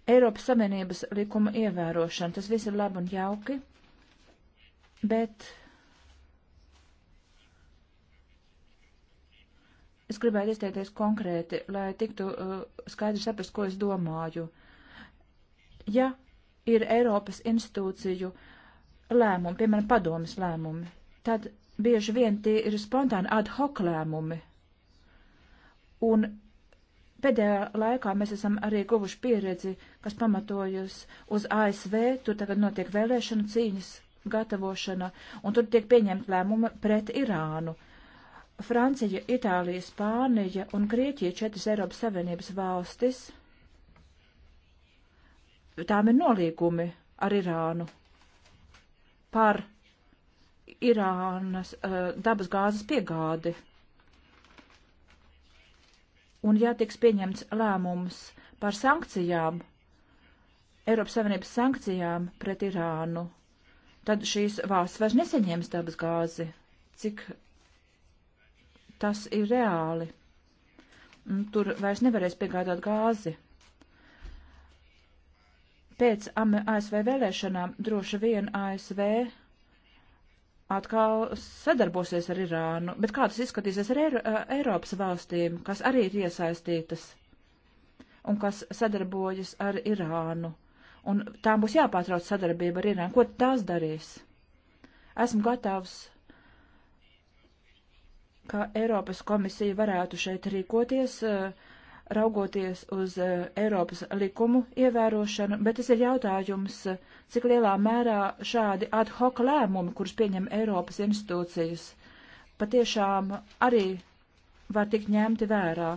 Eiropas Savienības likuma ievērošana, tas viss ir labi un jauki, bet es gribētu izteikties konkrēti, lai tiktu uh, skaidri saprast, ko es domāju. Ja ir Eiropas institūciju lēmumi, piemēram, padomas lēmumi, tad bieži vien tie ir spontāni ad hoc lēmumi. Un pēdējā laikā mēs esam arī guvuši pieredzi, kas pamatojas uz ASV, tur tagad notiek vēlēšana cīņas gatavošana, un tur tiek pieņemt lēmumi pret Irānu. Francija, Itālija, Spānija un Grieķija četras Eiropas Savienības valstis. Tām ir nolīgumi ar Irānu par Irānas uh, dabas gāzes piegādi. Un ja tiks pieņemts lēmums par sankcijām, Eiropas Savienības sankcijām pret Irānu, tad šīs valsts vairs neseņems dabas gāzi. Cik tas ir reāli? Un tur vairs nevarēs piegādāt gāzi. Pēc ASV vēlēšanām droši vien ASV atkal sadarbosies ar Irānu, bet kā tas izskatīsies ar Eiro, Eiropas valstīm, kas arī ir iesaistītas un kas sadarbojas ar Irānu. Un tām būs jāpārtrauc sadarbība ar Irānu. Ko tās darīs? Esmu gatavs, ka Eiropas komisija varētu šeit rīkoties. Uh, raugoties uz eh, Eiropas likumu ievērošanu, bet tas ir jautājums, eh, cik lielā mērā šādi ad hoc lēmumi, kurus pieņem Eiropas institūcijas, patiešām arī var tikt ņemti vērā,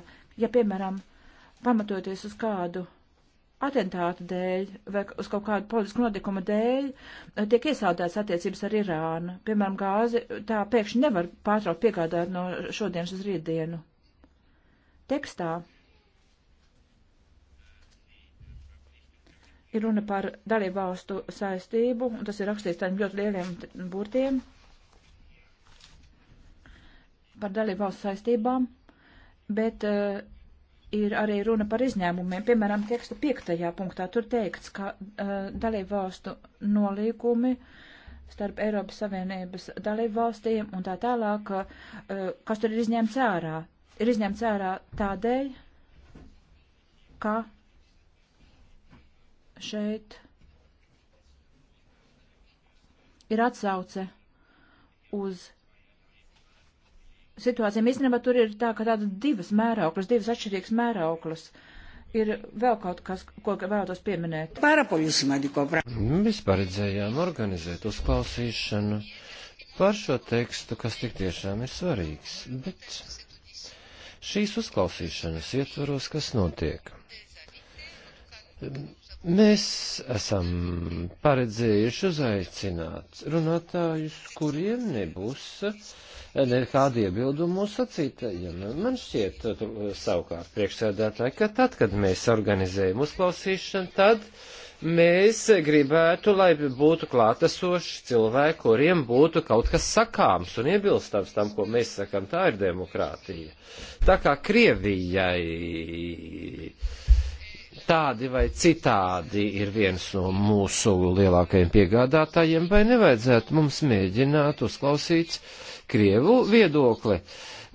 ja, piemēram, pamatoties uz kādu atentātu dēļ vai uz kaut kādu politisku notikumu dēļ eh, tiek iesaldēts attiecības ar Irānu. Piemēram, gāzi tā pēkšņi nevar pārtraukt piegādāt no šodienas uz rītdienu. Tekstā ir runa par dalību valstu saistību, un tas ir rakstīts tādiem ļoti lieliem burtiem par dalību valstu saistībām, bet uh, ir arī runa par izņēmumiem. Piemēram, teksta piektajā punktā tur teikts, ka uh, eh, dalību valstu nolīgumi starp Eiropas Savienības dalību valstīm un tā tālāk, uh, kas tur ir izņemts ārā. Ir izņemts ārā tādēļ, ka šeit ir atsauce uz situācijām. Īstenībā tur ir tā, ka tādas divas mērauklas, divas atšķirīgas mērauklas. Ir vēl kaut kas, ko vēlētos pieminēt. Mm, mēs paredzējām organizēt uzklausīšanu par šo tekstu, kas tik tiešām ir svarīgs, bet šīs uzklausīšanas ietvaros, kas notiek Mēs esam paredzējuši uzaicināt runātājus, kuriem nebūs nekāda iebilduma mūsu sacītajiem. Man šķiet, savukārt, priekšsēdētāji, ka tad, kad mēs organizējam uzklausīšanu, tad mēs gribētu, lai būtu klātesoši cilvēki, kuriem būtu kaut kas sakāms un iebilstams tam, ko mēs sakam. Tā ir demokrātija. Tā kā Krievijai tādi vai citādi ir viens no mūsu lielākajiem piegādātājiem, vai nevajadzētu mums mēģināt uzklausīt Krievu viedokli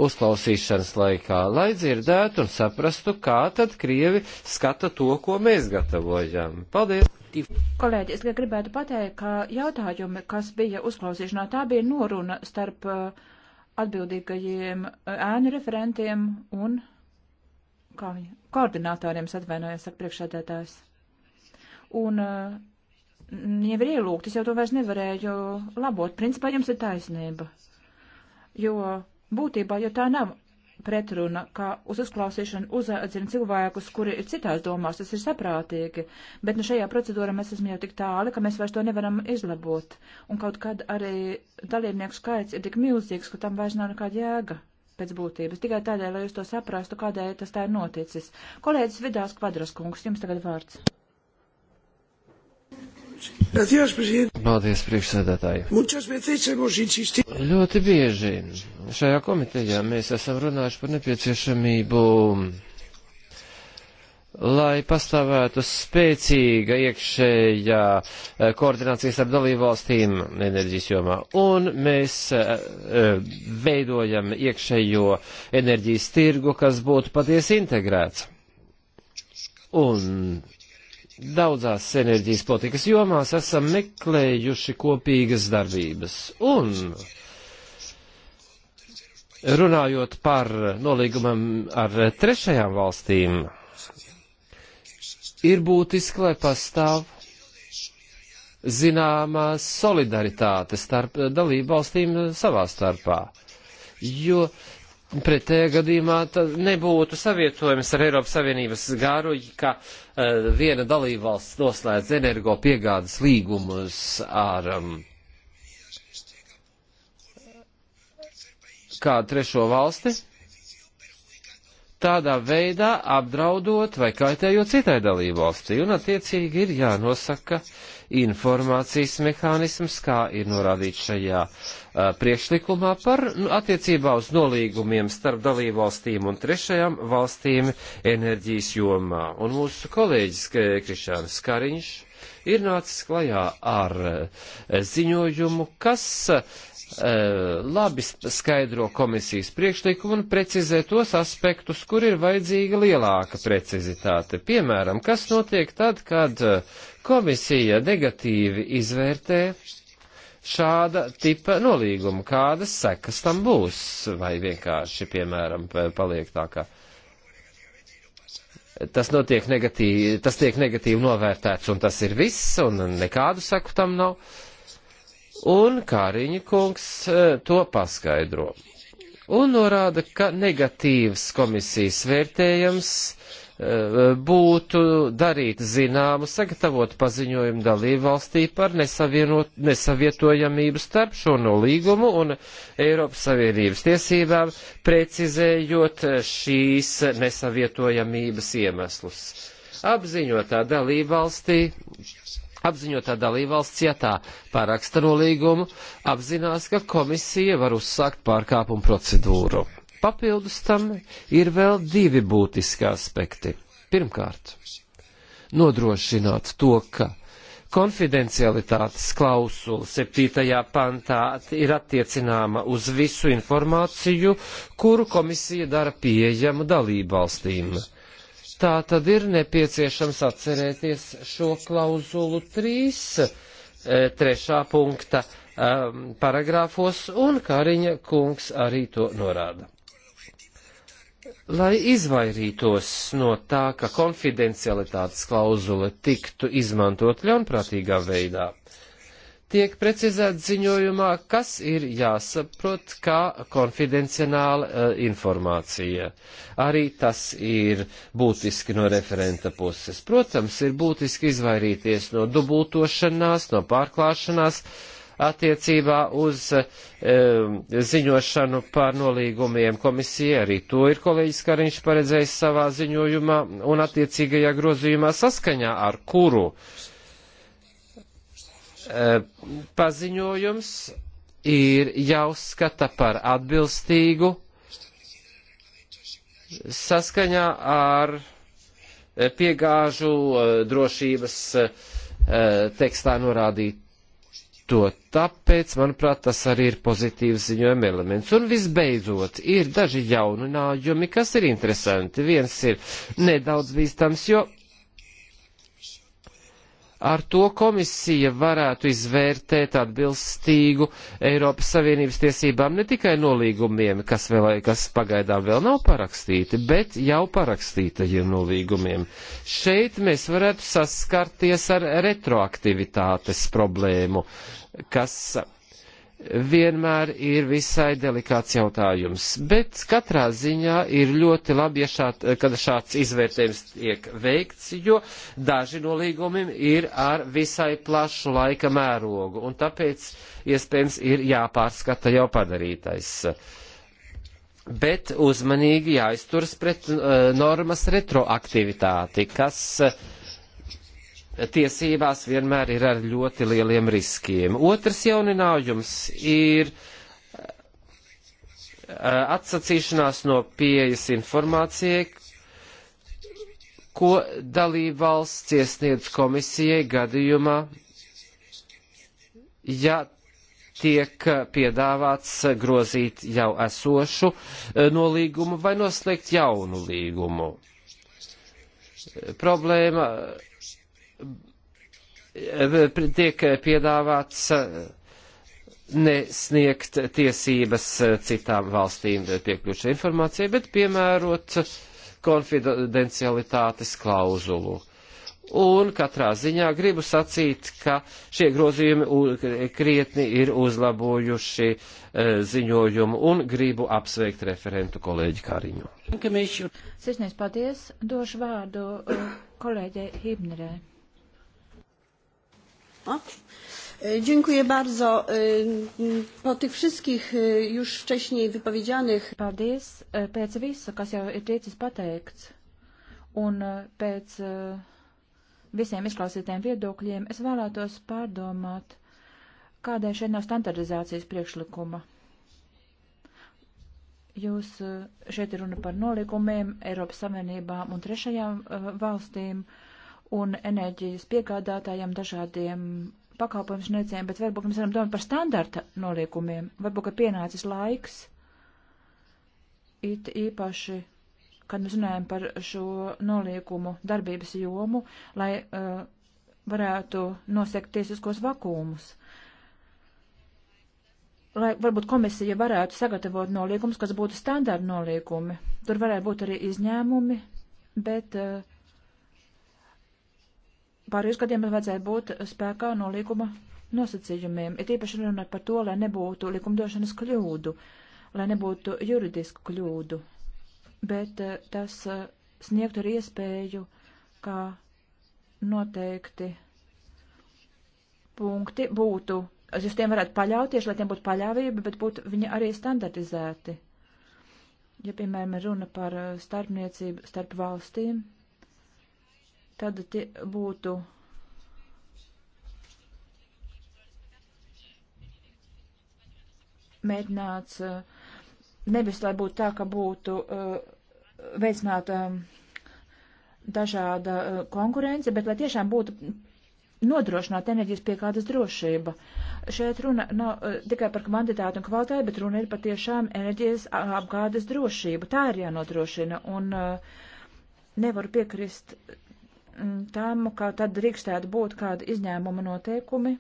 uzklausīšanas laikā, lai dzirdētu un saprastu, kā tad Krievi skata to, ko mēs gatavojam. Paldies! Kolēģi, es gribētu pateikt, ka jautājumi, kas bija uzklausīšanā, tā bija noruna starp eh, atbildīgajiem eh, ēnu referentiem un kā viņa, koordinātoriem atvainojas, saka priekšsēdētājs. Un uh, jau ir ielūgt, es jau to vairs nevarēju labot. Principā jums ir taisnība. Jo būtībā, jo tā nav pretruna, ka uz uzklausīšanu uzaicina cilvēkus, kuri ir citās domās, tas ir saprātīgi, bet nu šajā procedūrā mēs esam jau tik tāli, ka mēs vairs to nevaram izlabot, un kaut kad arī dalībnieku skaits ir tik milzīgs, ka tam vairs nav nekāda jēga pēc būtības. Tikai tādēļ, lai jūs to saprastu, kādēļ tas tā ir noticis. Kolēģis Vidās Kvadras kungs, jums tagad vārds. Paldies, priekšsēdētāji. Ļoti bieži šajā komitejā mēs esam runājuši par nepieciešamību lai pastāvētu spēcīga iekšējā eh, koordinācijas ar dalībvalstīm enerģijas jomā. Un mēs eh, eh, veidojam iekšējo enerģijas tirgu, kas būtu patiesi integrēts. Un daudzās enerģijas politikas jomās esam meklējuši kopīgas darbības. Un runājot par nolīgumam ar trešajām valstīm, ir būtiski, lai pastāv zināmā solidaritāte starp dalību valstīm savā starpā. Jo pretējā gadījumā nebūtu savietojums ar Eiropas Savienības garu, ka uh, viena dalība valsts noslēdz energo piegādes līgumus ar um, kādu trešo valsti tādā veidā apdraudot vai kaitējot citai dalībvalstī, un attiecīgi ir jānosaka informācijas mehānisms, kā ir norādīts šajā uh, priekšlikumā par nu, attiecībā uz nolīgumiem starp dalībvalstīm un trešajām valstīm enerģijas jomā. Un mūsu kolēģis Krišāns Kariņš ir nācis klajā ar ziņojumu, kas Eh, labi skaidro komisijas priekšlikumu un precizē tos aspektus, kur ir vajadzīga lielāka precizitāte. Piemēram, kas notiek tad, kad eh, komisija negatīvi izvērtē šāda tipa nolīgumu, kādas sekas tam būs, vai vienkārši, piemēram, paliek tā kā. Tas, notiek negatīvi, tas tiek negatīvi novērtēts, un tas ir viss, un nekādu seku tam nav. Uh, un Kāriņa kungs eh, to paskaidro. Un norāda, ka negatīvs komisijas vērtējums eh, būtu darīt zināmu, sagatavot paziņojumu dalību valstī par nesavietojamību starp šo nolīgumu un Eiropas Savienības tiesībām, precizējot eh, šīs nesavietojamības iemeslus. Apziņotā dalība valstī Apziņotā dalībvalsts, ja tā pāraksta no līgumu, apzinās, ka komisija var uzsākt pārkāpumu procedūru. Papildus tam ir vēl divi būtiski aspekti. Pirmkārt, nodrošināt to, ka konfidencialitātes klausula 7. pantā ir attiecināma uz visu informāciju, kuru komisija dara pieejamu dalībvalstīm. valstīm tā tad ir nepieciešams atcerēties šo klauzulu 3, e, trešā punkta um, paragrāfos, un Kariņa kungs arī to norāda. Lai izvairītos no tā, ka konfidencialitātes klauzula tiktu izmantot ļaunprātīgā veidā, tiek precizēts ziņojumā, kas ir jāsaprot kā konfidencionāla uh, eh, informācija. Arī tas ir būtiski no referenta puses. Protams, ir būtiski izvairīties no dubultošanās, no pārklāšanās attiecībā uz e, uh, ziņošanu par nolīgumiem komisija. Arī to ir kolēģis Kariņš paredzējis savā ziņojumā un attiecīgajā grozījumā saskaņā ar kuru uh, Eh, paziņojums ir jāuzskata par atbilstīgu saskaņā ar eh, piegāžu eh, drošības tekstā norādīto. Tāpēc, manuprāt, tas arī ir pozitīvs ziņojuma elements. Un visbeidzot, ir daži jauninājumi, kas ir interesanti. Viens ir nedaudz bīstams, jo Ar to komisija varētu izvērtēt atbilstīgu Eiropas Savienības tiesībām ne tikai nolīgumiem, kas, vēl, kas pagaidām vēl nav parakstīti, bet jau parakstītajiem nolīgumiem. Šeit mēs varētu saskarties ar retroaktivitātes problēmu, kas vienmēr ir visai delikāts jautājums, bet katrā ziņā ir ļoti labi, ja šād, kad šāds izvērtējums tiek veikts, jo daži no līgumiem ir ar visai plašu laika mērogu, un tāpēc iespējams ir jāpārskata jau padarītais. Bet uzmanīgi jāizturas pret uh, normas retroaktivitāti, kas uh, tiesībās vienmēr ir ar ļoti lieliem riskiem. Otrs jauninājums ir eh, atsacīšanās no pieejas informācijai, ko dalība valsts iesniedz komisijai gadījumā, ja tiek piedāvāts grozīt jau esošu eh, nolīgumu vai noslēgt jaunu līgumu. Problēma tiek piedāvāts eh, nesniegt tiesības eh, citām valstīm piekļūšai informācijai, bet piemērot konfidencialitātes klauzulu. Un katrā ziņā gribu sacīt, ka šie grozījumi krietni ir uzlabojuši e, ziņojumu un gribu apsveikt referentu kolēģi Kariņu. Sirsnīgs paldies. Došu vārdu kolēģei Hibnerē. E, dziękuję bardzo. E, po tych wszystkich e, już wcześniej wypowiedzianych. Paldies. Pēc visu, kas jau ir tiecis pateikts, un pēc visiem izklausītiem viedokļiem, es vēlētos pārdomāt, kādai šeit nav standardizācijas priekšlikuma. Jūs šeit ir runa par nolikumiem Eiropas Savienībām un trešajām valstīm. Uh, un enerģijas piegādātājiem, dažādiem pakalpojumu sniedzējiem, bet varbūt mēs varam domāt par standarta noliekumiem. Varbūt, ka pienācis laiks, it īpaši, kad mēs runājam par šo noliekumu darbības jomu, lai uh, varētu nosekt tiesiskos vakumus. Lai varbūt komisija varētu sagatavot noliekumus, kas būtu standarta noliekumi. Tur varētu būt arī izņēmumi, bet uh, pārējus gadiem vajadzēja būt spēkā no līguma nosacījumiem, ir īpaši runa par to, lai nebūtu likumdošanas kļūdu, lai nebūtu juridisku kļūdu, bet eh, tas eh, sniegtu arī iespēju, kā noteikti punkti būtu, es uz tiem varētu paļauties, lai tiem būtu paļāvība, bet būtu viņi arī standartizēti. Ja, piemēram, runa par eh, starpniecību starp valstīm, tad būtu mēģināts eh, nevis, lai būtu tā, ka būtu eh, veicināta eh, dažāda konkurence, bet lai tiešām būtu nodrošināt enerģijas piekādas drošība. Šeit runa nav tikai par kvantitāti un kvalitāti, bet runa ir par tiešām enerģijas apgādes drošību. Tā ir jānodrošina, un nevaru piekrist Mm, tam, ka tad drīkstētu būt kādi izņēmuma noteikumi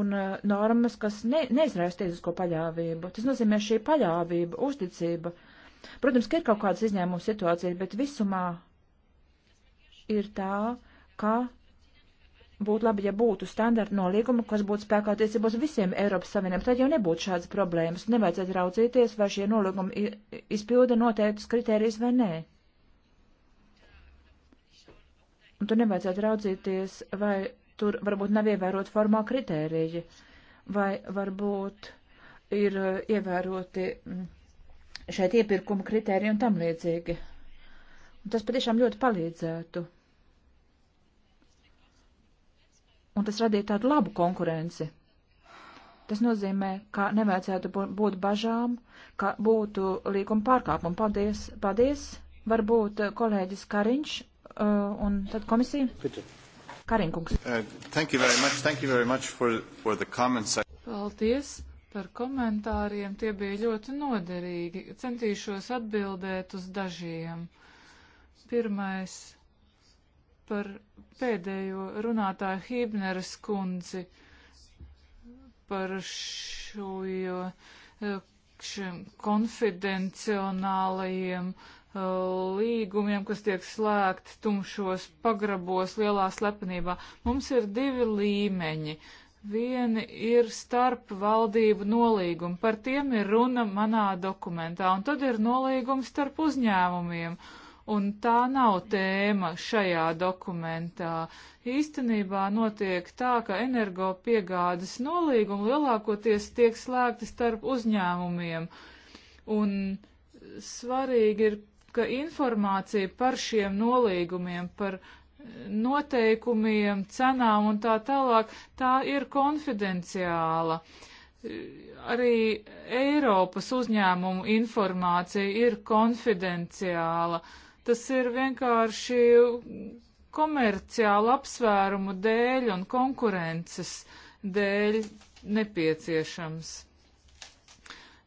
un uh, normas, kas ne, neizraisa tiesisko paļāvību. Tas nozīmē šī paļāvība, uzticība. Protams, ka ir kaut kādas izņēmuma situācijas, bet visumā ir tā, ka būtu labi, ja būtu standarta nolīguma, kas būtu spēkā tiesībā uz visiem Eiropas Savieniem, tad jau nebūtu šādas problēmas. Nevajadzētu raucīties, vai šie nolīgumi izpilda noteiktus kritērijus vai nē. Un tur nevajadzētu raudzīties, vai tur varbūt nav ievērot formāli kritēriji, vai varbūt ir uh, ievēroti mm, šeit iepirkuma kritēriji un tam līdzīgi. Un tas patiešām ļoti palīdzētu. Un tas radīja tādu labu konkurenci. Tas nozīmē, ka nevajadzētu būt bažām, ka būtu līguma pārkāpumi. Paldies, paldies! Varbūt uh, kolēģis Kariņš Uh, un tad komisija. Karinkungs. Uh, thank you very much. Thank you very much for, for the comments. Paldies par komentāriem. Tie bija ļoti noderīgi. Centīšos atbildēt uz dažiem. Pirmais par pēdējo runātāju Hībneres kundzi par šo uh, šiem konfidencionālajiem uh, līgumiem, kas tiek slēgti tumšos pagrabos lielā slepenībā. Mums ir divi līmeņi. Vieni ir starp valdību nolīgumi, par tiem ir runa manā dokumentā, un tad ir nolīgumi starp uzņēmumiem, un tā nav tēma šajā dokumentā. Īstenībā notiek tā, ka energo piegādes nolīgumi lielākoties tiek slēgti starp uzņēmumiem, un svarīgi ir ka informācija par šiem nolīgumiem, par noteikumiem, cenām un tā tālāk, tā ir konfidenciāla. Arī Eiropas uzņēmumu informācija ir konfidenciāla. Tas ir vienkārši komerciālu apsvērumu dēļ un konkurences dēļ nepieciešams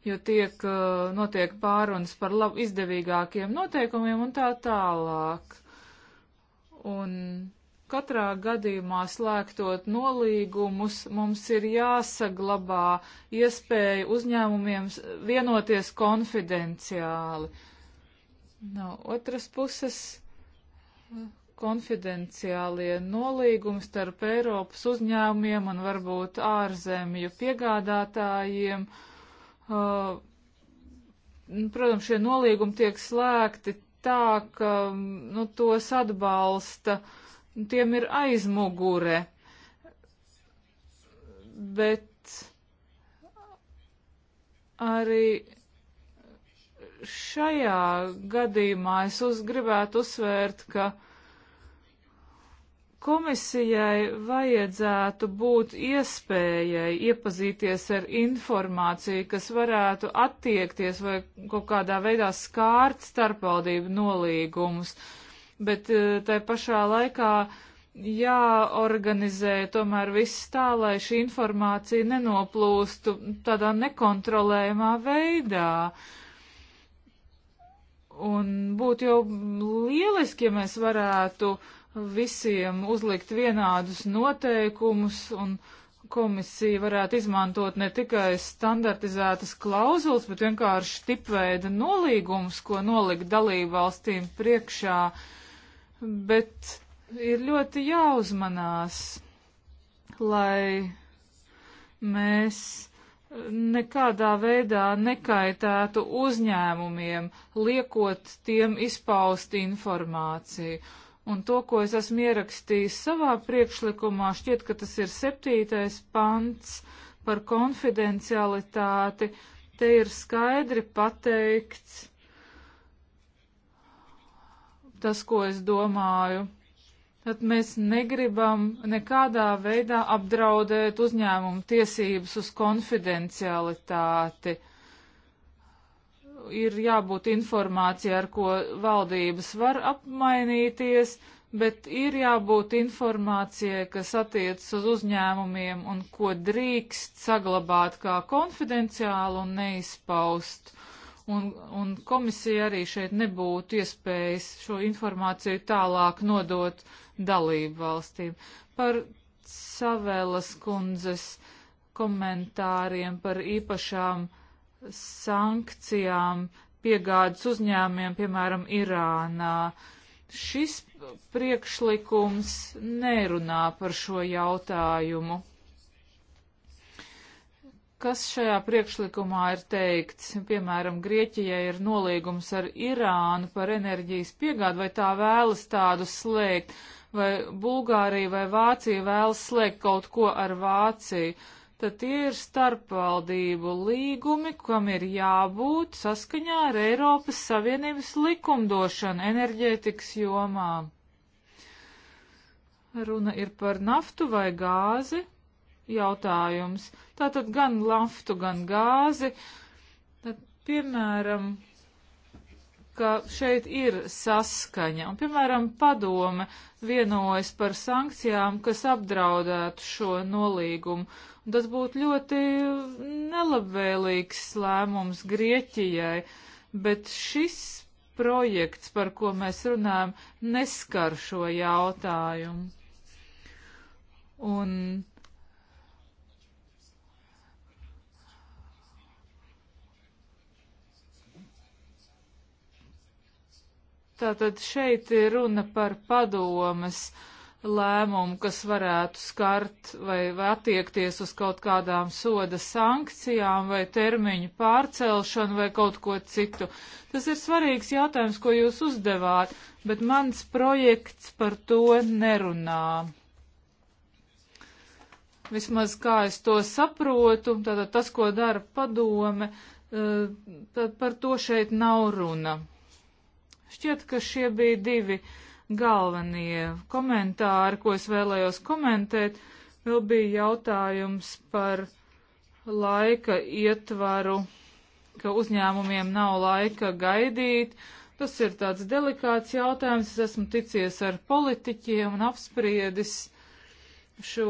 jo tiek eh, notiek pārunas par lab, izdevīgākiem noteikumiem un tā tālāk. Un katrā gadījumā slēgtot nolīgumus, mums ir jāsaglabā iespēja uzņēmumiem vienoties konfidenciāli. No otras puses, konfidenciālie nolīgumi starp Eiropas uzņēmumiem un varbūt ārzemju piegādātājiem uh, Uh, protams, šie nolīgumi tiek slēgti tā, ka mm, nu, tos atbalsta, tiem ir aizmugure. Bet arī šajā gadījumā es uz, gribētu uzsvērt, ka uh, Komisijai vajadzētu būt iespējai iepazīties ar informāciju, kas varētu attiekties vai kaut kādā veidā skārt starpvaldību nolīgumus, bet eh, tai pašā laikā jāorganizē tomēr viss tā, lai šī informācija nenoplūstu tādā nekontrolējumā veidā. Un būtu jau lieliski, ja mēs varētu uh, visiem uzlikt vienādus noteikumus un komisija varētu izmantot ne tikai standartizētas klauzulas, bet vienkārši tipveida nolīgumus, ko nolikt dalību valstīm priekšā, bet ir ļoti jāuzmanās, lai mēs nekādā veidā nekaitētu uzņēmumiem, liekot tiem izpaust informāciju Un to, ko es esmu ierakstījis savā priekšlikumā, šķiet, ka tas ir septītais pants par konfidencialitāti. Te ir skaidri pateikts tas, ko es domāju. Tad mēs negribam nekādā veidā apdraudēt uzņēmumu tiesības uz konfidencialitāti ir jābūt informācija, ar ko valdības var apmainīties, bet ir jābūt informācijai, kas attiecas uz uzņēmumiem un ko drīkst saglabāt kā konfidenciālu un neizpaust. Un, un komisija arī šeit nebūtu iespējas šo informāciju tālāk nodot dalību valstīm. Par Savēlas kundzes komentāriem par īpašām uh, sankcijām piegādes uzņēmiem, piemēram, Irānā. Šis priekšlikums nerunā par šo jautājumu. Kas šajā priekšlikumā ir teikts? Piemēram, Grieķijai ir nolīgums ar Irānu par enerģijas piegādu, vai tā vēlas tādu slēgt, vai Bulgārija vai Vācija vēlas slēgt kaut ko ar Vāciju tad tie ir starpvaldību līgumi, kam ir jābūt saskaņā ar Eiropas Savienības likumdošanu enerģētikas jomā. Runa ir par naftu vai gāzi jautājums. Tātad gan naftu, gan gāzi. Tad, piemēram, ka šeit ir saskaņa. Un, piemēram, padome vienojas par sankcijām, kas apdraudētu šo nolīgumu Un tas būtu ļoti nelabvēlīgs lēmums Grieķijai, bet šis projekts, par ko mēs runājam, neskar šo jautājumu. Un Tātad šeit ir runa par padomas lēmumu, kas varētu skart vai, vai attiekties uz kaut kādām soda sankcijām vai termiņu pārcelšanu vai kaut ko citu. Tas ir svarīgs jautājums, ko jūs uzdevāt, bet mans projekts par to nerunā. Vismaz kā es to saprotu, tātad tas, ko dara padome, eh, tad par to šeit nav runa. Šķiet, ka šie bija divi galvenie komentāri, ko es vēlējos komentēt, vēl bija jautājums par laika ietvaru, ka uzņēmumiem nav laika gaidīt. Tas ir tāds delikāts jautājums. Es esmu ticies ar politiķiem un apspriedis šo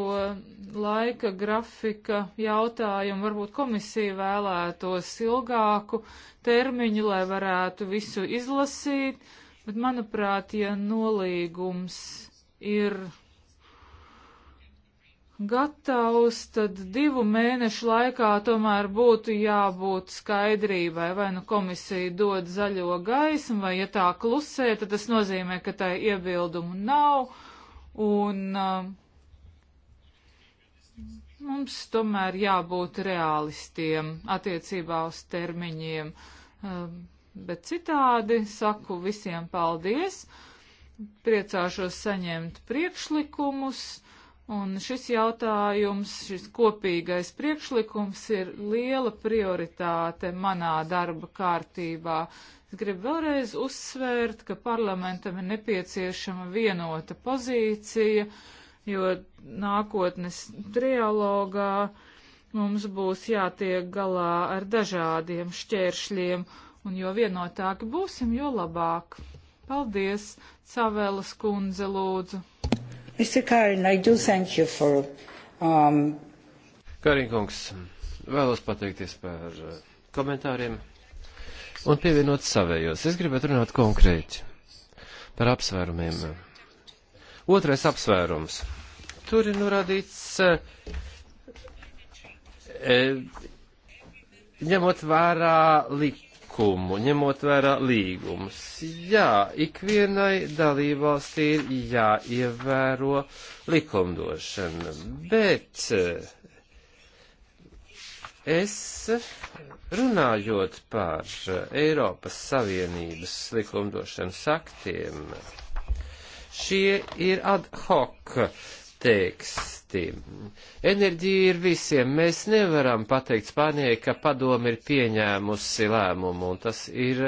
laika grafika jautājumu. Varbūt komisija vēlētos ilgāku termiņu, lai varētu visu izlasīt Bet, manuprāt, ja nolīgums ir gatavs, tad divu mēnešu laikā tomēr būtu jābūt skaidrībai, vai nu komisija dod zaļo gaismu, vai ja tā klusē, tad tas nozīmē, ka tai iebildumu nav, un uh, mums tomēr jābūt realistiem attiecībā uz termiņiem. Uh, bet citādi saku visiem paldies, priecāšos saņemt priekšlikumus, un šis jautājums, šis kopīgais priekšlikums ir liela prioritāte manā darba kārtībā. Es gribu vēlreiz uzsvērt, ka parlamentam ir nepieciešama vienota pozīcija, jo nākotnes trialogā mums būs jātiek galā ar dažādiem šķēršļiem, un jo vienotāki būsim, jo labāk. Paldies, Cavēlas kundze, lūdzu. Mr. Karin, I do thank you for. Um... Karin kungs, vēlos pateikties par uh, komentāriem un pievienot savējos. Es gribētu runāt konkrēti par apsvērumiem. Otrais apsvērums. Tur ir norādīts, uh, e, ņemot vērā likumu likumu, ņemot vērā līgumus. Jā, ikvienai dalībvalstī ir jāievēro likumdošana, bet eh, es runājot par Eiropas Savienības likumdošanas aktiem, šie ir ad hoc teksti. Enerģija ir visiem. Mēs nevaram pateikt Spānijai, ka padomi ir pieņēmusi lēmumu, un tas ir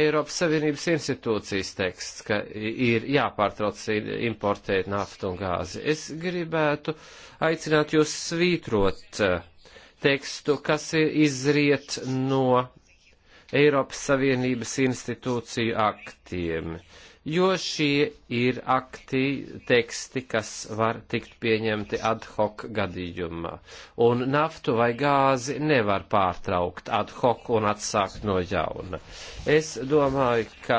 Eiropas Savienības institūcijas teksts, ka ir jāpārtrauc importēt naftu un gāzi. Es gribētu aicināt jūs svītrot eh, tekstu, kas izriet no Eiropas Savienības institūciju aktiem. Uh, jo šie ir akti teksti, kas var tikt pieņemti ad hoc gadījumā. Un naftu vai gāzi nevar pārtraukt ad hoc un atsākt no jauna. Es domāju, ka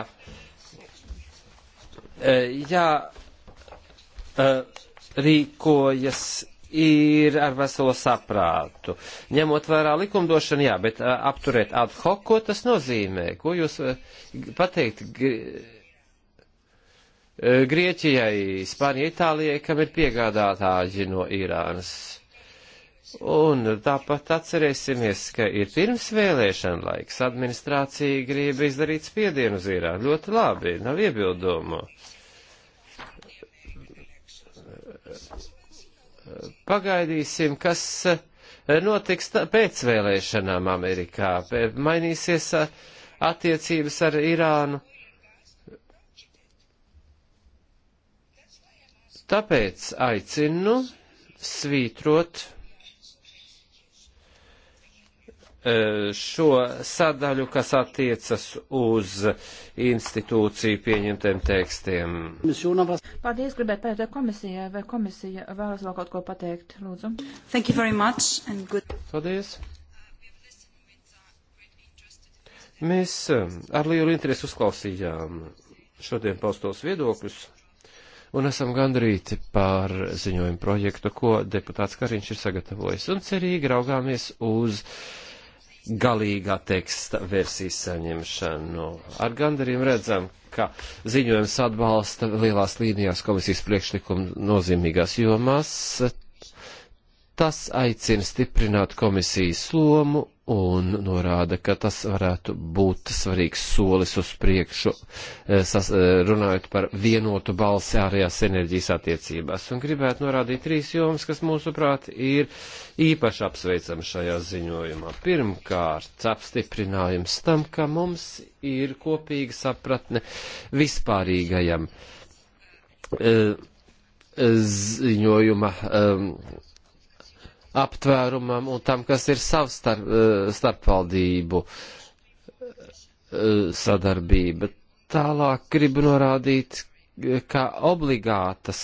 e, jā, e, rīkojas ir ar veselo saprātu. Ņemot vērā likumdošanu, jā, bet e, apturēt ad hoc, ko tas nozīmē? Ko jūs pateikt? Gri Eh, Grieķijai, Spānijai, Itālijai, kam ir piegādātāji no Irānas. Un tāpat atcerēsimies, ka ir pirms vēlēšana laiks. Administrācija grib izdarīt spiedienu uz Irānu. Ļoti labi, nav iebildumu. Pagaidīsim, kas eh, notiks pēc vēlēšanām Amerikā. Mainīsies eh, attiecības ar Irānu Tāpēc aicinu svītrot e, šo sadaļu, kas attiecas uz institūciju pieņemtiem tekstiem. Paldies, gribētu pētīt komisijai, vai komisija vēlas vēl kaut ko pateikt, lūdzu. Thank you very much and good. Paldies. Mēs e, ar lielu interesi uzklausījām šodien paustos viedokļus un esam gandrīti par ziņojumu projektu, ko deputāts Kariņš ir sagatavojis, un cerīgi raugāmies uz galīgā teksta versijas saņemšanu. Ar gandarījumu redzam, ka ziņojums atbalsta lielās līnijās komisijas priekšlikumu nozīmīgās jomās. Tas aicina stiprināt komisijas lomu un norāda, ka tas varētu būt svarīgs solis uz priekšu, eh, sas, eh, runājot par vienotu balsi ārējās enerģijas attiecībās. Un gribētu norādīt trīs jomas, kas mūsuprāt ir īpaši apsveicami šajā ziņojumā. Pirmkārt, apstiprinājums tam, ka mums ir kopīga sapratne vispārīgajam eh, ziņojuma ehm, aptvērumam un tam, kas ir savu starp, eh, starpvaldību eh, sadarbība. Tālāk gribu norādīt, ka obligātas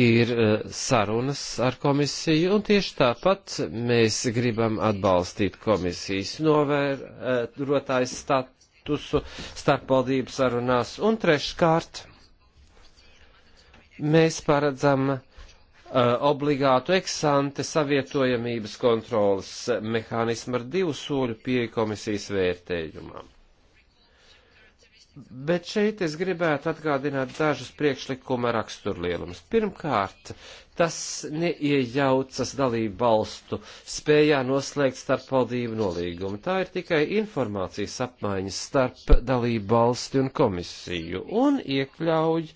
ir eh, sarunas ar komisiju, un tieši tāpat mēs gribam atbalstīt komisijas novērotājs statusu starpvaldības sarunās. Un treškārt, mēs paredzam Eh, obligātu eksante savietojamības kontrolas mehānismu ar divu soļu pieeja komisijas vērtējumam. Bet šeit es gribētu atgādināt dažus priekšlikuma raksturlielumus. Pirmkārt, tas neiejaucas dalību valstu spējā noslēgt starpvaldību nolīgumu. Tā ir tikai informācijas apmaiņas starp dalību valsti un komisiju un iekļauj uh,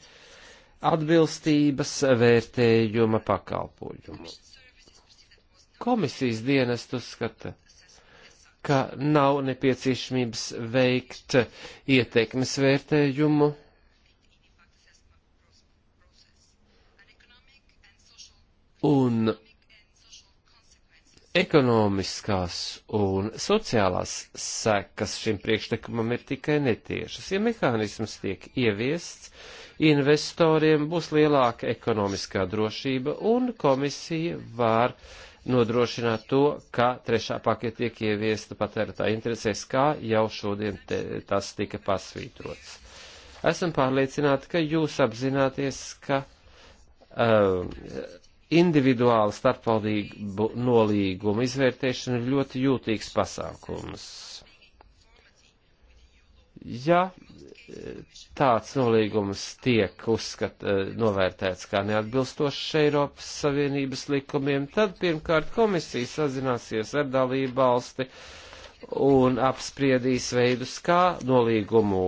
atbilstības vērtējuma pakalpojumu. Komisijas dienest uzskata, ka nav nepieciešamības veikt ietekmes vērtējumu. Un ekonomiskās un sociālās sekas šim priekšlikumam ir tikai netiešas. Ja mehānisms tiek ieviests, investoriem būs lielāka ekonomiskā drošība un komisija var nodrošināt to, ka trešā pakete tiek ieviesta patērētā interesēs, kā jau šodien te, tas tika pasvītrots. Esam pārliecināti, ka jūs apzināties, ka um, individuāla starpvaldību nolīguma izvērtēšana ir ļoti jūtīgs pasākums Ja eh, tāds nolīgums tiek uzskat, eh, novērtēts kā neatbilstošs Eiropas Savienības likumiem, tad pirmkārt komisija sazināsies ar dalību valsti un apspriedīs veidus, kā nolīgumu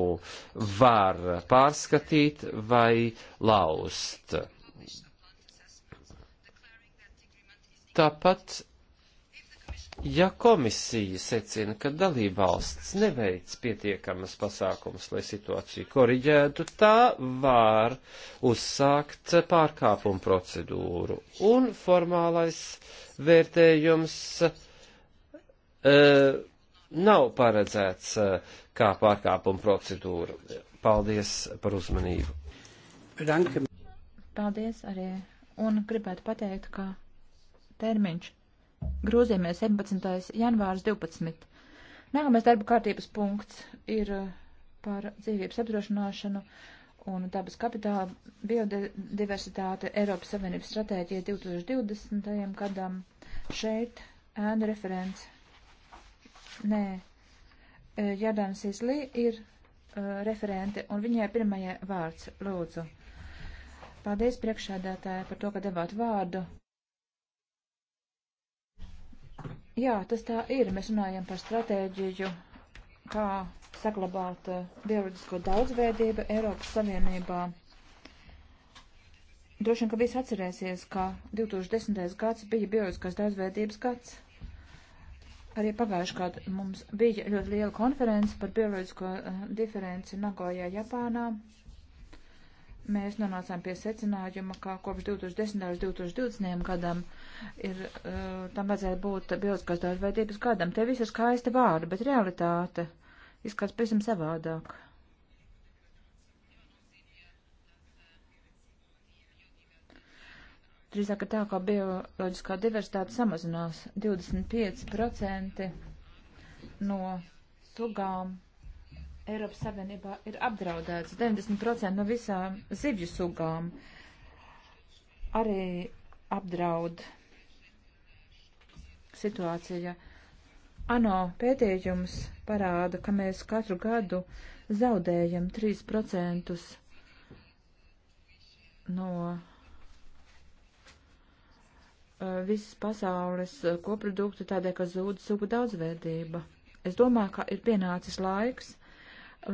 var pārskatīt vai laust. Tāpat Ja komisija secina, ka dalībvalsts neveic pietiekamas pasākumas, lai situāciju koriģētu, tā var uzsākt pārkāpumu procedūru. Un formālais vērtējums e, nav paredzēts e, kā pārkāpumu procedūra. Paldies par uzmanību. Ranka. Paldies arī. Un gribētu pateikt, ka termiņš Grūzījumie 17. janvārs 12. Nākamais darba kārtības punkts ir uh, par dzīvības apdrošināšanu un dabas kapitāla biodiversitāte Eiropas Savienības stratēģija 2020. gadam. Šeit ēna referents. Nē, e, Jardāns Islī ir uh, referente, un viņai pirmajai vārds, lūdzu. Paldies priekšādātāji par to, ka devāt vārdu. Jā, tas tā ir. Mēs runājam par stratēģiju, kā saglabāt eh, bioloģisko daudzveidību Eiropas Savienībā. Droši vien, ka visi atcerēsies, ka 2010. gads bija bioloģiskās daudzveidības gads. Arī pagājuši gadu mums bija ļoti liela konference par bioloģisko eh, diferenci Nagojā, Japānā mēs nonācām pie secinājuma, ka kopš 2010. līdz 2020. gadam ir, uh, tam vajadzētu būt bioloģiskās daudzveidības gadam. Te viss ir skaisti vārdi, bet realitāte izskatās pavisam savādāk. Drīzāk ir tā, ka bioloģiskā diversitāte samazinās 25% no sugām Eiropas Savienībā ir apdraudēts 90% no visām zivju sugām. Arī apdraud situācija. ANO pētījums parāda, ka mēs katru gadu zaudējam 3% no uh, visas pasaules uh, koprodukta, tādēļ, ka zūd sugu daudzveidība. Es domāju, ka ir pienācis laiks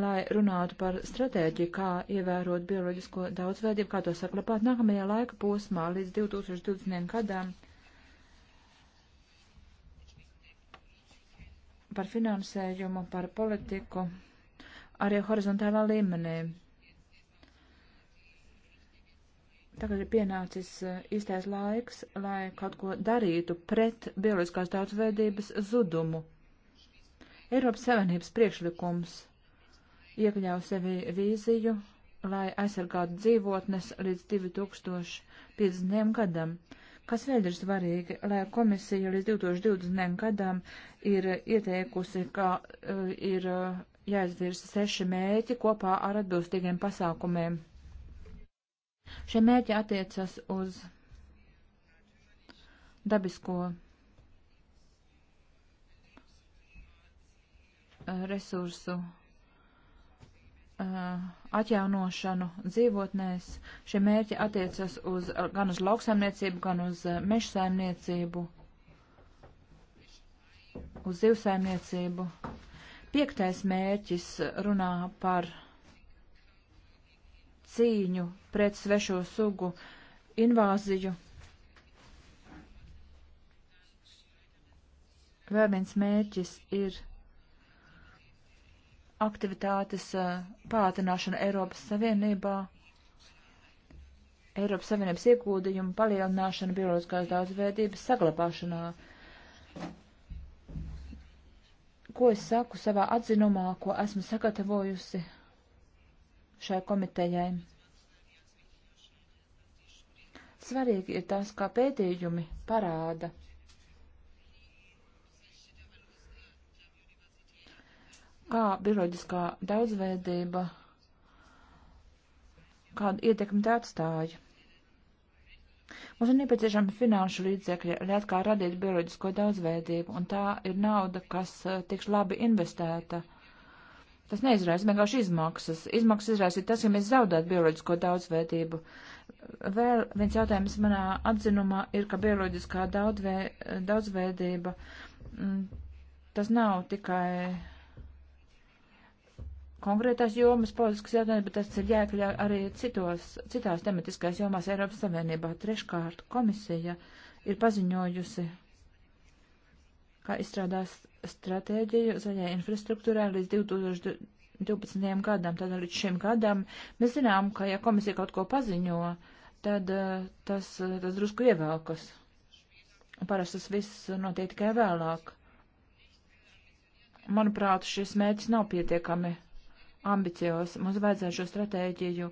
lai runātu par stratēģiju, kā ievērot bioloģisko daudzveidību, kā to saklabāt nākamajā laika posmā līdz 2020. gadam. Par finansējumu, par politiku, arī horizontālā līmenī. Tagad ir pienācis eh, īstais laiks, lai kaut ko darītu pret bioloģiskās daudzveidības zudumu. Eiropas Savienības priekšlikums iekļauj sevi vīziju, lai aizsargātu dzīvotnes līdz 2050. gadam. Kas vēl ir svarīgi, lai komisija līdz 2020. gadam ir ieteikusi, ka uh, ir uh, eh, jāizvirsa seši mēķi kopā ar atbilstīgiem pasākumiem. Šie mēķi attiecas uz dabisko eh, resursu Uh, atjaunošanu dzīvotnēs. Šie mērķi attiecas uz, uh, gan uz lauksaimniecību, gan uz uh, meža saimniecību, uz zivsaimniecību. Piektais mērķis runā par cīņu pret svešo sugu invāziju. Vēl viens mērķis ir aktivitātes eh, pātrināšana Eiropas Savienībā, Eiropas Savienības iegūdījumu palielināšana bioloģiskās daudzveidības saglabāšanā. Ko es saku savā atzinumā, ko esmu sagatavojusi šai komitejai? Svarīgi ir tas, kā pētījumi parāda, kā bioloģiskā daudzveidība, kādu ietekmi tā atstāja. Mums ir nepieciešama finanšu līdzekļa, lai atkal radītu bioloģisko daudzveidību, un tā ir nauda, kas eh, tiks labi investēta. Tas neizraisa vienkārši izmaksas. Izmaksas izraisīja tas, ja mēs zaudētu bioloģisko daudzveidību. Vēl viens jautājums manā atzinumā ir, ka bioloģiskā daudzveidība, mm, tas nav tikai konkrētās jomas politiskas jautājumas, bet tas ir jāiekļā arī citos, citās tematiskās jomās Eiropas Savienībā. Treškārt komisija ir paziņojusi, kā izstrādās stratēģiju zaļai infrastruktūrai līdz 2012. gadam, tad līdz šim gadam. Mēs zinām, ka ja komisija kaut ko paziņo, tad eh, tas, eh, tas drusku ievēlkas. Parasti tas viss notiek tikai vēlāk. Manuprāt, šis mērķis nav pietiekami ambiciozi. Mums vajadzētu šo stratēģiju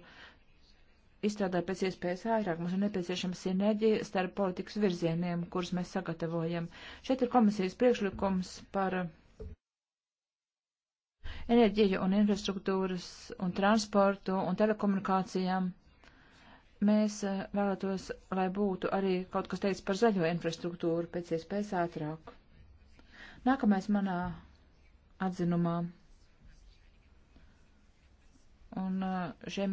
izstrādāt pēc iespējas ātrāk. Mums ir nepieciešama sinerģija starp politikas virzieniem, kurus mēs sagatavojam. Šeit ir komisijas priekšlikums par enerģiju un infrastruktūras un transportu un telekomunikācijām. Mēs eh, vēlētos, lai būtu arī kaut kas teicis par zaļo infrastruktūru pēc iespējas ātrāk. Nākamais manā atzinumā Un uh, šiem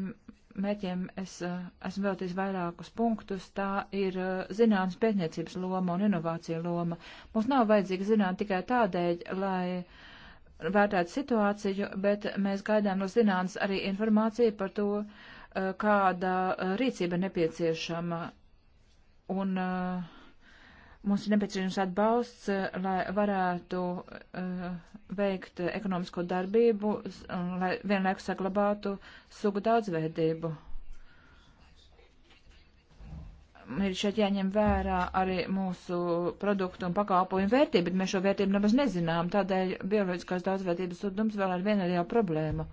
mērķiem es uh, esmu veltījis vairākus punktus. Tā ir uh, zināmas pētniecības loma un inovācija loma. Mums nav vajadzīga zināt tikai tādēļ, lai vērtētu situāciju, bet mēs gaidām no zināmas arī informāciju par to, kāda rīcība nepieciešama. Un uh, Mums ir nepieciešams atbalsts, eh, lai varētu uh, veikt ekonomisko darbību, lai vienlaikus saglabātu sugu daudzveidību. Ir šeit jāņem vērā arī mūsu produktu un pakalpojumu vērtība, bet mēs šo vērtību nemaz nezinām, tādēļ bioloģiskās daudzveidības sudums vēl ar vienu lielu problēmu.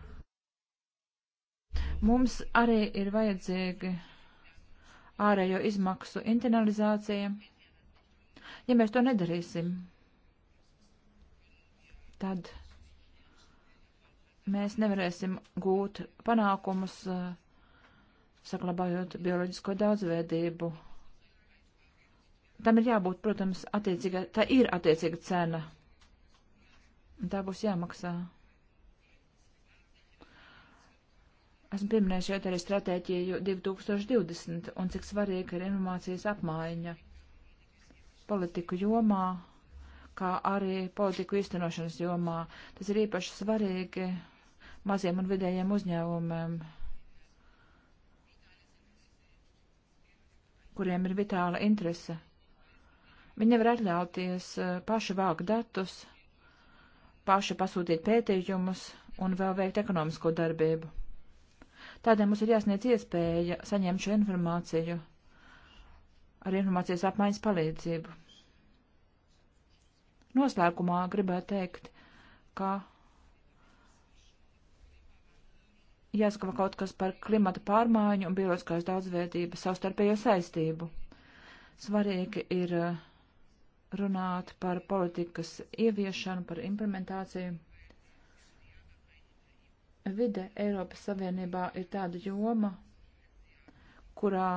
Mums arī ir vajadzīgi ārējo izmaksu internalizācija Ja mēs to nedarīsim, tad mēs nevarēsim gūt panākumus, eh, saglabājot bioloģisko daudzveidību. Tam ir jābūt, protams, attiecīga, tā ir attiecīga cena. Tā būs jāmaksā. Esmu pieminējuši šeit arī stratēģiju 2020 un cik svarīga ir informācijas apmaiņa politiku jomā, kā arī politiku īstenošanas jomā. Tas ir īpaši svarīgi maziem un vidējiem uzņēmumiem, kuriem ir vitāla interese. Viņi nevar atļauties eh, paši vākt datus, paši pasūtīt pētījumus un vēl veikt ekonomisko darbību. Tādēļ mums ir jāsniedz iespēja saņemt šo informāciju ar informācijas apmaiņas palīdzību. Noslēgumā gribētu teikt, ka jāsaka kaut kas par klimata pārmaiņu un bioloģiskās daudzveidības savstarpējo saistību. Svarīgi ir eh, runāt par politikas ieviešanu, par implementāciju. Vide Eiropas Savienībā ir tāda joma, kurā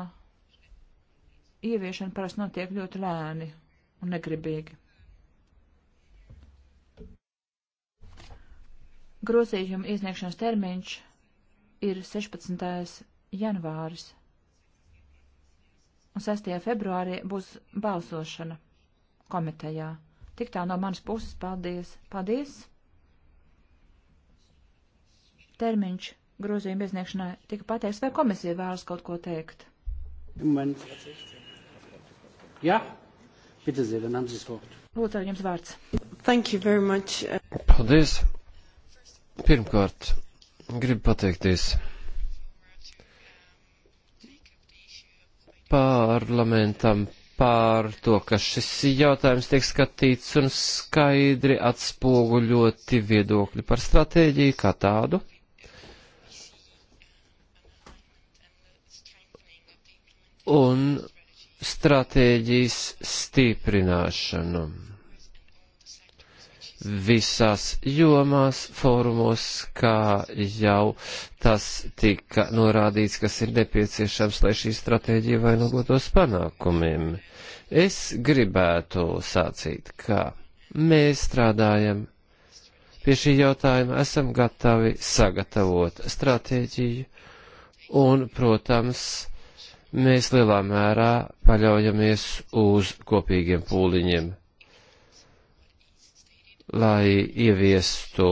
ieviešana parasti notiek ļoti lēni un negribīgi. Grozījuma iesniegšanas termiņš ir 16. janvāris, un 6. februārī būs balsošana komitejā. Tik tā no manas puses paldies. Paldies! Termiņš grozījuma iesniegšanai tika pateikts, vai komisija vēlas kaut ko teikt? Man. Jā, bitte sehr, dann haben Sie das Wort. Lūdzu, jums vārds. Thank you very much. Paldies. Pirmkārt, gribu pateikties parlamentam par to, ka šis jautājums tiek skatīts un skaidri atspoguļoti viedokļi par stratēģiju kā tādu. Un stratēģijas stiprināšanu visās jomās, fórumos, kā jau tas tika norādīts, kas ir nepieciešams, lai šī stratēģija vainagotos panākumiem. Es gribētu sacīt, ka mēs strādājam pie šī jautājuma, esam gatavi sagatavot stratēģiju un, protams, mēs lielā mērā paļaujamies uz kopīgiem pūliņiem, lai ieviestu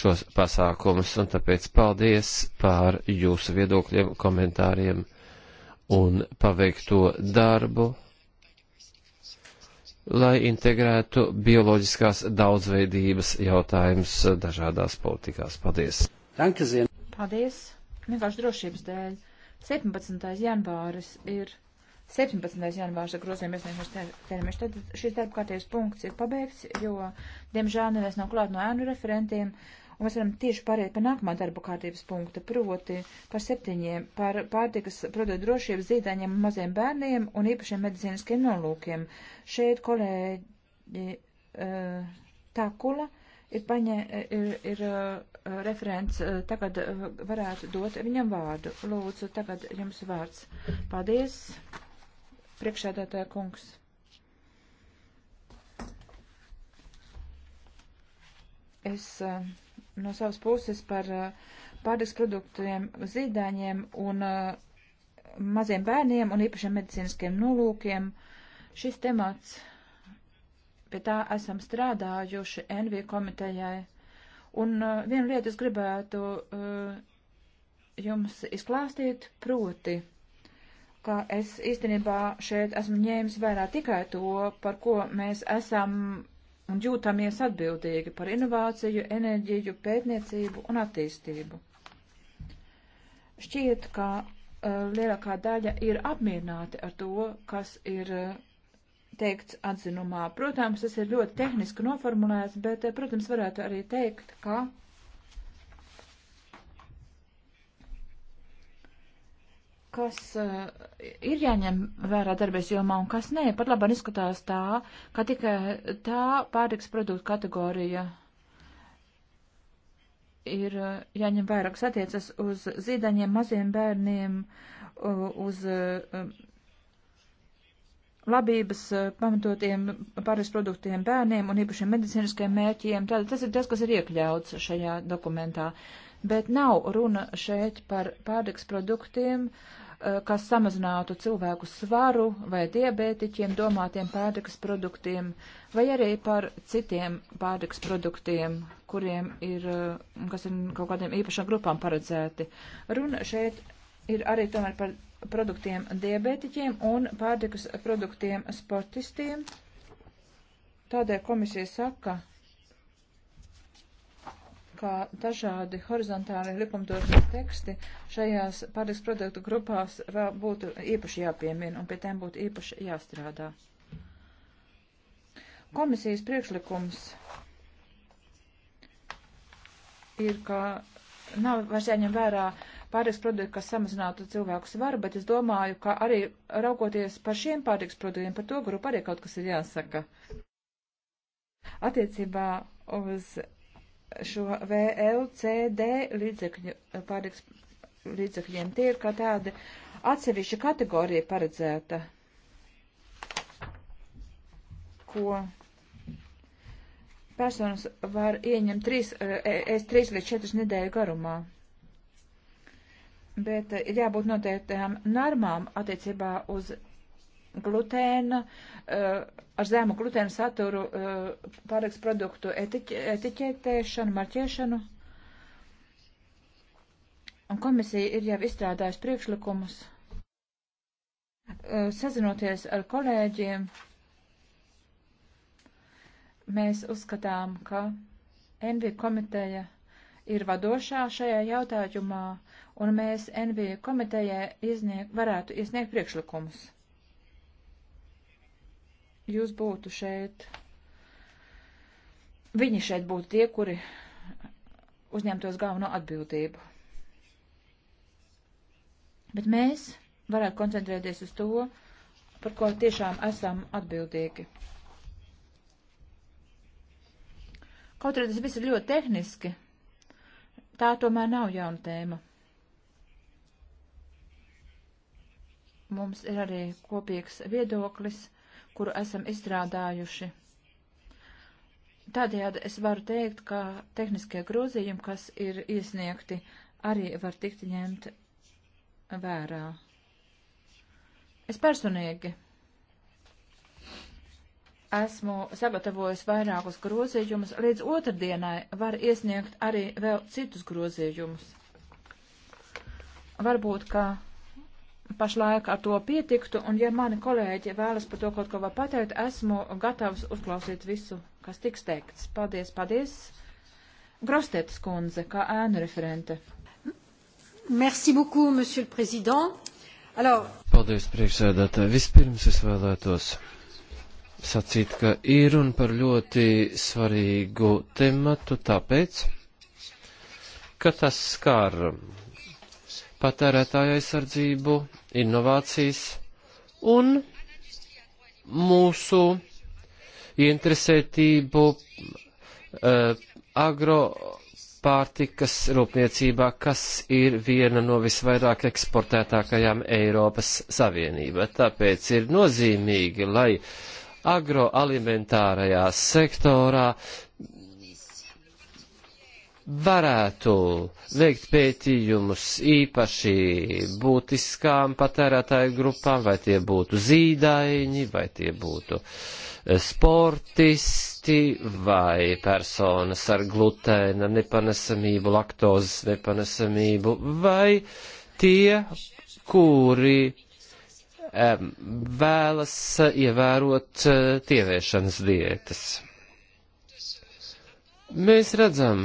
šos pasākumus, un tāpēc paldies pār jūsu viedokļiem, komentāriem un paveikto darbu, lai integrētu bioloģiskās daudzveidības jautājums dažādās politikās. Paldies! Paldies! Vienkārši drošības dēļ. 17. janvāris ir 17. janvārs ar grozījumu iesniegšanas termiņš. Tad šis darba kārtības punkts ir pabeigts, jo, diemžēl, neviens nav klāt no ēnu referentiem, un mēs varam tieši pāriet par nākamā darba kārtības punkta, proti par septiņiem, par pārtikas produktu drošību zīdaiņiem un maziem bērniem un īpašiem medicīniskiem nolūkiem. Šeit kolēģi uh, Takula ir, paņē, ir, ir uh, referents, uh, tagad uh, varētu dot viņam vārdu. Lūdzu, tagad jums vārds. Paldies, priekšēdētāja kungs. Es no savas puses par pārtiks produktiem zīdaiņiem un maziem bērniem un īpašiem medicīniskiem nolūkiem. Šis temats Pie tā esam strādājuši NV komitejai. Un uh, vienu lietu es gribētu uh, jums izklāstīt proti, ka es īstenībā šeit esmu ņēmis vērā tikai to, par ko mēs esam un jūtamies atbildīgi par inovāciju, enerģiju, pētniecību un attīstību. Šķiet, ka uh, lielākā daļa ir apmierināti ar to, kas ir uh, teikts atzinumā. Protams, tas ir ļoti tehniski noformulēts, bet, eh, protams, varētu arī teikt, ka kas uh, ir jāņem vērā darbības jomā un kas nē, pat labāk izskatās tā, ka tikai tā pārtiks produktu kategorija ir uh, jāņem vērā, kas attiecas uz zīdaņiem, maziem bērniem, uh, uz uh, labības eh, pamatotiem pāris produktiem bērniem un īpašiem medicīniskiem mērķiem. Tātad tas ir tas, kas ir iekļauts šajā dokumentā. Bet nav runa šeit par pārtiks produktiem, eh, kas samazinātu cilvēku svaru vai diabētiķiem domātiem pārtiks produktiem, vai arī par citiem pārtiks produktiem, kuriem ir, eh, kas ir kaut kādiem īpašām grupām paredzēti. Runa šeit ir arī tomēr par produktiem diabetiķiem un pārtikas produktiem sportistiem. Tādēļ komisija saka, ka dažādi horizontāli likumdošanas teksti šajās pārtikas produktu grupās vēl būtu īpaši jāpiemina un pie tiem būtu īpaši jāstrādā. Komisijas priekšlikums ir, ka nav vairs jāņem vērā uh, pārtiks produktu, kas samazinātu cilvēku svaru, bet es domāju, ka arī raugoties par šiem pārtiks produktiem, par to grupu arī kaut kas ir jāsaka. Attiecībā uz šo VLCD līdzekļu pārtiks līdzekļiem tie ir kā tāda atsevišķa kategorija paredzēta, ko personas var ieņemt 3 eh, līdz 4 nedēļu garumā bet eh, ir jābūt noteiktām normām attiecībā uz glutēna, eh, ar zemu glutēna saturu eh, pārēks produktu etiķetēšanu, marķēšanu. Un komisija ir jau izstrādājusi priekšlikumus. Sazinoties ar kolēģiem, mēs uzskatām, ka NV komiteja ir vadošā šajā jautājumā un mēs NB komitejai izniek, varētu iesniegt priekšlikumus. Jūs būtu šeit, viņi šeit būtu tie, kuri uzņemtos galveno atbildību. Bet mēs varētu koncentrēties uz to, par ko tiešām esam atbildīgi. Kaut arī tas viss ir ļoti tehniski, tā tomēr nav jauna tēma. Mums ir arī kopīgs viedoklis, kuru esam izstrādājuši. Tādējādi es varu teikt, ka tehniskie grozījumi, kas ir iesniegti, arī var tikt ņemt vērā. Es personīgi esmu sagatavojis vairākus grozījumus, līdz otrdienai var iesniegt arī vēl citus grozījumus. Varbūt, ka pašlaik ar to pietiktu, un ja mani kolēģi vēlas par to kaut ko vēl pateikt, esmu gatavs uzklausīt visu, kas tiks teikts. Paldies, paldies. Grostētas kundze, kā ēnu referente. Merci beaucoup, monsieur le président. Alors... Paldies, priekšsēdētāji. Vispirms es vēlētos sacīt, ka ir un par ļoti svarīgu tematu, tāpēc, ka tas skar patērētāja aizsardzību, inovācijas un mūsu interesētību uh, agropārtikas rūpniecībā, kas ir viena no visvairāk eksportētākajām Eiropas Savienībā. Tāpēc ir nozīmīgi, lai agroalimentārajā sektorā varētu veikt pētījumus īpaši būtiskām patērētāju grupām, vai tie būtu zīdaiņi, vai tie būtu eh, sportisti, vai personas ar glutēna nepanesamību, laktozes nepanesamību, vai tie, kuri um, vēlas ievērot uh, tieviešanas diētas. Mēs redzam,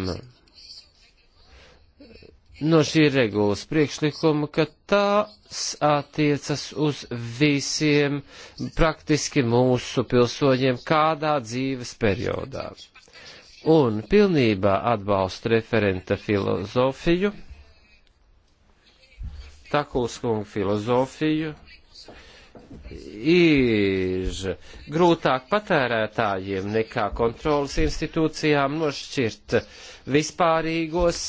no šī regulas priekšlikuma, ka tās attiecas uz visiem praktiski mūsu pilsoņiem kādā dzīves periodā. Un pilnībā atbalstu referenta filozofiju, Takulskunga filozofiju, ir grūtāk patērētājiem nekā kontrolas institūcijām nošķirt vispārīgos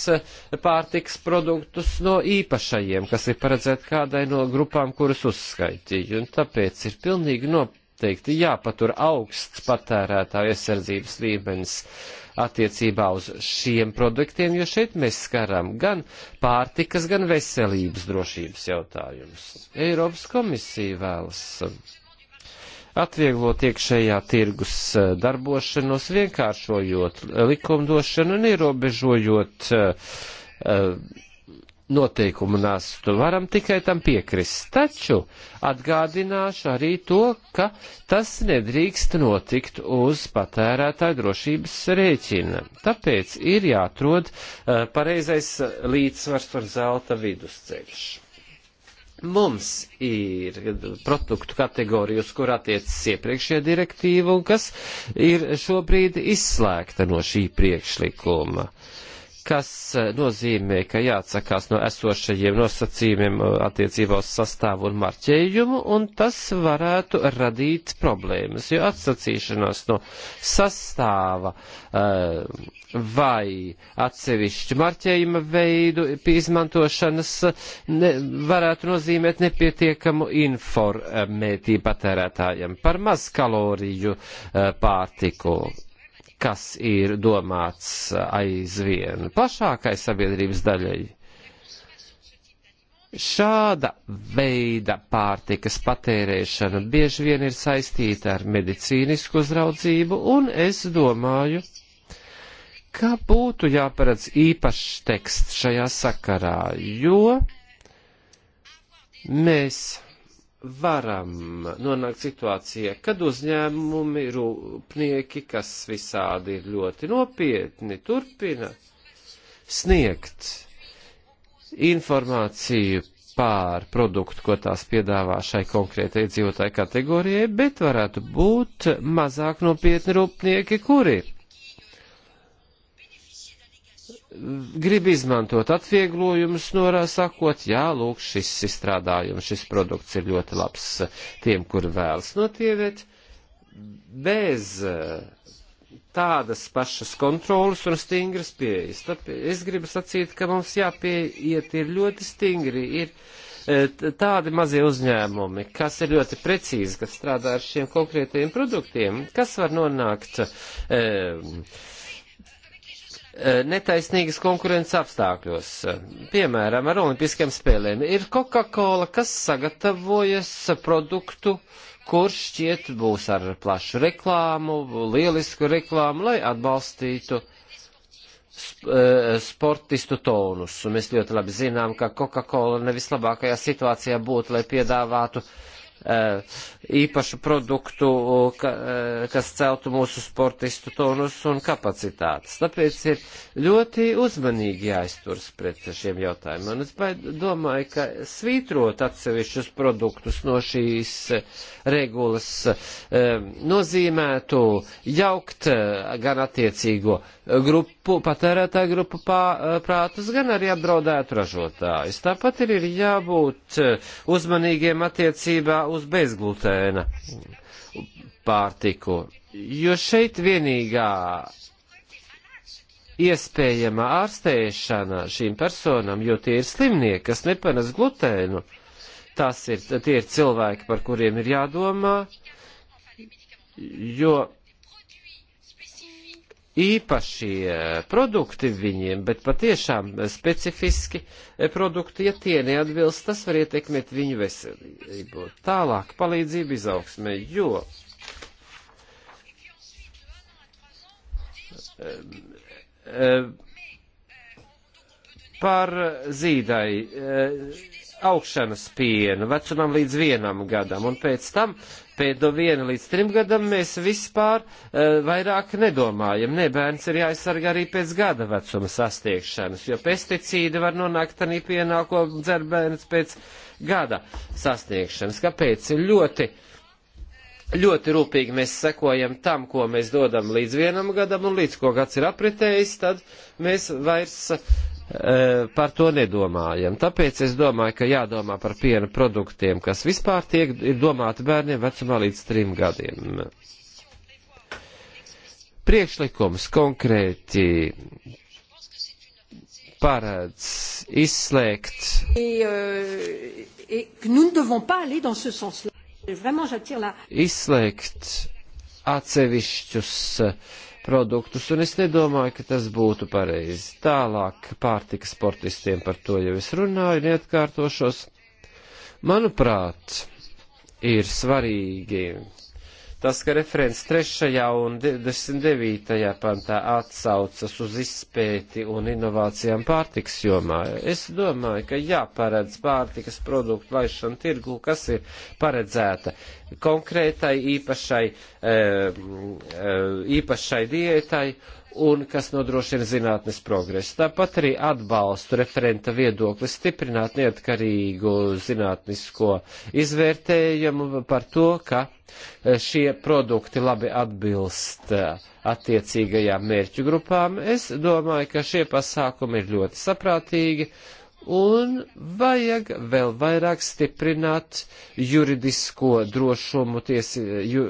pārtiks produktus no īpašajiem, kas ir paredzēti kādai no grupām, kuras uzskaitīju. Un tāpēc ir pilnīgi noteikti jāpatur augsts patērētāju aizsardzības līmenis attiecībā uz šiem produktiem, jo šeit mēs skaram gan pārtikas, gan veselības drošības jautājumus. Eiropas komisija vēlas atvieglot iekšējā tirgus eh, darbošanos, vienkāršojot likumdošanu un ierobežojot uh, noteikumu nastu. Varam tikai tam piekrist. Taču atgādināšu arī to, ka tas nedrīkst notikt uz patērētāju drošības rēķina. Tāpēc ir jāatrod uh, pareizais līdzsvars par zelta vidusceļš. Mums ir produktu kategorija, uz kur attiecas iepriekšējā direktīva un kas ir šobrīd izslēgta no šī priekšlikuma. Uh, kas eh, nozīmē, ka jāatsakās no esošajiem nosacījumiem eh, attiecībā uz sastāvu un marķējumu, un tas varētu radīt problēmas, jo atsacīšanās no sastāva eh, vai atsevišķu marķējuma veidu izmantošanas ne, varētu nozīmēt nepietiekamu informētību patērētājiem par mazkaloriju pārtiku kas ir domāts aizvien plašākai sabiedrības daļai. Šāda veida pārtikas patērēšana bieži vien ir saistīta ar medicīnisku uzraudzību, un es domāju, ka būtu jāparedz īpašs teksts šajā sakarā, jo mēs varam nonākt situācijā, kad uzņēmumi, rūpnieki, kas visādi ir ļoti nopietni, turpina sniegt informāciju pār produktu, ko tās piedāvā šai konkrētai dzīvotāju kategorijai, bet varētu būt mazāk nopietni rūpnieki, kuri grib izmantot atvieglojumus, norāsakot, jā, lūk, šis izstrādājums, šis produkts ir ļoti labs eh, tiem, kur vēlas notievēt, bez eh, tādas pašas kontrolas un stingras pieejas. Tāpēc es gribu sacīt, ka mums jāpieiet ir ļoti stingri, ir eh, tādi mazie uzņēmumi, kas ir ļoti precīzi, kas strādā ar šiem konkrētajiem produktiem, kas var nonākt. Eh, E, netaisnīgas konkurences apstākļos. Piemēram, ar Olimpiskajām spēlēm ir Coca-Cola, kas sagatavojas produktu, kurš šķiet būs ar plašu reklāmu, lielisku reklāmu, lai atbalstītu e, sportistu tonus. Un mēs ļoti labi zinām, ka Coca-Cola nevislabākajā situācijā būtu, lai piedāvātu uh, īpašu produktu, ka, e, kas celtu mūsu sportistu tonus un kapacitātes. Tāpēc ir ļoti uzmanīgi jāizturas pret šiem jautājumiem. Un es domāju, ka svītrot atsevišķus produktus no šīs e, regulas e, nozīmētu jaukt gan attiecīgo grupu, patērētāju grupu pā, prātus, gan arī apdraudētu ražotājus. Tāpat ir jābūt uzmanīgiem attiecībā uz bezglutēnu glutēna pārtiku, jo šeit vienīgā iespējama ārstēšana šīm personām, jo tie ir slimnieki, kas nepanes glutēnu. Tas ir, tie ir cilvēki, par kuriem ir jādomā, jo īpašie eh, produkti viņiem, bet patiešām eh, specifiski eh, produkti, ja tie neatbilst, tas var ietekmēt viņu veselību. Tālāk palīdzība izaugsmē, jo par zīdai augšanas pienu vecumam līdz vienam gadam un pēc tam pēc no viena līdz trim gadam mēs vispār uh, vairāk nedomājam. Nē, bērns ir jāaizsargā arī pēc gada vecuma sastiekšanas, jo pesticīdi var nonākt arī pienāko dzer bērns pēc gada sastiekšanas. Kāpēc? Ir ļoti. Ļoti rūpīgi mēs sekojam tam, ko mēs dodam līdz vienam gadam, un līdz ko gads ir apritējis, tad mēs vairs uh, Eh, par to nedomājam. Tāpēc es domāju, ka jādomā par piena produktiem, kas vispār tiek domāti bērniem vecumā līdz trim gadiem. Priekšlikums konkrēti paredz izslēgt. Euh, izslēgt atsevišķus uh, produktus, un es nedomāju, ka tas būtu pareizi. Tālāk pārtika sportistiem par to jau es runāju, neatkārtošos. Manuprāt, ir svarīgi tas, ka referents 3. un 29. pantā atsaucas uz izpēti un inovācijām pārtiks jomā. Es domāju, ka jāparedz pārtikas produktu laišana tirgu, kas ir paredzēta konkrētai īpašai, eh, eh, īpašai diētai un kas nodrošina zinātnes progresu. Tāpat arī atbalstu referenta viedokli stiprināt neatkarīgu zinātnisko izvērtējumu par to, ka eh, šie produkti labi atbilst attiecīgajām mērķu grupām. Es domāju, ka šie pasākumi ir ļoti saprātīgi un vajag vēl vairāk stiprināt juridisko drošumu tiesi, ju,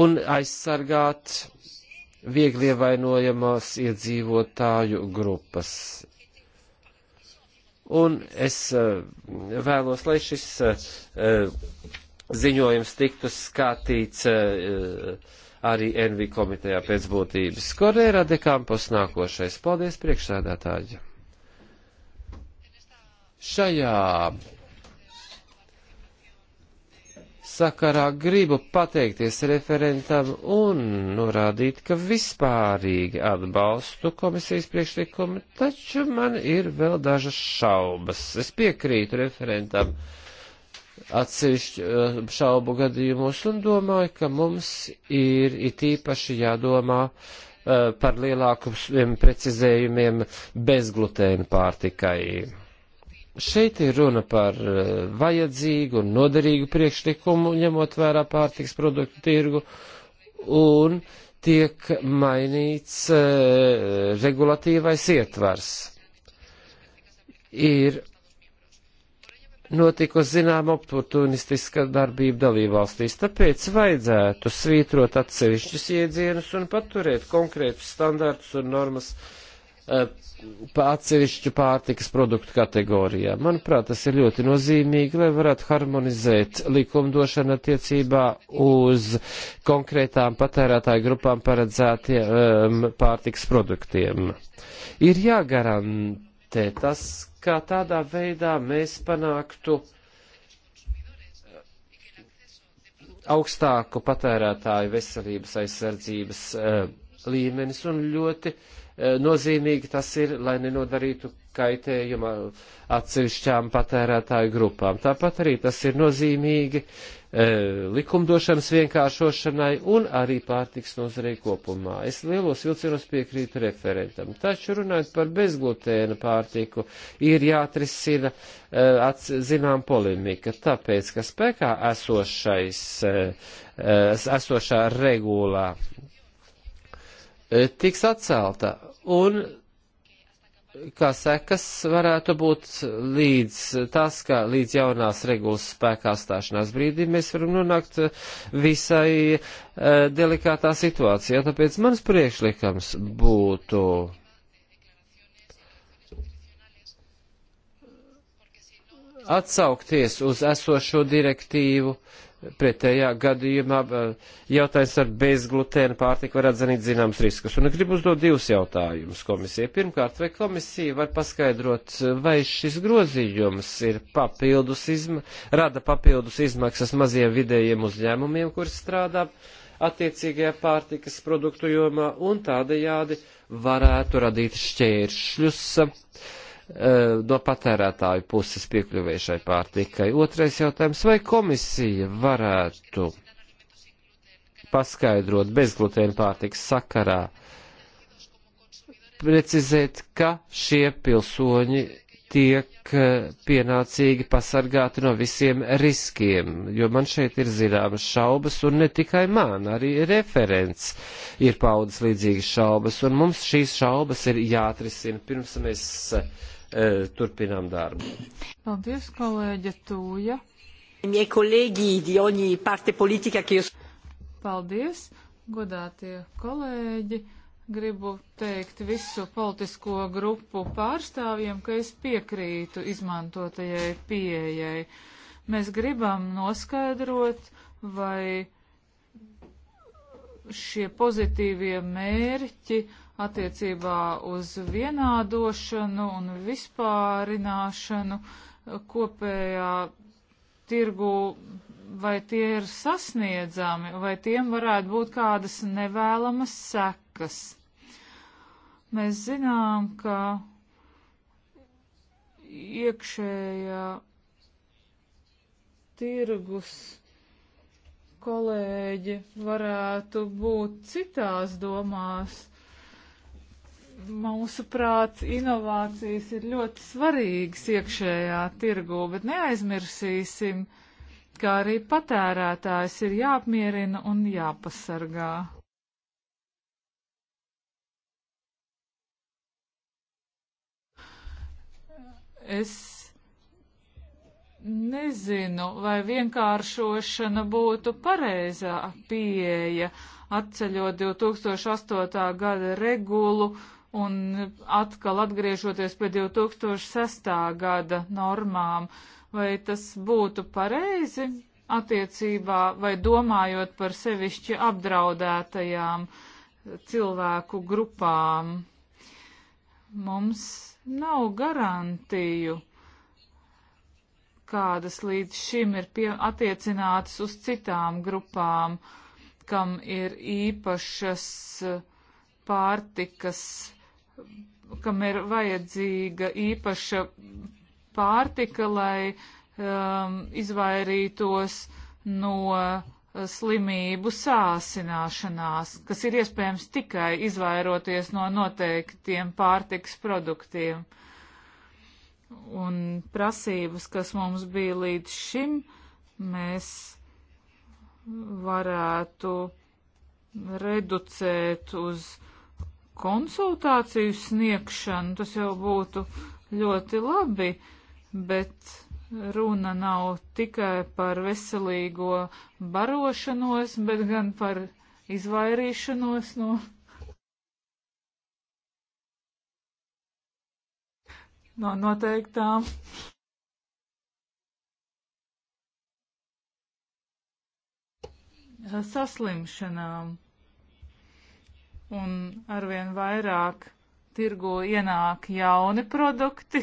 un aizsargāt viegli ievainojamās iedzīvotāju grupas. Un es eh, vēlos, lai šis eh, eh, ziņojums tiktu skatīts arī NV komitejā pēc būtības. Korēra dekampos nākošais. Paldies, priekšsēdētāji. Šajā sakarā gribu pateikties referentam un norādīt, ka vispārīgi atbalstu komisijas priekšlikumu, taču man ir vēl dažas šaubas. Es piekrītu referentam. Uh, atsevišķu eh, šaubu gadījumos un domāju, ka mums ir it īpaši jādomā eh, par lielākiem precizējumiem bezglutēna pārtikai. Šeit ir runa par eh, vajadzīgu un noderīgu priekšlikumu, ņemot vērā pārtiks produktu tirgu, un tiek mainīts regulatīvais ietvars. Ir notika zinām oportunistiska darbība dalībvalstīs, tāpēc vajadzētu svītrot atsevišķus iedzienus un paturēt konkrētus standartus un normas uh, pa atsevišķu pārtikas produktu kategorijā. Manuprāt, tas ir ļoti nozīmīgi, lai varētu harmonizēt likumdošanu attiecībā uz konkrētām patērētāju grupām paredzētiem um, pārtikas produktiem. Ir jāgarantē vērtē tas, kā tādā veidā mēs panāktu augstāku patērētāju veselības aizsardzības eh, līmenis un ļoti eh, nozīmīgi tas ir, lai nenodarītu kaitējuma atsevišķām patērētāju grupām. Tāpat arī tas ir nozīmīgi E, likumdošanas vienkāršošanai un arī pārtiks nozarei kopumā. Es lielos vilcienos piekrītu referentam, taču runājot par bezglutēna pārtiku, ir jāatrisina e, zinām polemika, tāpēc, ka spēkā esošais, e, esošā regulā tiks atcelta un kā sekas varētu būt līdz tas, ka līdz jaunās regulas spēkā stāšanās brīdī mēs varam nonākt visai e, delikātā situācijā. Tāpēc mans priekšlikums būtu. Atsaukties uz esošo direktīvu, uh, Pretējā gadījumā eh, jautājums ar bezglutēnu pārtiku var atzanīt zināms riskus. Un gribu uzdot divus jautājumus komisijai. Pirmkārt, vai komisija var paskaidrot, vai šis grozījums ir papildus izma, rada papildus izmaksas maziem vidējiem uzņēmumiem, kur strādā attiecīgajā pārtikas produktu jomā un tādajādi varētu radīt šķēršļus Eh, no patērētāju puses piekļuvējušai pārtikai. Otrais jautājums, vai komisija varētu paskaidrot bezglutēna pārtikas sakarā, precizēt, ka šie pilsoņi tiek eh, pienācīgi pasargāti no visiem riskiem, jo man šeit ir zināmas šaubas, un ne tikai man, arī referents ir paudas līdzīgas šaubas, un mums šīs šaubas ir jāatrisina pirms mēs e, turpinām darbu. Paldies, kolēģa Tūja. Paldies, godātie kolēģi gribu teikt visu politisko grupu pārstāvjiem, ka es piekrītu izmantotajai pieejai. Mēs gribam noskaidrot, vai šie pozitīvie mērķi attiecībā uz vienādošanu un vispārināšanu kopējā tirgu, vai tie ir sasniedzami, vai tiem varētu būt kādas nevēlamas sekas. Mēs zinām, ka iekšējā tirgus kolēģi varētu būt citās domās. Mūsuprāt, inovācijas ir ļoti svarīgas iekšējā tirgu, bet neaizmirsīsim, ka arī patērētājs ir jāapmierina un jāpasargā. Es nezinu, vai vienkāršošana būtu pareizā pieeja, atceļot 2008. gada regulu un atkal atgriežoties pie 2006. gada normām. Vai tas būtu pareizi? attiecībā vai domājot par sevišķi apdraudētajām cilvēku grupām. Mums nav garantiju, kādas līdz šim ir pie, attiecinātas uz citām grupām, kam ir īpašas eh, pārtikas, kam ir vajadzīga īpaša pārtika, lai um, izvairītos no slimību sāsināšanās, kas ir iespējams tikai izvairoties no noteiktiem pārtiks produktiem. Un prasības, kas mums bija līdz šim, mēs varētu reducēt uz konsultāciju sniegšanu, tas jau būtu ļoti labi, bet runa nav tikai par veselīgo barošanos, bet gan par izvairīšanos no. No noteiktām saslimšanām. Un arvien vairāk tirgu ienāk jauni produkti,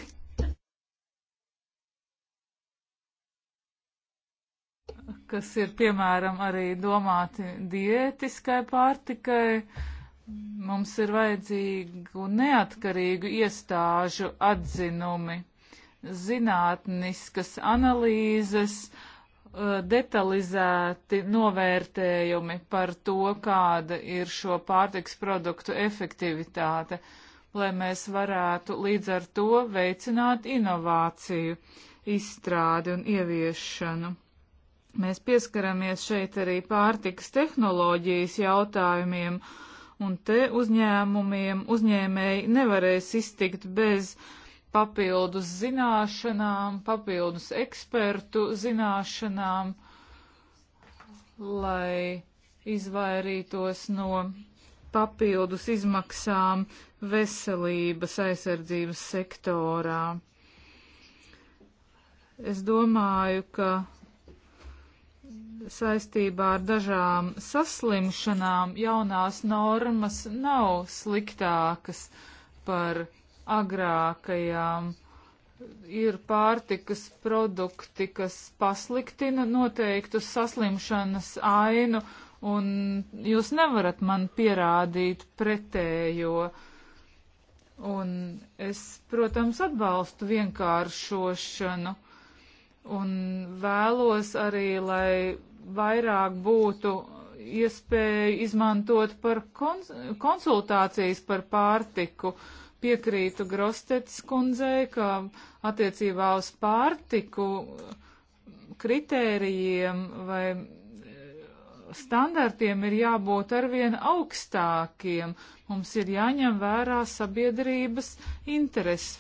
kas ir piemēram arī domāti diētiskai pārtikai. Mums ir vajadzīgu neatkarīgu iestāžu atzinumi, zinātniskas analīzes, uh, detalizēti novērtējumi par to, kāda ir šo pārtiks produktu efektivitāte, lai mēs varētu līdz ar to veicināt inovāciju, izstrādi un ieviešanu. Mēs pieskaramies šeit arī pārtikas tehnoloģijas jautājumiem, un te uzņēmumiem uzņēmēji nevarēs iztikt bez papildus zināšanām, papildus ekspertu zināšanām, lai izvairītos no papildus izmaksām veselības aizsardzības sektorā. Es domāju, ka saistībā ar dažām saslimšanām jaunās normas nav sliktākas par agrākajām. Ir pārtikas produkti, kas pasliktina noteiktu saslimšanas ainu, un jūs nevarat man pierādīt pretējo. Un es, protams, atbalstu vienkāršošanu un vēlos arī, lai vairāk būtu iespēju izmantot par kons konsultācijas par pārtiku. Piekrītu Grostets kundzei, ka attiecībā uz pārtiku kritērijiem vai standartiem ir jābūt arvien augstākiem. Mums ir jāņem vērā sabiedrības intereses.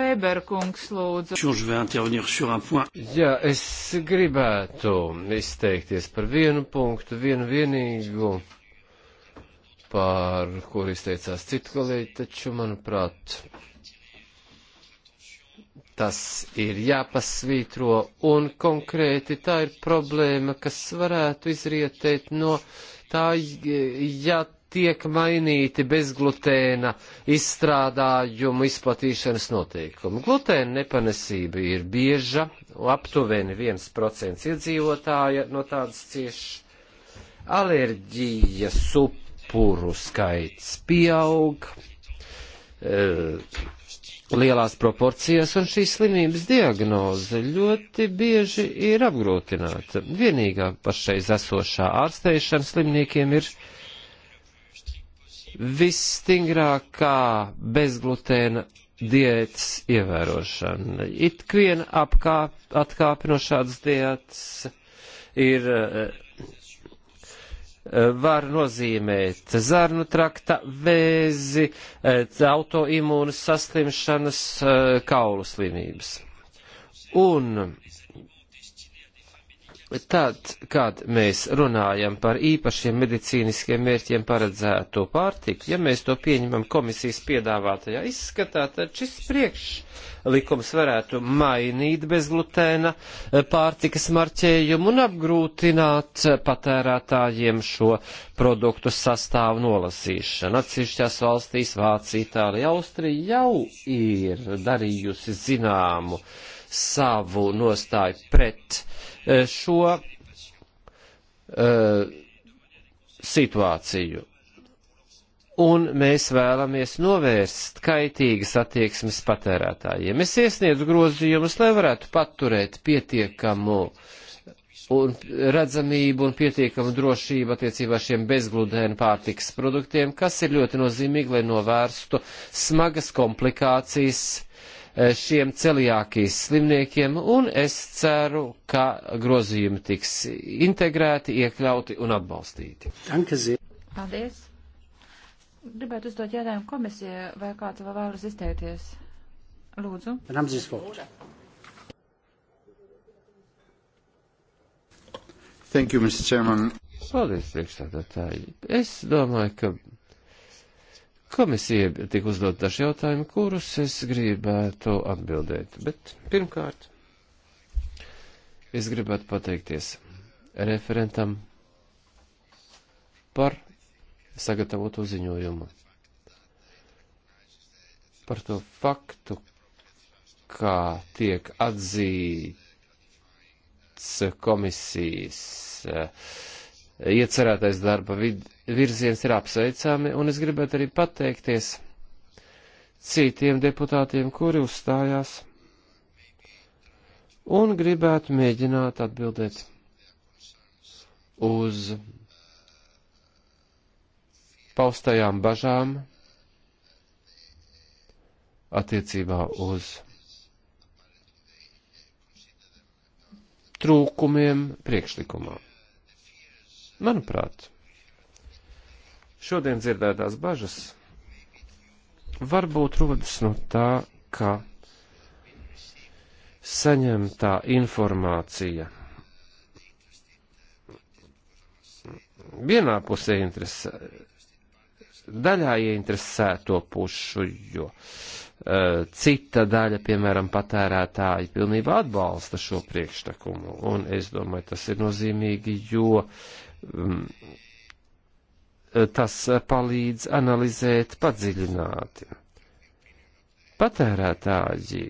Vēberkungs lūdzu. Jā, es gribētu izteikties par vienu punktu, vienu vienīgu, par kur izteicās citu kolēģi, taču, manuprāt, Tas ir jāpasvītro un konkrēti tā ir problēma, kas varētu izrietēt no tā, ja tiek mainīti bezglutēna izstrādājumu izplatīšanas noteikumi. Glutēna nepanesība ir bieža, aptuveni 1% iedzīvotāja no tādas cieši alerģijas upuru skaits pieaug, eh, lielās proporcijās, un šīs slimības diagnoze ļoti bieži ir apgrūtināta. Vienīgā pašreiz esošā ārsteišana slimniekiem ir visstingrākā bezglutēna diētas ievērošana. It viena apkāp, atkāpi no šādas diētas ir eh, Eh, var nozīmēt zarnu trakta vēzi, eh, autoimūnas saslimšanas, eh, kaulu slimības. Un Tad, kad mēs runājam par īpašiem medicīniskiem mērķiem paredzēto pārtiku, ja mēs to pieņemam komisijas piedāvātajā izskatā, tad šis priekšlikums varētu mainīt bezglutēna eh, pārtikas marķējumu un apgrūtināt patērētājiem šo produktu sastāvu nolasīšanu. Atsevišķās valstīs Vācija, Itālija, Austrija jau ir darījusi zināmu savu nostāju pret eh, šo uh, situāciju. Un mēs vēlamies novērst kaitīgas attieksmes patērētājiem. Es iesniedzu grozījumus, lai varētu paturēt pietiekamu un redzamību un pietiekamu drošību attiecībā šiem bezgludēnu pārtikas produktiem, kas ir ļoti nozīmīgi, lai novērstu smagas komplikācijas Eh, šiem celiākijas slimniekiem, un es ceru, ka grozījumi tiks integrēti, iekļauti un atbalstīti. Paldies! Gribētu uzdot jautājumu komisijai, vai kāds vēl vēlas izteikties? Lūdzu. Ramzis Vogt. Thank you, Mr. Chairman. Paldies, priekšstādātāji. Es domāju, ka Komisija tika uzdot daži jautājumi, kurus es gribētu atbildēt, bet pirmkārt es gribētu pateikties referentam par sagatavotu ziņojumu. Par to faktu, kā tiek atzīts komisijas uh, iecerētais darba vid, virziens ir apsveicami, un es gribētu arī pateikties citiem deputātiem, kuri uzstājās, un gribētu mēģināt atbildēt uz paustajām bažām attiecībā uz trūkumiem priekšlikumā. Manuprāt, šodien dzirdētās bažas varbūt rodas no tā, ka saņemtā informācija vienā pusē interesē, daļā ieinteresēto pušu, jo uh, cita daļa, piemēram, patērētāji pilnībā atbalsta šo priekštakumu. Un es domāju, tas ir nozīmīgi, jo Um, tas palīdz analizēt padziļināti. Patērētāji,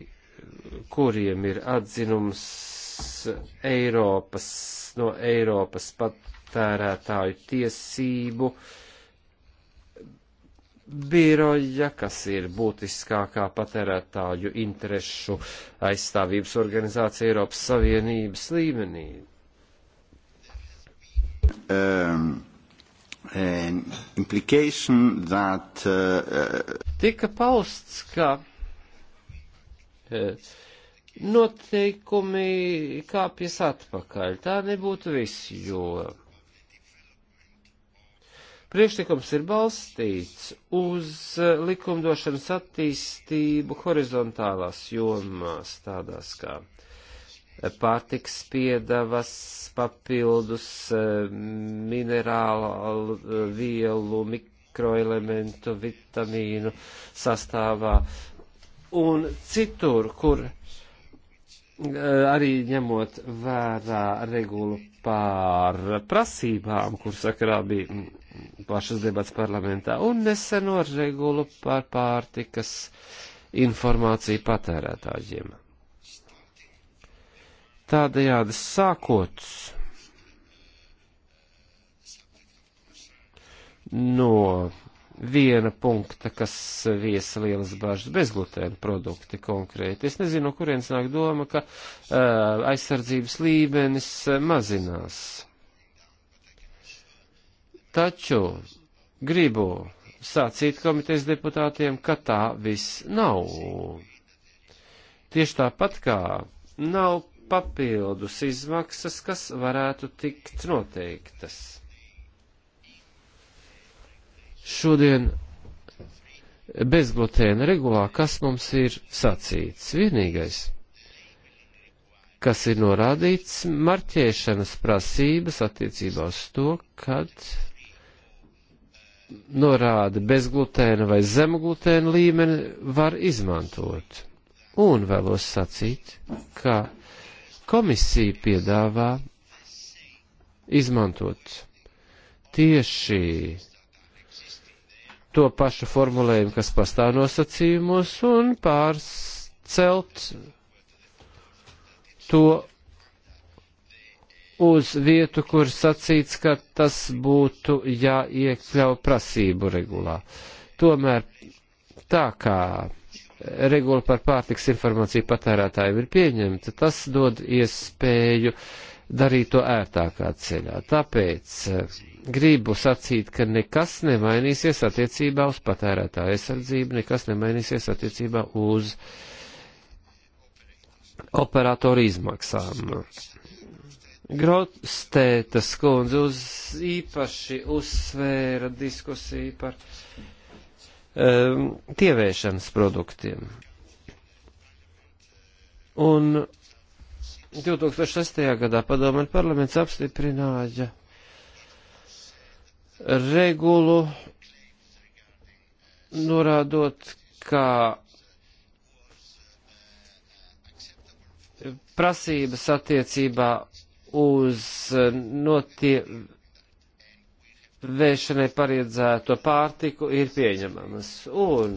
kuriem ir atzinums Eiropas, no Eiropas patērētāju tiesību biroja, kas ir būtiskākā patērētāju interešu aizstāvības organizācija Eiropas Savienības līmenī. Um, that, uh, uh, Tika pausts, ka uh, noteikumi kāpjas atpakaļ. Tā nebūtu viss, jo priekšlikums ir balstīts uz uh, likumdošanas attīstību horizontālās jomās, tādās kā uh, pārtiks piedevas, papildus, eh, minerālu eh, vielu, mikroelementu, vitamīnu sastāvā un citur, kur eh, arī ņemot vērā regulu pār prasībām, kur sakarā bija plašas debats parlamentā, un neseno regulu par pārtikas informāciju patērētājiem. Tādējādi sākot no viena punkta, kas viesa lielas bažas bezglutēna produkti konkrēti. Es nezinu, no kurienes nāk doma, ka uh, aizsardzības līmenis mazinās. Taču gribu sacīt komitejas deputātiem, ka tā viss nav. Tieši tāpat kā nav papildus izmaksas, kas varētu tikt noteiktas. Šodien bezglutēna regulā, kas mums ir sacīts? Vienīgais, kas ir norādīts, marķēšanas prasības attiecībā uz to, kad norāda bezglutēna vai zemglutēna līmeni var izmantot. Un vēlos sacīt, ka Komisija piedāvā izmantot tieši to pašu formulējumu, kas pastāv nosacījumos, un pārcelt to uz vietu, kur sacīts, ka tas būtu jāiekļau prasību regulā. Tomēr Tā kā regula par pārtiks informāciju patērētājiem ir pieņemta, tas dod iespēju darīt to ērtākā ceļā. Tāpēc eh, gribu sacīt, ka nekas nemainīsies attiecībā uz patērētāju aizsardzību, nekas nemainīsies attiecībā uz operatoru izmaksām. Grotstētas kundze uz īpaši uzsvēra diskusiju par uh, Um, tievēršanas produktiem. Un 2006. gadā padomju parlaments apstiprināja regulu, norādot, ka prasības attiecībā uz notie vēšanai paredzēto pārtiku ir pieņemamas. Un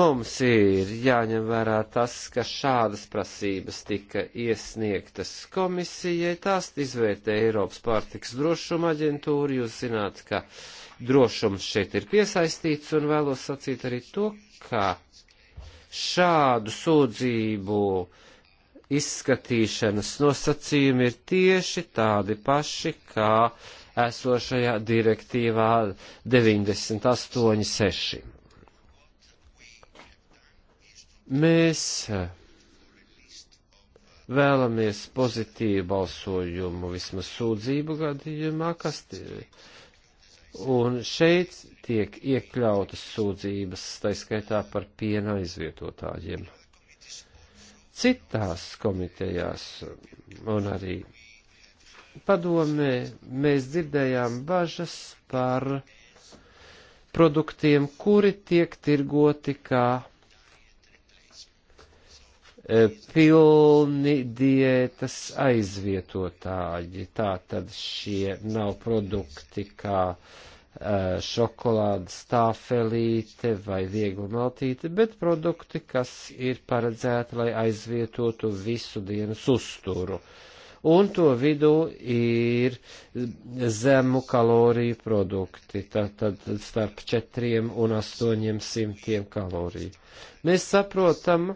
mums ir jāņem vērā tas, ka šādas prasības tika iesniegtas komisijai, tās izvērtē Eiropas pārtiks drošuma aģentūra, jūs zināt, ka drošums šeit ir piesaistīts un vēlos sacīt arī to, ka šādu sūdzību izskatīšanas nosacījumi ir tieši tādi paši, kā esošajā direktīvā 98.6. Mēs eh, vēlamies pozitīvu balsojumu vismaz sūdzību gadījumā, kas ir. Un šeit tiek iekļautas sūdzības, taiskaitā par piena aizvietotājiem. Citās komitejās un arī padomē mēs dzirdējām bažas par produktiem, kuri tiek tirgoti kā e, pilni diētas aizvietotāji. Tā tad šie nav produkti kā e, šokolādes tāfelīte vai viegla maltīte, bet produkti, kas ir paredzēti, lai aizvietotu visu dienas uzturu. Uh, un to vidū ir zemu kaloriju produkti, tātad starp 4 un 800 kaloriju. Mēs saprotam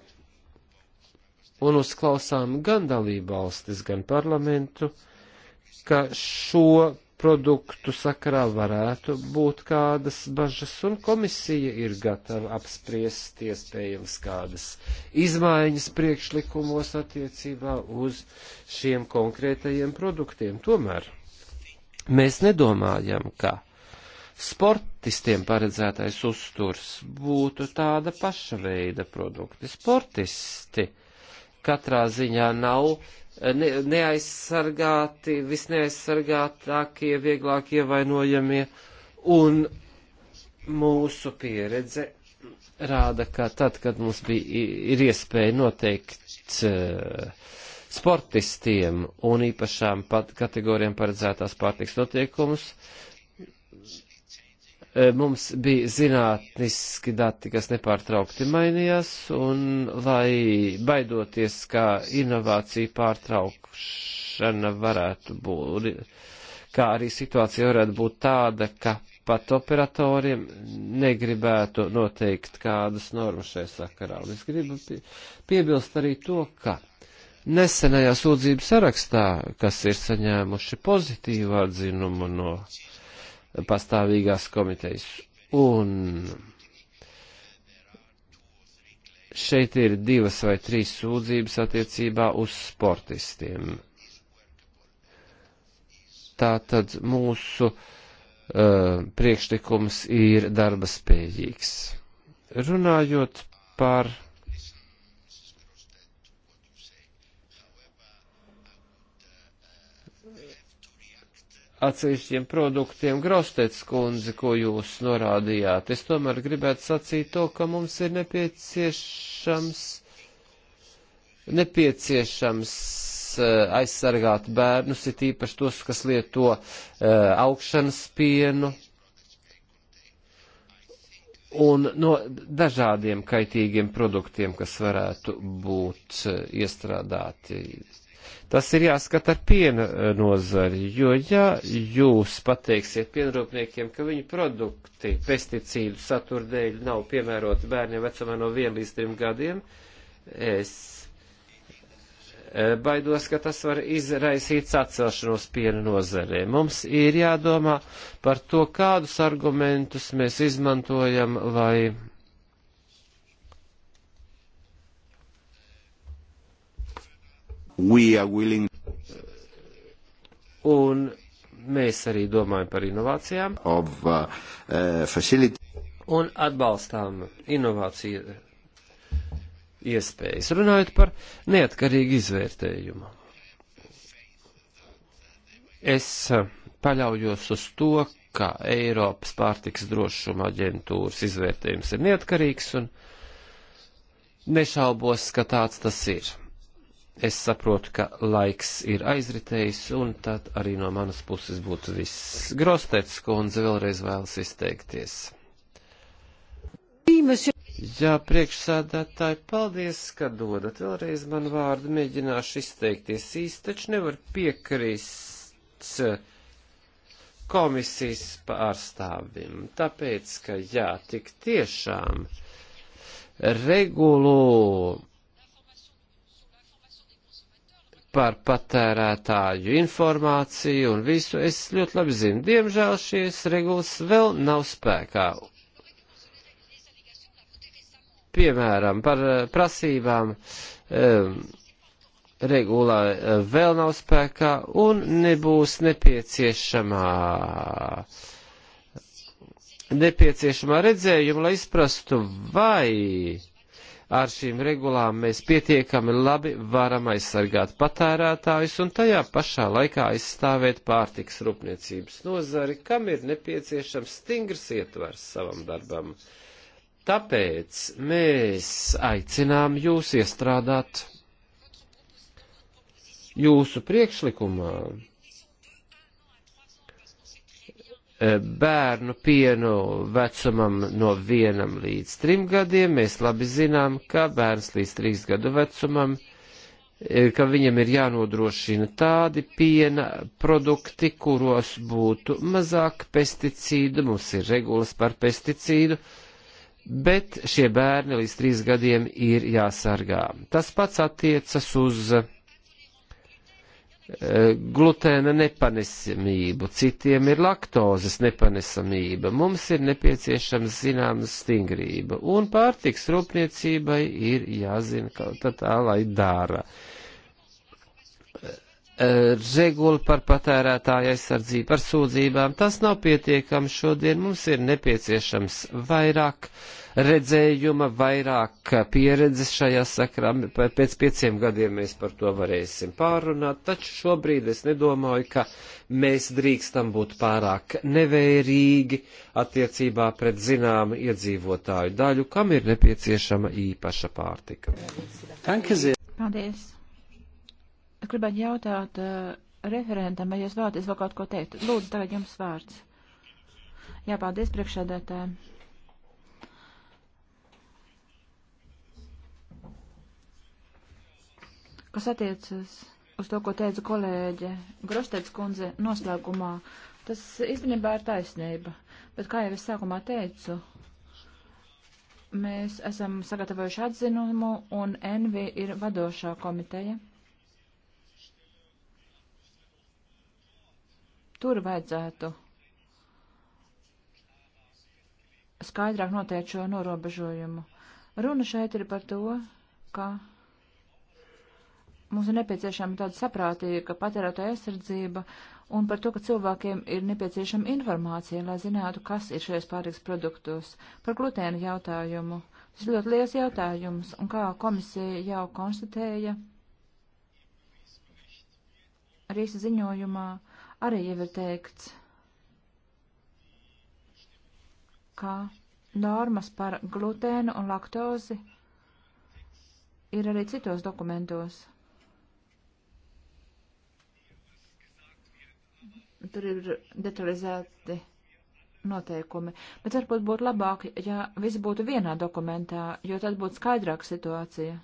un uzklausām gan dalību valstis, gan parlamentu, ka šo produktu sakarā varētu būt kādas bažas, un komisija ir gatava apspriest iespējams kādas izmaiņas priekšlikumos attiecībā uz šiem konkrētajiem produktiem. Tomēr mēs nedomājam, ka sportistiem paredzētais uzturs būtu tāda paša veida produkti. Sportisti katrā ziņā nav ne, neaizsargāti, visneaizsargātākie, vieglāk ievainojamie, un mūsu pieredze rāda, ka tad, kad mums bija, ir iespēja noteikt uh, sportistiem un īpašām pat kategorijām paredzētās pārtiks notiekumus, uh, Eh, mums bija zinātniski dati, kas nepārtraukti mainījās, un lai baidoties, kā inovācija pārtraukšana varētu būt, kā arī situācija varētu būt tāda, ka pat operatoriem negribētu noteikt kādas normas šai sakarā. Un es gribu piebilst arī to, ka nesenajā sūdzību sarakstā, kas ir saņēmuši pozitīvu atzinumu no pastāvīgās komitejas. Un šeit ir divas vai trīs sūdzības attiecībā uz sportistiem. Tātad mūsu uh, priekšlikums ir darba spējīgs. Runājot par atsevišķiem produktiem Grostets kundze, ko jūs norādījāt. Es tomēr gribētu sacīt to, ka mums ir nepieciešams, nepieciešams eh, aizsargāt bērnus, ir īpaši tos, kas lieto uh, augšanas pienu un no dažādiem kaitīgiem produktiem, kas varētu būt eh, iestrādāti Tas ir jāskata ar piena e, nozari, jo ja jūs pateiksiet pienrūpniekiem, ka viņu produkti pesticīdu satura dēļ nav piemēroti bērniem vecumā no 1 līdz 3 gadiem, es e, baidos, ka tas var izraisīt sacelšanos piena nozarē. Mums ir jādomā par to, kādus argumentus mēs izmantojam, lai we are willing. Un mēs arī domājam par inovācijām. Of, uh, uh, facility. un atbalstām inovāciju iespējas, runājot par neatkarīgu izvērtējumu. Es uh, paļaujos uz to, ka Eiropas pārtiks drošuma aģentūras izvērtējums ir neatkarīgs un nešaubos, ka tāds tas ir. Es saprotu, ka laiks ir aizritējis, un tad arī no manas puses būtu viss. Grostets kundze vēlreiz vēlas izteikties. Jā, priekšsādātāji, paldies, ka dodat vēlreiz man vārdu, mēģināšu izteikties īsti, taču nevar piekrist eh, komisijas pārstāvim, tāpēc, ka jā, tik tiešām regulu par patērētāju informāciju un visu, es ļoti labi zinu. Diemžēl šīs regulas vēl nav spēkā. Piemēram, par eh, prasībām um, regulā eh, vēl nav spēkā un nebūs nepieciešamā nepieciešamā redzējuma, lai izprastu, vai ar šīm regulām mēs pietiekami labi varam aizsargāt patērētājus un tajā pašā laikā aizstāvēt pārtiks rūpniecības nozari, kam ir nepieciešams stingrs ietvers savam darbam. Tāpēc mēs aicinām jūs iestrādāt jūsu priekšlikumā bērnu pienu vecumam no vienam līdz trim gadiem. Mēs labi zinām, ka bērns līdz trīs gadu vecumam, eh, ka viņam ir jānodrošina tādi piena produkti, kuros būtu mazāk pesticīdu, mums ir regulas par pesticīdu, bet šie bērni līdz trīs gadiem ir jāsargā. Tas pats attiecas uz glutēna nepanesamību, citiem ir laktozes nepanesamība, mums ir nepieciešams zināmas stingrība, un pārtiks rūpniecībai ir jāzina, ka tā tā lai dara. Regula par patērētāju aizsardzību, par sūdzībām, tas nav pietiekami šodien, mums ir nepieciešams vairāk uh, redzējuma, vairāk pieredzes šajā sakrā. Pēc pieciem gadiem mēs par to varēsim pārunāt, taču šobrīd es nedomāju, ka mēs drīkstam būt pārāk nevērīgi attiecībā pret zināmu iedzīvotāju daļu, kam ir nepieciešama īpaša pārtika. Paldies! Es gribētu jautāt uh, referentam, vai jūs vēlaties vēl kaut ko teikt? Lūdzu, tagad jums vārds. Jā, paldies priekšādētājiem. Uh, Kas attiecas uz to, ko teica kolēģe Grostēts kundze noslēgumā, tas īstenībā ir taisnība. Bet kā jau es sākumā teicu, mēs esam sagatavojuši atzinumu un Envi ir vadošā komiteja. Tur vajadzētu skaidrāk noteikt šo norobežojumu. Runa šeit ir par to, ka Mums ir nepieciešama tāda saprātīga patērētāja aizsardzība un par to, ka cilvēkiem ir nepieciešama informācija, lai zinātu, kas ir šajos pārtiks produktos. Par glutēnu jautājumu. Tas ir ļoti liels jautājums, un kā komisija jau konstatēja, Rīsa ziņojumā arī jau ir teikts, ka normas par glutēnu un laktozi ir arī citos dokumentos. tur ir detalizēti noteikumi. Bet varbūt būtu labāk, ja viss būtu vienā dokumentā, jo tad būtu skaidrāka situācija.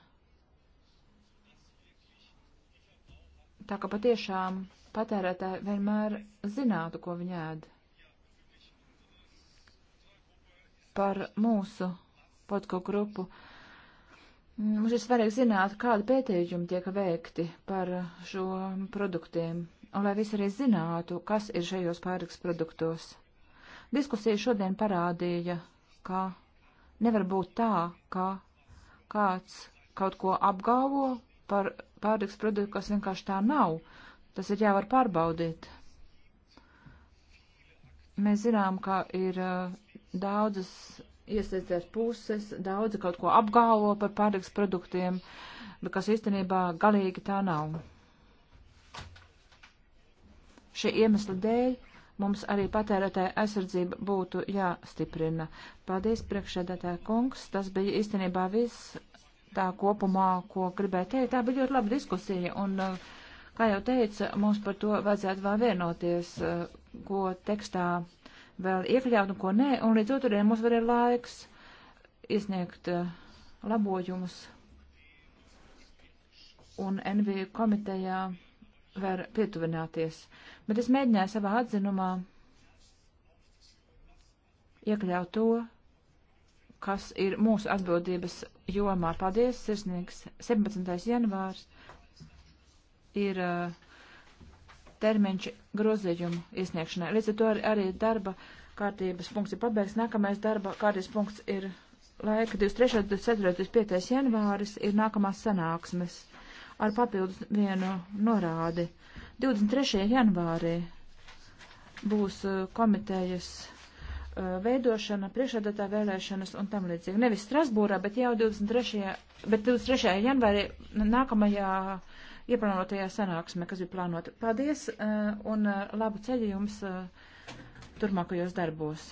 Tā ka patiešām patērētāji vienmēr zinātu, ko viņi ēd. Par mūsu podko grupu. Mm, mums ir svarīgi zināt, kādi pētījumi tiek veikti par šo produktiem un lai visi arī zinātu, kas ir šajos pārtiks produktos. Diskusija šodien parādīja, ka nevar būt tā, ka kāds kaut ko apgalvo par pārtiks produktu, kas vienkārši tā nav. Tas ir jāvar pārbaudīt. Mēs zinām, ka ir uh, daudzas iesaistās puses, daudzi kaut ko apgalvo par pārtiks produktiem, bet kas īstenībā galīgi tā nav. Šie iemesli dēļ mums arī patērētāja aizsardzība būtu jāstiprina. Paldies, priekšēdētāja kungs. Tas bija īstenībā viss tā kopumā, ko gribēju teikt. Tā bija ļoti laba diskusija, un, uh, kā jau teica, mums par to vajadzētu vēl vienoties, uh, ko tekstā vēl iekļaut un ko nē, un līdz otrdienam mums vēl ir laiks izniegt uh, labojumus. Un NV komitejā var pietuvināties. Bet es mēģināju savā atzinumā iekļaut to, kas ir mūsu atbildības jomā. Paldies, sirsnīgs. 17. janvārs ir uh, termiņš grozījumu iesniegšanai. Līdz ar to arī darba kārtības punkts ir pabeigts. Nākamais darba kārtības punkts ir laika 23. un 24. 25. janvāris ir nākamās sanāksmes ar papildus vienu norādi. 23. janvārī būs uh, komitejas uh, veidošana, priekšādatā vēlēšanas un tam līdzīgi. Nevis Strasbūrā, bet jau 23. Bet 23. janvārī nākamajā ieplānotajā sanāksmē, kas bija plānota. Paldies uh, un labu ceļu jums turpmākajos darbos!